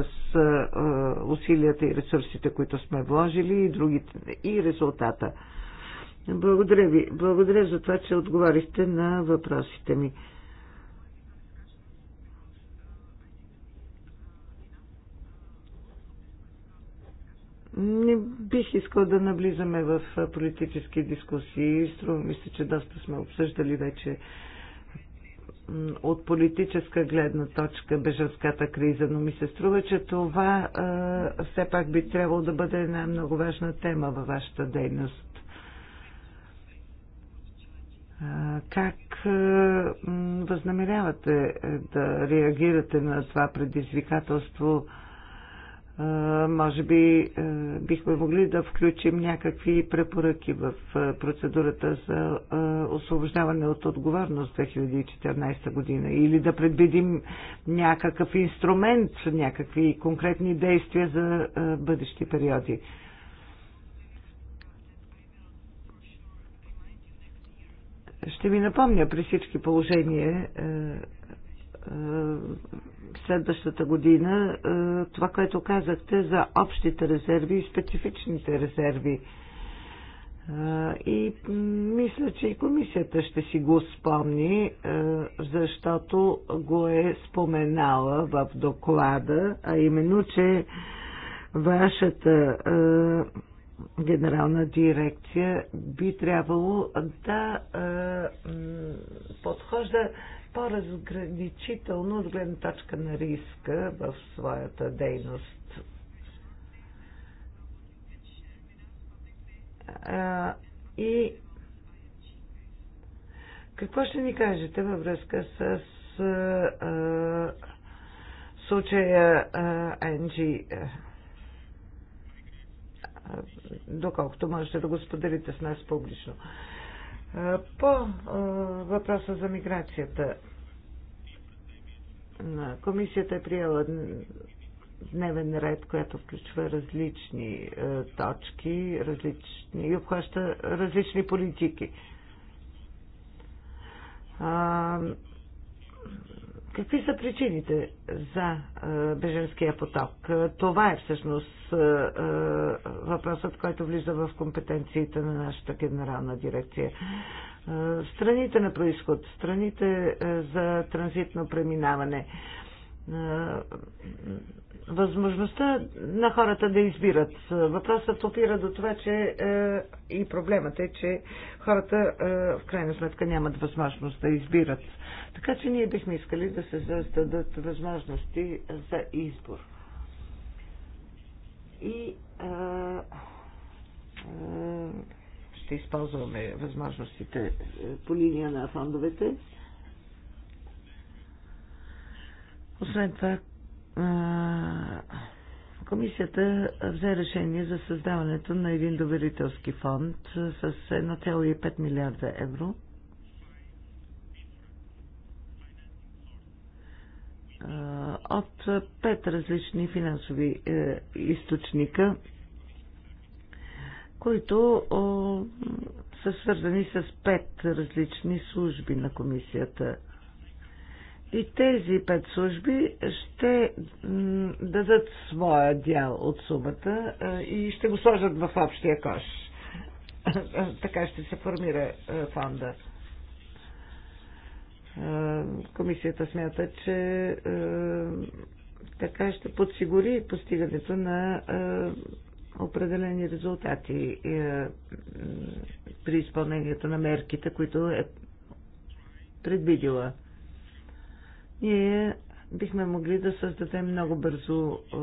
усилията и ресурсите, които сме вложили и, другите, и резултата. Благодаря ви. Благодаря за това, че отговорихте на въпросите ми. Не бих искал да наблизаме в политически дискусии. Струва ми се, че доста сме обсъждали вече от политическа гледна точка бежанската криза, но ми се струва, че това а, все пак би трябвало да бъде една много важна тема във вашата дейност. А, как а, възнамерявате да реагирате на това предизвикателство? А, може би бихме могли да включим някакви препоръки в процедурата за освобождаване от отговорност 2014 година или да предвидим някакъв инструмент, някакви конкретни действия за бъдещи периоди. Ще ви напомня при всички положения следващата година е, това, което казахте за общите резерви и специфичните резерви. Е, и мисля, че и комисията ще си го спомни, е, защото го е споменала в доклада, а именно, че вашата генерална дирекция би трябвало да подхожда по-разграничително от гледна точка на риска в своята дейност. А, и какво ще ни кажете във връзка с а, случая NG. Доколкото можете да го споделите с нас публично. А, по въпроса за миграцията, комисията е приела дневен ред, която включва различни точки различни, и обхваща различни политики. Какви са причините за беженския поток? Това е всъщност въпросът, който влиза в компетенциите на нашата генерална дирекция. Страните на происход, страните за транзитно преминаване възможността на хората да избират. Въпросът опира до това, че е, и проблемът е, че хората е, в крайна сметка нямат възможност да избират. Така че ние бихме искали да се създадат възможности за избор. И е, е, ще използваме възможностите е, по линия на фондовете. Освен това, Комисията взе решение за създаването на един доверителски фонд с 1,5 милиарда евро. От пет различни финансови е, източника, които са свързани с пет различни служби на комисията. И тези пет служби ще дадат своя дял от сумата и ще го сложат в общия кош. така ще се формира фонда. Комисията смята, че така ще подсигури постигането на определени резултати при изпълнението на мерките, които е предвидила ние бихме могли да създадем много бързо е,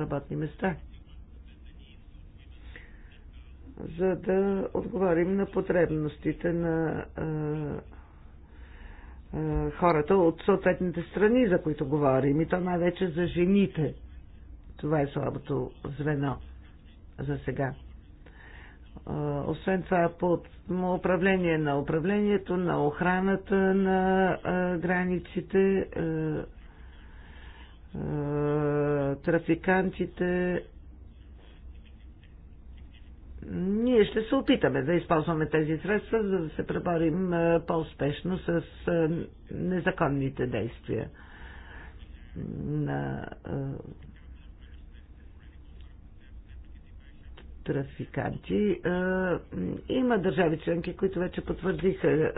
работни места, за да отговорим на потребностите на е, е, хората от съответните страни, за които говорим, и то най-вече за жените. Това е слабото звено за сега освен това по управление на управлението, на охраната на границите, трафикантите. Ние ще се опитаме да използваме тези средства, за да се преборим по-успешно с незаконните действия на трафиканти. Е, има държави членки, които вече потвърдиха е,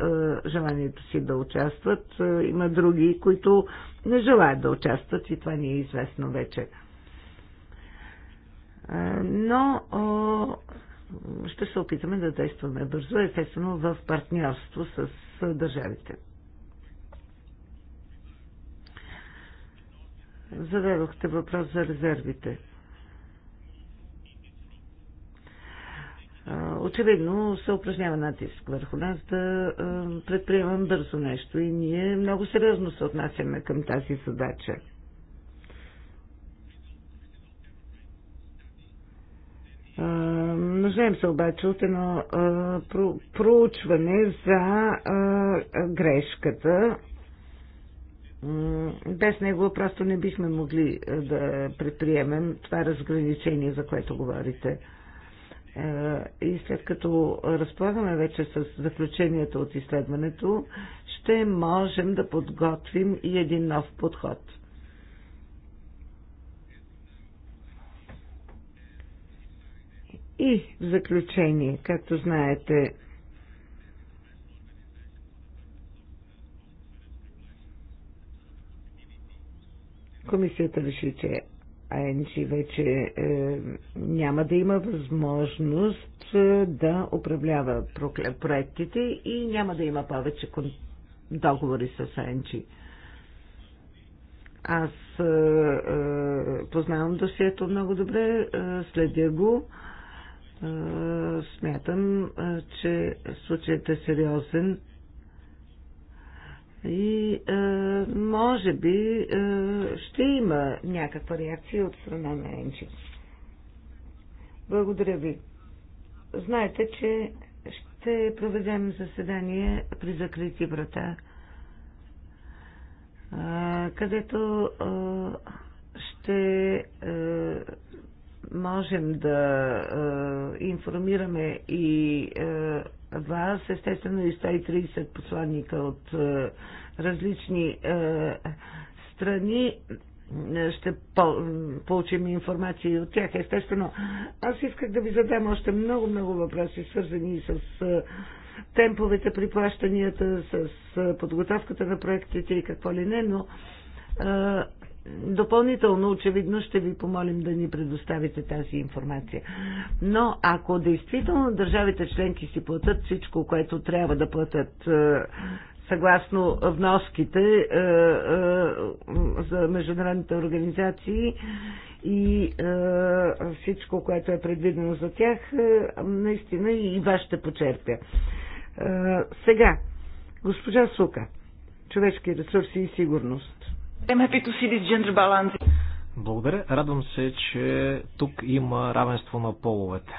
желанието си да участват. Е, има други, които не желаят да участват и това ни е известно вече. Но ще се опитаме да действаме бързо, естествено в партньорство с държавите. Заведохте въпрос за резервите. очевидно се упражнява натиск върху нас да предприемам бързо нещо и ние много сериозно се отнасяме към тази задача. Нуждаем се обаче от едно проучване за грешката. Без него просто не бихме могли да предприемем това разграничение, за което говорите. Е, и след като разполагаме вече с заключението от изследването, ще можем да подготвим и един нов подход. И в заключение, както знаете, комисията реши, че АНС вече е, няма да има възможност е, да управлява проектите и няма да има повече договори с АНС. Аз е, е, познавам досието много добре, е, следя го. Е, смятам, е, че случаят е сериозен. И е, може би е, ще има някаква реакция от страна на Енчи. Благодаря ви. Знаете, че ще проведем заседание при закрити врата, е, където е, ще е, можем да е, информираме и е, вас, естествено и 130 посланника от е, различни е, страни. Ще получим информация и от тях, естествено. Аз исках да ви задам още много-много въпроси, свързани с е, темповете при плащанията, с подготовката на проектите и какво ли не, но допълнително очевидно ще ви помолим да ни предоставите тази информация. Но ако действително държавите членки си платят всичко, което трябва да платят е, съгласно вноските е, е, за международните организации и всичко, което е предвидено за тях, наистина и вас ще почерпя. Сега, госпожа Сука, човешки ресурси и сигурност. Благодаря. Радвам се, че тук има равенство на половете.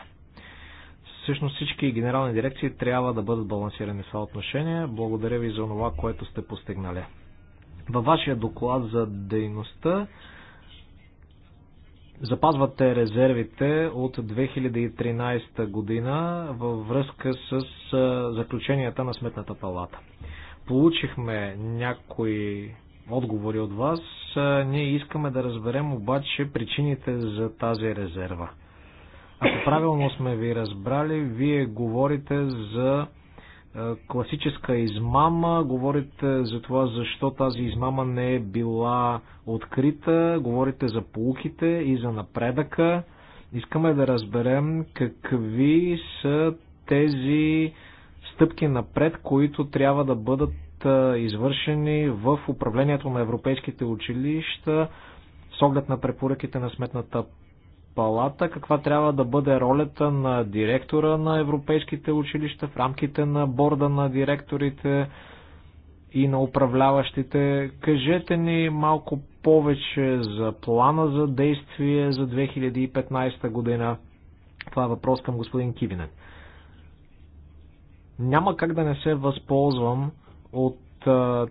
Всъщност всички генерални дирекции трябва да бъдат балансирани в това отношение. Благодаря ви за това, което сте постигнали. Във вашия доклад за дейността запазвате резервите от 2013 година във връзка с заключенията на Сметната палата. Получихме някои отговори от вас. Ние искаме да разберем обаче причините за тази резерва. Ако правилно сме ви разбрали, вие говорите за класическа измама, говорите за това защо тази измама не е била открита, говорите за полуките и за напредъка. Искаме да разберем какви са тези стъпки напред, които трябва да бъдат извършени в управлението на европейските училища с оглед на препоръките на Сметната палата, каква трябва да бъде ролята на директора на европейските училища в рамките на борда на директорите и на управляващите. Кажете ни малко повече за плана за действие за 2015 година. Това е въпрос към господин Кивинен. Няма как да не се възползвам от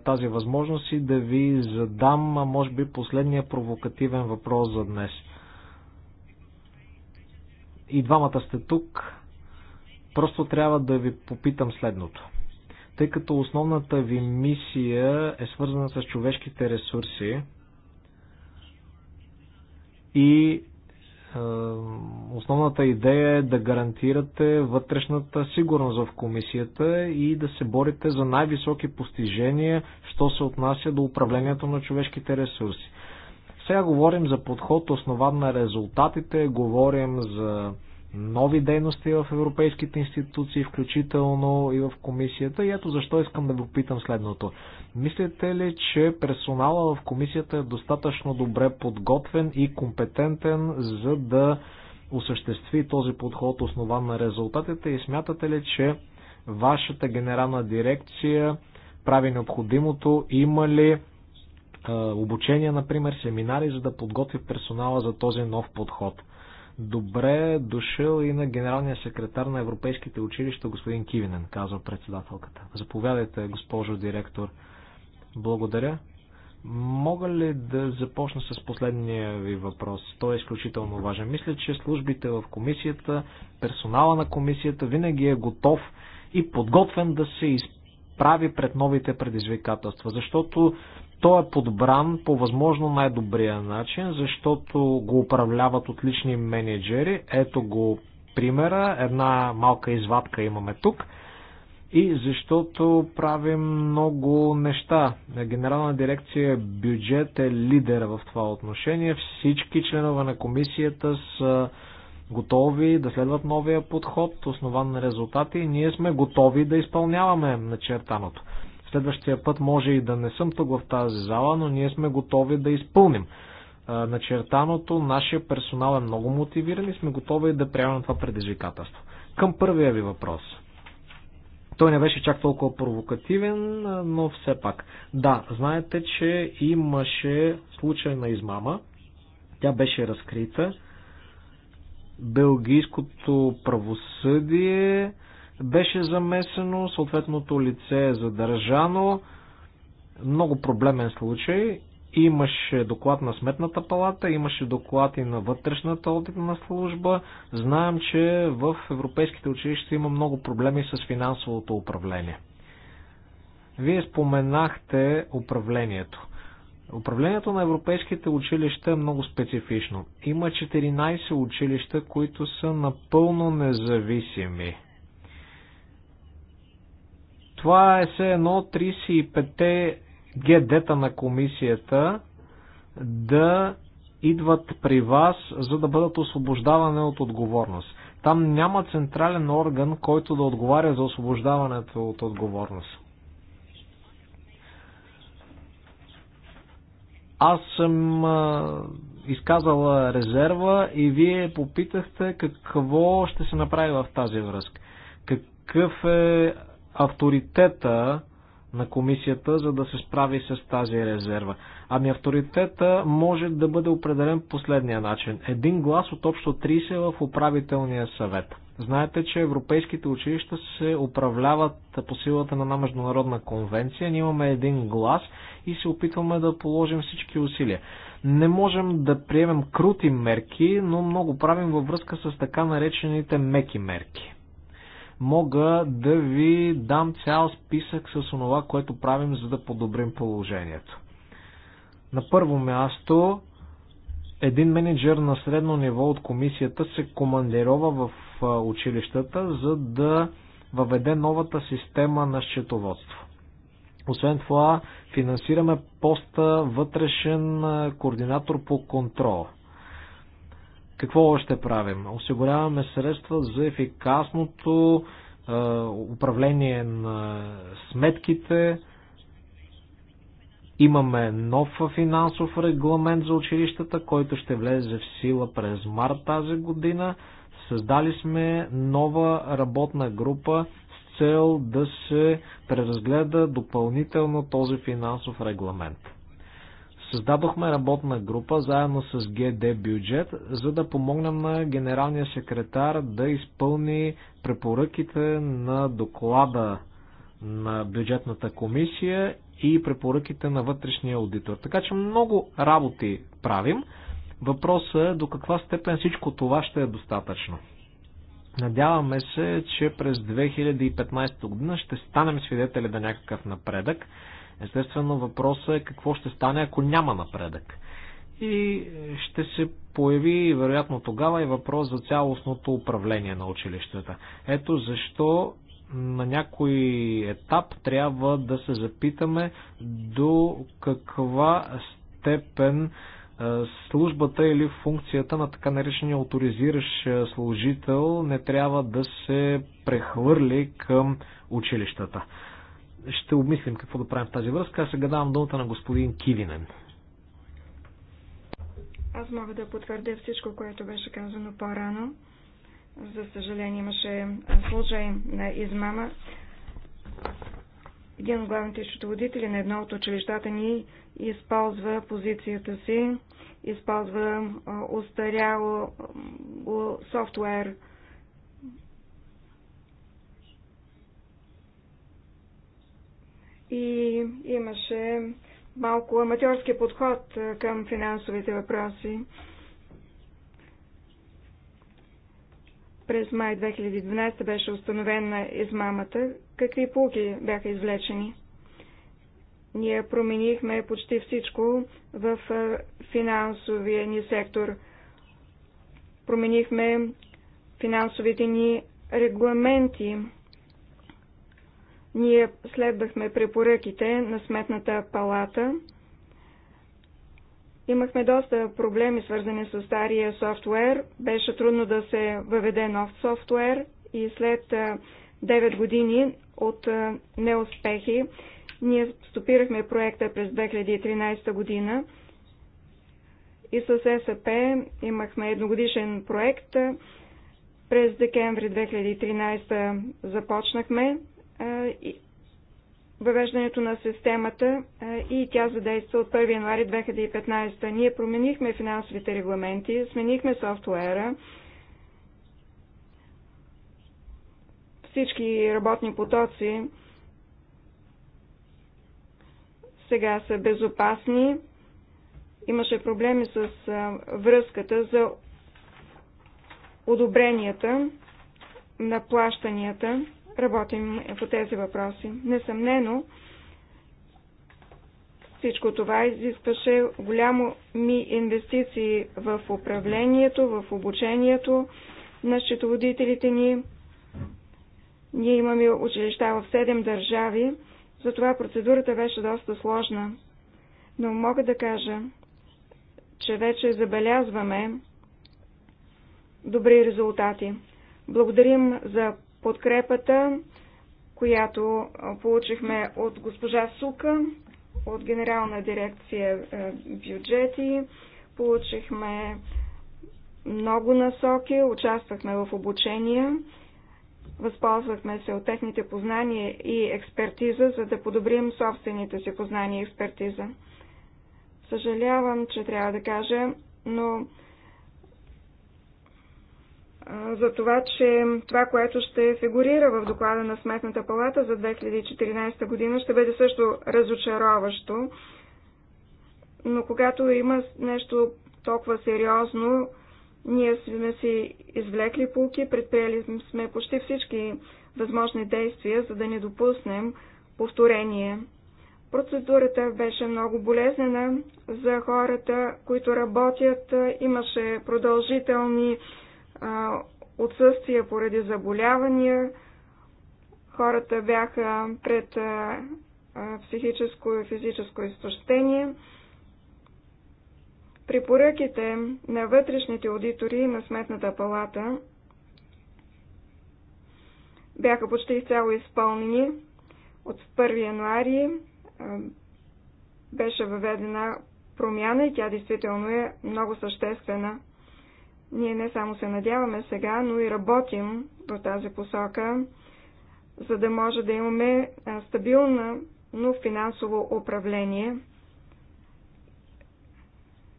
тази възможност и да ви задам, може би, последния провокативен въпрос за днес. И двамата сте тук. Просто трябва да ви попитам следното. Тъй като основната ви мисия е свързана с човешките ресурси и Основната идея е да гарантирате вътрешната сигурност в комисията и да се борите за най-високи постижения, що се отнася до управлението на човешките ресурси. Сега говорим за подход основан на резултатите, говорим за нови дейности в европейските институции, включително и в комисията. И ето защо искам да ви попитам следното. Мислите ли, че персонала в комисията е достатъчно добре подготвен и компетентен, за да осъществи този подход основан на резултатите и смятате ли, че вашата генерална дирекция прави необходимото? Има ли е, обучение, например, семинари, за да подготви персонала за този нов подход? Добре е дошъл и на генералния секретар на Европейските училища, господин Кивинен, казва председателката. Заповядайте, госпожо директор. Благодаря. Мога ли да започна с последния ви въпрос? Той е изключително важен. Мисля, че службите в комисията, персонала на комисията винаги е готов и подготвен да се изправи пред новите предизвикателства, защото той е подбран по възможно най-добрия начин, защото го управляват отлични менеджери. Ето го примера, една малка извадка имаме тук – и защото правим много неща. Генерална дирекция бюджет е лидер в това отношение. Всички членове на комисията са готови да следват новия подход, основан на резултати и ние сме готови да изпълняваме начертаното. Следващия път може и да не съм тук в тази зала, но ние сме готови да изпълним начертаното. Нашия персонал е много мотивиран и сме готови да приемем това предизвикателство. Към първия ви въпрос – той не беше чак толкова провокативен, но все пак. Да, знаете, че имаше случай на измама. Тя беше разкрита. Белгийското правосъдие беше замесено, съответното лице е задържано. Много проблемен случай Имаше доклад на Сметната палата, имаше доклад и на вътрешната одитна служба. Знаем, че в европейските училища има много проблеми с финансовото управление. Вие споменахте управлението. Управлението на европейските училища е много специфично. Има 14 училища, които са напълно независими. Това е все едно 35-те ГД-та на комисията да идват при вас, за да бъдат освобождавани от отговорност. Там няма централен орган, който да отговаря за освобождаването от отговорност. Аз съм изказала резерва и вие попитахте какво ще се направи в тази връзка. Какъв е авторитета на комисията, за да се справи с тази резерва? Ами авторитета може да бъде определен последния начин. Един глас от общо 30 в управителния съвет. Знаете, че европейските училища се управляват по силата на една международна конвенция. Ние имаме един глас и се опитваме да положим всички усилия. Не можем да приемем крути мерки, но много правим във връзка с така наречените меки мерки. Мога да ви дам цял списък с това, което правим, за да подобрим положението. На първо място, един менеджер на средно ниво от комисията се командирова в училищата, за да въведе новата система на счетоводство. Освен това, финансираме поста вътрешен координатор по контрол. Какво още правим? Осигуряваме средства за ефикасното е, управление на сметките. Имаме нов финансов регламент за училищата, който ще влезе в сила през март тази година. Създали сме нова работна група с цел да се преразгледа допълнително този финансов регламент. Създадохме работна група заедно с ГД бюджет, за да помогнем на генералния секретар да изпълни препоръките на доклада на бюджетната комисия и препоръките на вътрешния аудитор. Така че много работи правим. Въпросът е до каква степен всичко това ще е достатъчно. Надяваме се, че през 2015 година ще станем свидетели на някакъв напредък. Естествено въпросът е какво ще стане, ако няма напредък. И ще се появи вероятно тогава и въпрос за цялостното управление на училищата. Ето защо на някой етап трябва да се запитаме до каква степен службата или функцията на така наречения авторизиращ служител не трябва да се прехвърли към училищата ще обмислим какво да правим в тази връзка. Аз сега давам думата на господин Килинен. Аз мога да потвърдя всичко, което беше казано по-рано. За съжаление имаше случай на измама. Един от главните счетоводители на едно от училищата ни използва позицията си, използва устаряло софтуер, и имаше малко аматьорски подход към финансовите въпроси. През май 2012 беше установена измамата. Какви полки бяха извлечени? Ние променихме почти всичко в финансовия ни сектор. Променихме финансовите ни регламенти. Ние следвахме препоръките на Сметната палата. Имахме доста проблеми, свързани с стария софтуер. Беше трудно да се въведе нов софтуер и след 9 години от неуспехи ние стопирахме проекта през 2013 година и с САП имахме едногодишен проект. През декември 2013 започнахме въвеждането на системата и тя задейства от 1 януари 2015. Ние променихме финансовите регламенти, сменихме софтуера, всички работни потоци сега са безопасни. Имаше проблеми с връзката за одобренията на плащанията работим по тези въпроси. Несъмнено, всичко това изискваше голямо ми инвестиции в управлението, в обучението на счетоводителите ни. Ние имаме училища в 7 държави, затова процедурата беше доста сложна. Но мога да кажа, че вече забелязваме добри резултати. Благодарим за подкрепата, която получихме от госпожа Сука, от Генерална дирекция бюджети. Получихме много насоки, участвахме в обучения, възползвахме се от техните познания и експертиза, за да подобрим собствените си познания и експертиза. Съжалявам, че трябва да кажа, но за това, че това, което ще фигурира в доклада на Сметната палата за 2014 година, ще бъде също разочароващо. Но когато има нещо толкова сериозно, ние сме си извлекли полки, предприели сме почти всички възможни действия, за да не допуснем повторение. Процедурата беше много болезнена за хората, които работят. Имаше продължителни Отсъствия поради заболявания. Хората бяха пред психическо и физическо изтощение. Препоръките на вътрешните аудитори на Сметната палата бяха почти изцяло изпълнени. От 1 януари беше въведена промяна и тя действително е много съществена. Ние не само се надяваме сега, но и работим в тази посока, за да може да имаме стабилно но финансово управление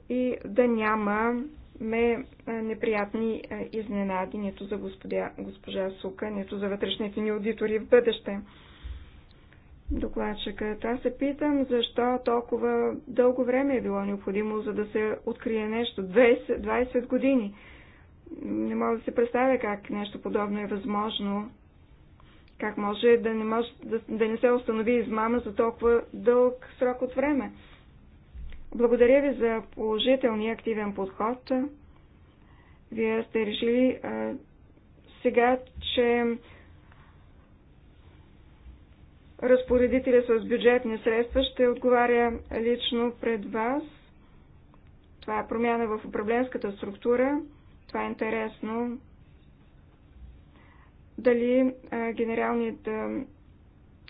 и да нямаме неприятни изненади нито за господя, госпожа Сука, нито за вътрешните ни аудитори в бъдеще докладчикът. Аз се питам защо толкова дълго време е било необходимо, за да се открие нещо. 20, 20 години. Не мога да се представя как нещо подобно е възможно. Как може да не, може, да, да не се установи измама за толкова дълъг срок от време. Благодаря ви за положителния активен подход. Вие сте решили а, сега, че разпоредителя с бюджетни средства ще отговаря лично пред вас. Това е промяна в управленската структура. Това е интересно. Дали а, генералният а,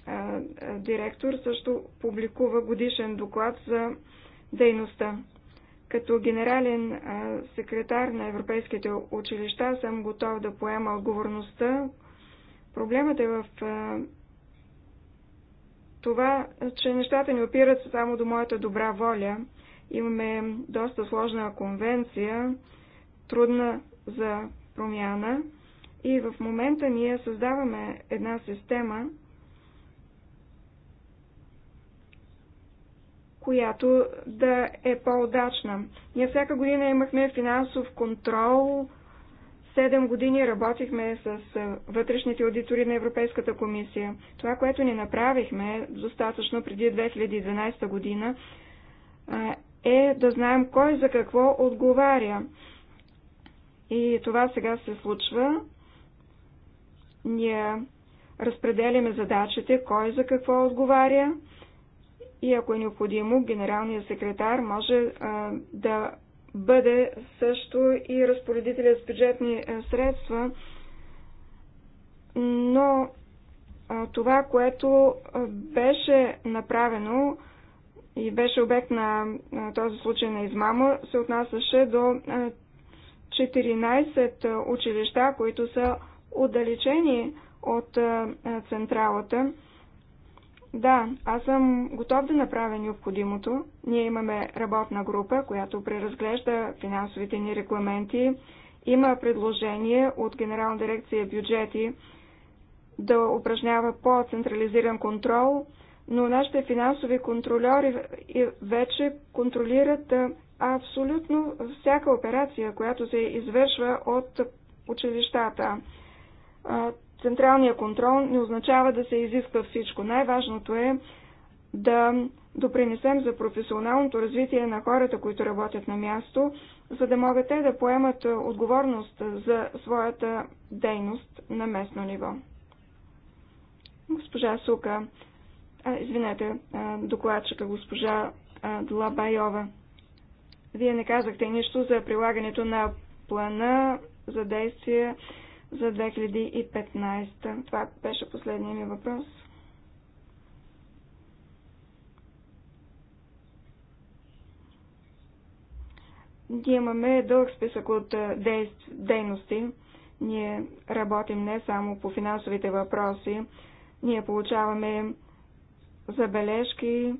а, директор също публикува годишен доклад за дейността. Като генерален а, секретар на европейските училища съм готов да поема отговорността. Проблемът е в а, това, че нещата ни опират само до моята добра воля. Имаме доста сложна конвенция, трудна за промяна и в момента ние създаваме една система, която да е по-удачна. Ние всяка година имахме финансов контрол, Седем години работихме с вътрешните аудитори на Европейската комисия. Това, което ни направихме достатъчно преди 2012 година, е да знаем кой за какво отговаря. И това сега се случва. Ние разпределяме задачите, кой за какво отговаря и ако е необходимо, генералният секретар може а, да бъде също и разпоредителя с бюджетни е, средства, но това, което беше направено и беше обект на този случай на измама, се отнасяше до 14 училища, които са отдалечени от централата. Да, аз съм готов да направя необходимото. Ние имаме работна група, която преразглежда финансовите ни регламенти. Има предложение от Генерална дирекция бюджети да упражнява по-централизиран контрол, но нашите финансови контролери вече контролират абсолютно всяка операция, която се извършва от училищата централния контрол не означава да се изисква всичко. Най-важното е да допринесем за професионалното развитие на хората, които работят на място, за да могат те да поемат отговорност за своята дейност на местно ниво. Госпожа Сука, а, извинете, докладчика госпожа Длабайова. Вие не казахте нищо за прилагането на плана за действие за 2015. Това беше последния ми въпрос. Ние имаме дълъг списък от дейности. Ние работим не само по финансовите въпроси, ние получаваме забележки,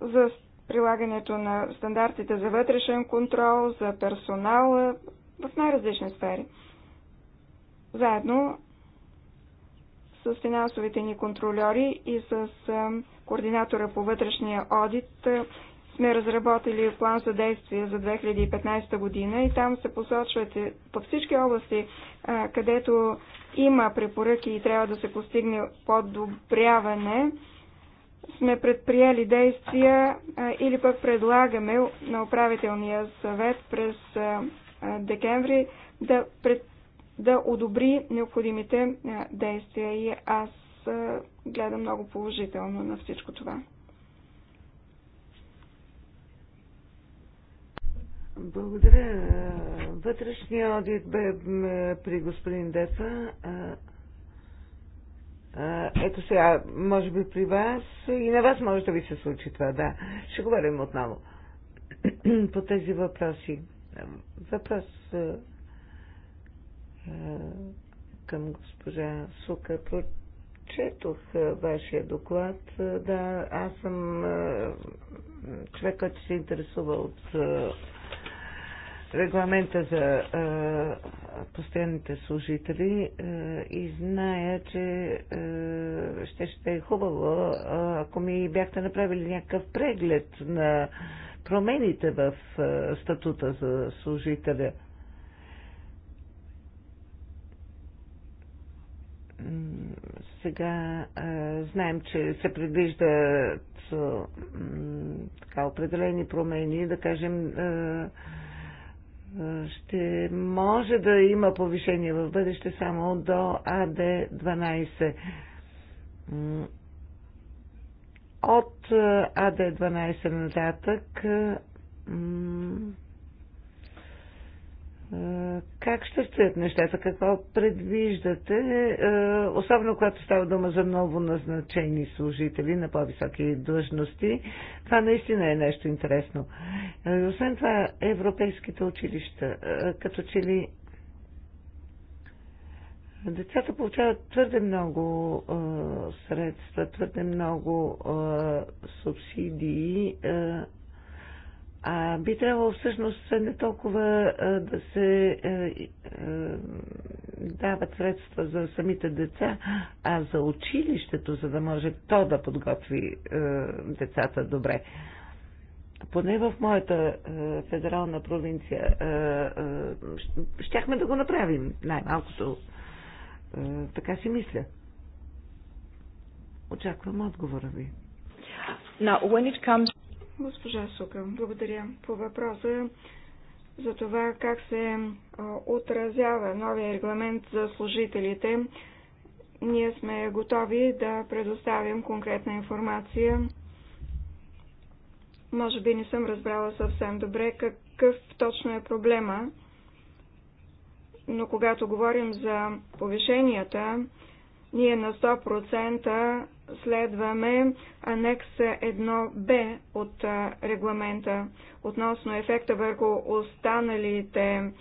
за прилагането на стандартите за вътрешен контрол, за персонал в най-различни сфери. Заедно с финансовите ни контролери и с координатора по вътрешния одит сме разработили план за действие за 2015 година и там се посочват е, по всички области, където има препоръки и трябва да се постигне подобряване, сме предприели действия или пък предлагаме на управителния съвет през декември да, пред, да одобри необходимите действия и аз гледам много положително на всичко това. Благодаря. Вътрешния одит бе при господин Депа. Ето сега, може би при вас и на вас може да ви се случи това, да. Ще говорим отново по тези въпроси. Въпрос към госпожа Сука. Прочетох вашия доклад. Да, аз съм човек, който се интересува от регламента за постоянните служители и зная, че ще, ще е хубаво, ако ми бяхте направили някакъв преглед на промените в статута за служителя. Сега знаем, че се предвиждат така, определени промени, да кажем, ще може да има повишение в бъдеще само до АД-12. От АД-12 нататък е, как ще стоят нещата? Какво предвиждате? Е, особено когато става дума за много назначени служители на по-високи длъжности. Това наистина е нещо интересно. Е, освен това, европейските училища, като че ли децата получават твърде много средства, твърде много субсидии а би трябвало всъщност не толкова да се дават средства за самите деца, а за училището, за да може то да подготви децата добре. Поне в моята федерална провинция щяхме да го направим, най-малкото. Така си мисля. Очаквам отговора ви. Now, when it comes Госпожа Сука, благодаря по въпроса за това как се отразява новия регламент за служителите. Ние сме готови да предоставим конкретна информация. Може би не съм разбрала съвсем добре какъв точно е проблема, но когато говорим за повишенията, ние на 100% следваме анекс 1б от регламента относно ефекта върху останалите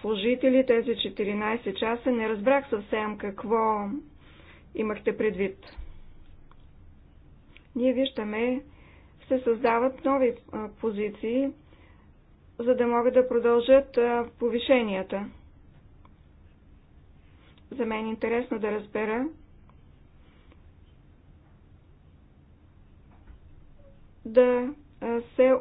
служители тези 14 часа. Не разбрах съвсем какво имахте предвид. Ние виждаме, се създават нови позиции, за да могат да продължат повишенията. За мен е интересно да разбера да се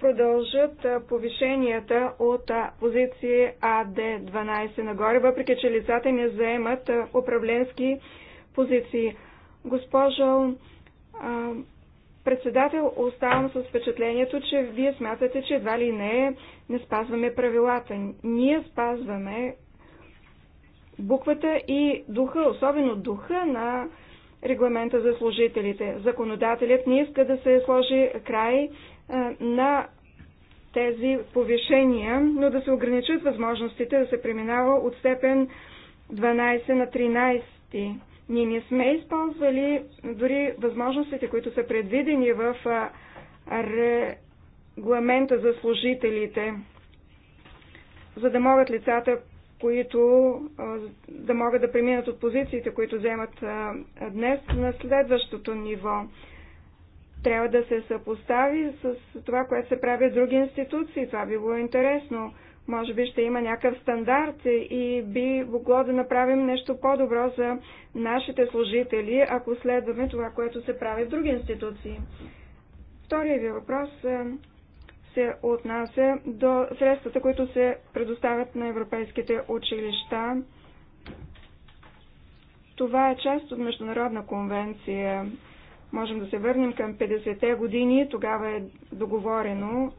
продължат повишенията от позиции АД-12 нагоре, въпреки че лицата не заемат управленски позиции. Госпожо председател, оставам с впечатлението, че вие смятате, че едва ли не не спазваме правилата. Ние спазваме буквата и духа, особено духа на регламента за служителите. Законодателят не иска да се сложи край на тези повишения, но да се ограничат възможностите да се преминава от степен 12 на 13. Ние не сме използвали дори възможностите, които са предвидени в регламента за служителите, за да могат лицата, които да могат да преминат от позициите, които вземат днес на следващото ниво. Трябва да се съпостави с това, което се прави в други институции. Това би било интересно. Може би ще има някакъв стандарт и би могло да направим нещо по-добро за нашите служители, ако следваме това, което се прави в други институции. Втория ви въпрос се отнася до средствата, които се предоставят на европейските училища. Това е част от Международна конвенция. Можем да се върнем към 50-те години, тогава е договорено.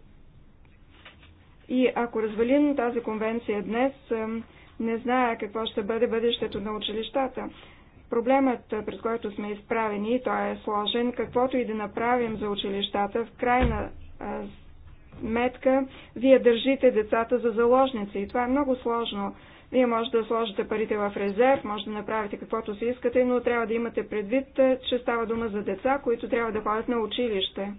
И ако развалим тази конвенция днес, е, не зная какво ще бъде бъдещето на училищата. Проблемът, пред който сме изправени, той е сложен. Каквото и да направим за училищата, в крайна сметка вие държите децата за заложници и това е много сложно. Вие може да сложите парите в резерв, може да направите каквото си искате, но трябва да имате предвид, е, че става дума за деца, които трябва да ходят на училище.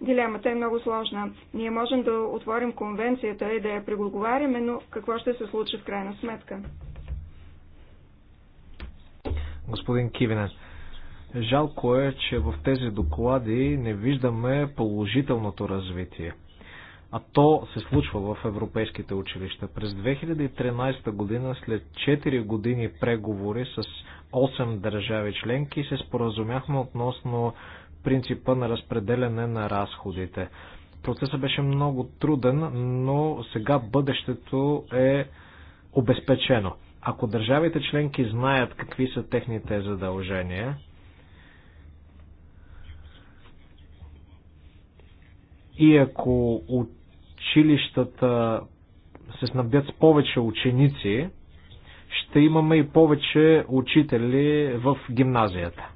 Дилемата е много сложна. Ние можем да отворим конвенцията и да я преговаряме, но какво ще се случи в крайна сметка? Господин Кивенен, Жалко е, че в тези доклади не виждаме положителното развитие. А то се случва в европейските училища. През 2013 година, след 4 години преговори с 8 държави членки, се споразумяхме относно принципа на разпределяне на разходите. Процесът беше много труден, но сега бъдещето е обезпечено. Ако държавите членки знаят какви са техните задължения, И ако училищата се снабдят с повече ученици, ще имаме и повече учители в гимназията.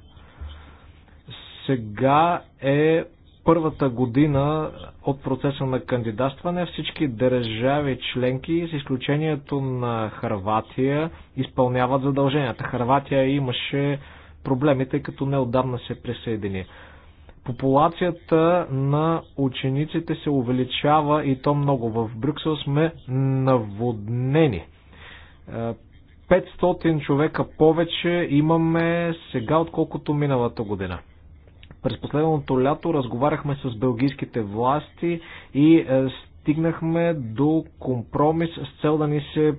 Сега е първата година от процеса на кандидатстване всички държави членки, с изключението на Харватия, изпълняват задълженията. Харватия имаше проблемите, като неодавна се присъедини. Популацията на учениците се увеличава и то много. В Брюксел сме наводнени. 500 е, човека повече имаме сега, отколкото миналата година. През последното лято разговаряхме с белгийските власти и е, стигнахме до компромис с цел да ни се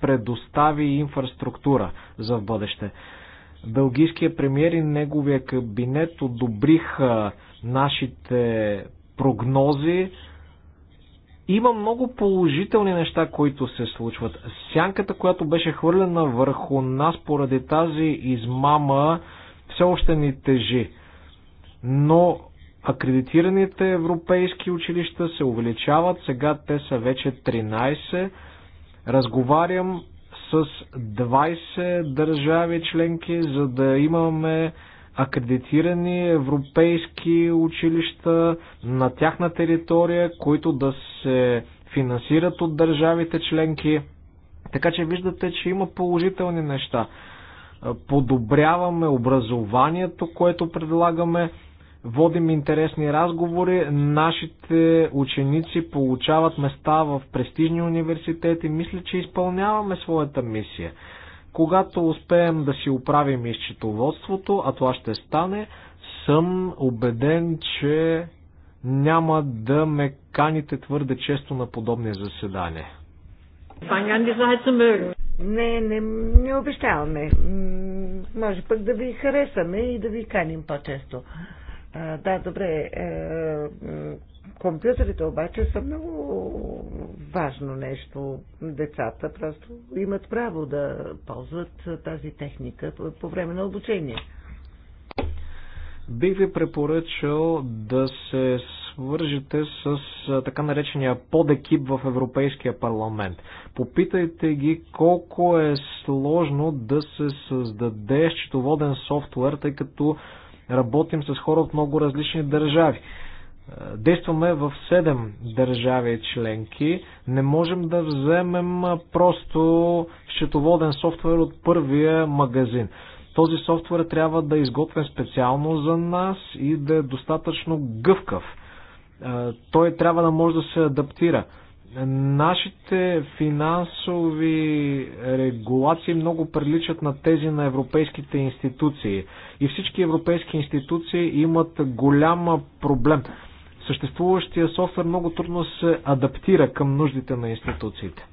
предостави инфраструктура за в бъдеще. Белгийския премьер и неговия кабинет одобриха нашите прогнози. Има много положителни неща, които се случват. Сянката, която беше хвърлена върху нас поради тази измама, все още ни тежи. Но акредитираните европейски училища се увеличават, сега те са вече 13. Разговарям с 20 държави членки, за да имаме акредитирани европейски училища на тяхна територия, които да се финансират от държавите членки. Така че виждате, че има положителни неща. Подобряваме образованието, което предлагаме водим интересни разговори, нашите ученици получават места в престижни университети. Мисля, че изпълняваме своята мисия. Когато успеем да си оправим изчетоводството, а това ще стане, съм убеден, че няма да ме каните твърде често на подобни заседания. Не, не, не обещаваме. Може пък да ви харесаме и да ви каним по-често. Да, добре. Е, е, компютрите обаче са много важно нещо. Децата просто имат право да ползват тази техника по време на обучение. Бих ви препоръчал да се свържете с така наречения подекип в Европейския парламент. Попитайте ги колко е сложно да се създаде счетоводен софтуер, тъй като Работим с хора от много различни държави. Е, действаме в 7 държави членки. Не можем да вземем просто счетоводен софтуер от първия магазин. Този софтуер трябва да е изготвен специално за нас и да е достатъчно гъвкав. Е, той трябва да може да се адаптира. Нашите финансови регулации много приличат на тези на европейските институции и всички европейски институции имат голям проблем. Съществуващия софтуер много трудно се адаптира към нуждите на институциите.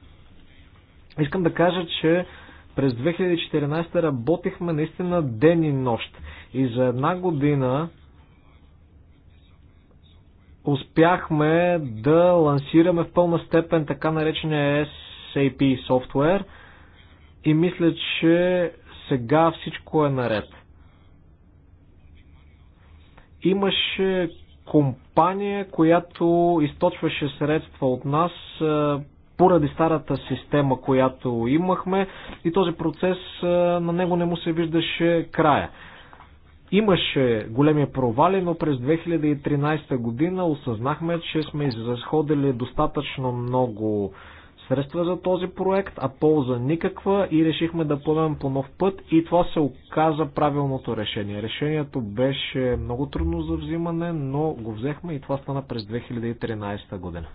Искам да кажа, че през 2014 работихме наистина ден и нощ. И за една година успяхме да лансираме в пълна степен така наречения SAP софтуер и мисля, че сега всичко е наред. Имаше компания, която източваше средства от нас поради старата система, която имахме и този процес на него не му се виждаше края. Имаше големи провали, но през 2013 година осъзнахме, че сме изразходили достатъчно много средства за този проект, а полза никаква и решихме да поемем по нов път и това се оказа правилното решение. Решението беше много трудно за взимане, но го взехме и това стана през 2013 година.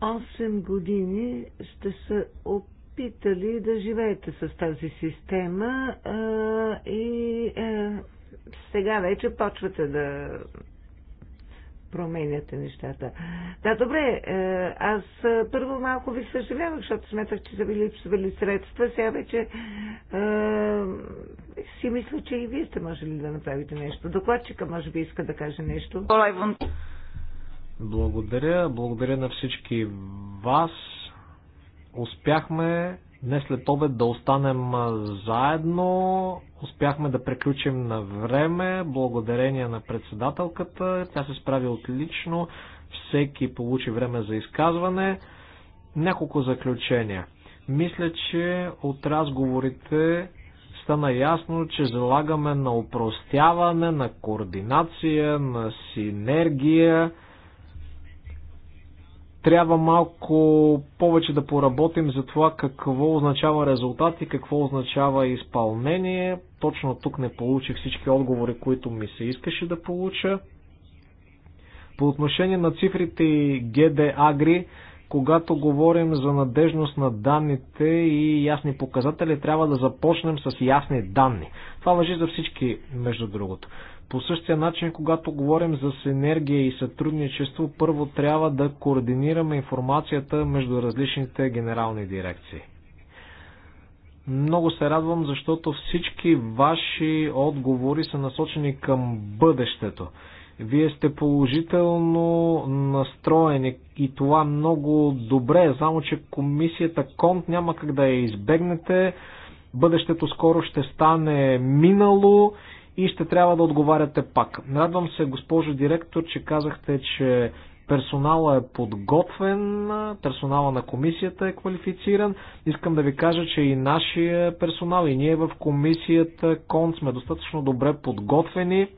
8 години сте се опитали да живеете с тази система а, и а, сега вече почвате да променяте нещата. Да, добре, е, аз е, първо малко ви съжалявах, защото сметах, че са ви липсвали средства. Сега вече е, си мисля, че и вие сте можели да направите нещо. Докладчика може би иска да каже нещо. Благодаря, благодаря на всички вас. Успяхме Днес след обед да останем заедно. Успяхме да приключим на време, благодарение на председателката. Тя се справи отлично. Всеки получи време за изказване. Няколко заключения. Мисля, че от разговорите стана ясно, че залагаме на упростяване, на координация, на синергия трябва малко повече да поработим за това какво означава резултат и какво означава изпълнение. Точно тук не получих всички отговори, които ми се искаше да получа. По отношение на цифрите и Agri, когато говорим за надежност на данните и ясни показатели, трябва да започнем с ясни данни. Това въжи за всички, между другото. По същия начин, когато говорим за синергия и сътрудничество, първо трябва да координираме информацията между различните генерални дирекции. Много се радвам, защото всички ваши отговори са насочени към бъдещето. Вие сте положително настроени и това много добре, само че комисията Конт няма как да я избегнете. Бъдещето скоро ще стане минало и ще трябва да отговаряте пак. Радвам се, госпожо директор, че казахте, че персонала е подготвен, персонала на комисията е квалифициран. Искам да ви кажа, че и нашия персонал, и ние в комисията КОН сме достатъчно добре подготвени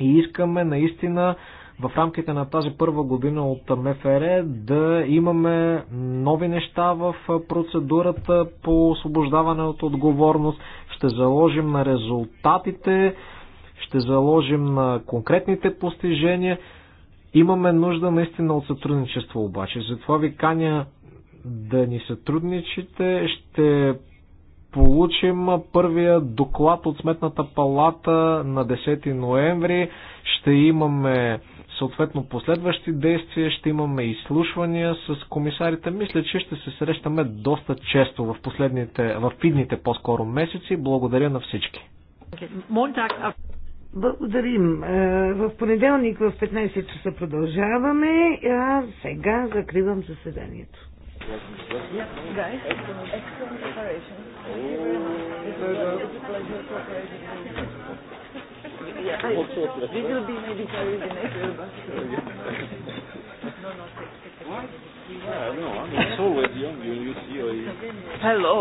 и искаме наистина в рамките на тази първа година от МФР да имаме нови неща в процедурата по освобождаване от отговорност ще заложим на резултатите, ще заложим на конкретните постижения. Имаме нужда наистина от сътрудничество обаче. Затова ви каня да ни сътрудничите. Ще получим първия доклад от Сметната палата на 10 ноември. Ще имаме съответно последващи действия, ще имаме изслушвания с комисарите. Мисля, че ще се срещаме доста често в последните, в идните по-скоро месеци. Благодаря на всички. Благодарим. Е, в понеделник в 15 часа продължаваме, а сега закривам заседанието. Yeah, guys, excellent, excellent preparation. Thank you very much. It's a pleasure to you yeah. will be maybe carried in April, but. young. You, see, Hello.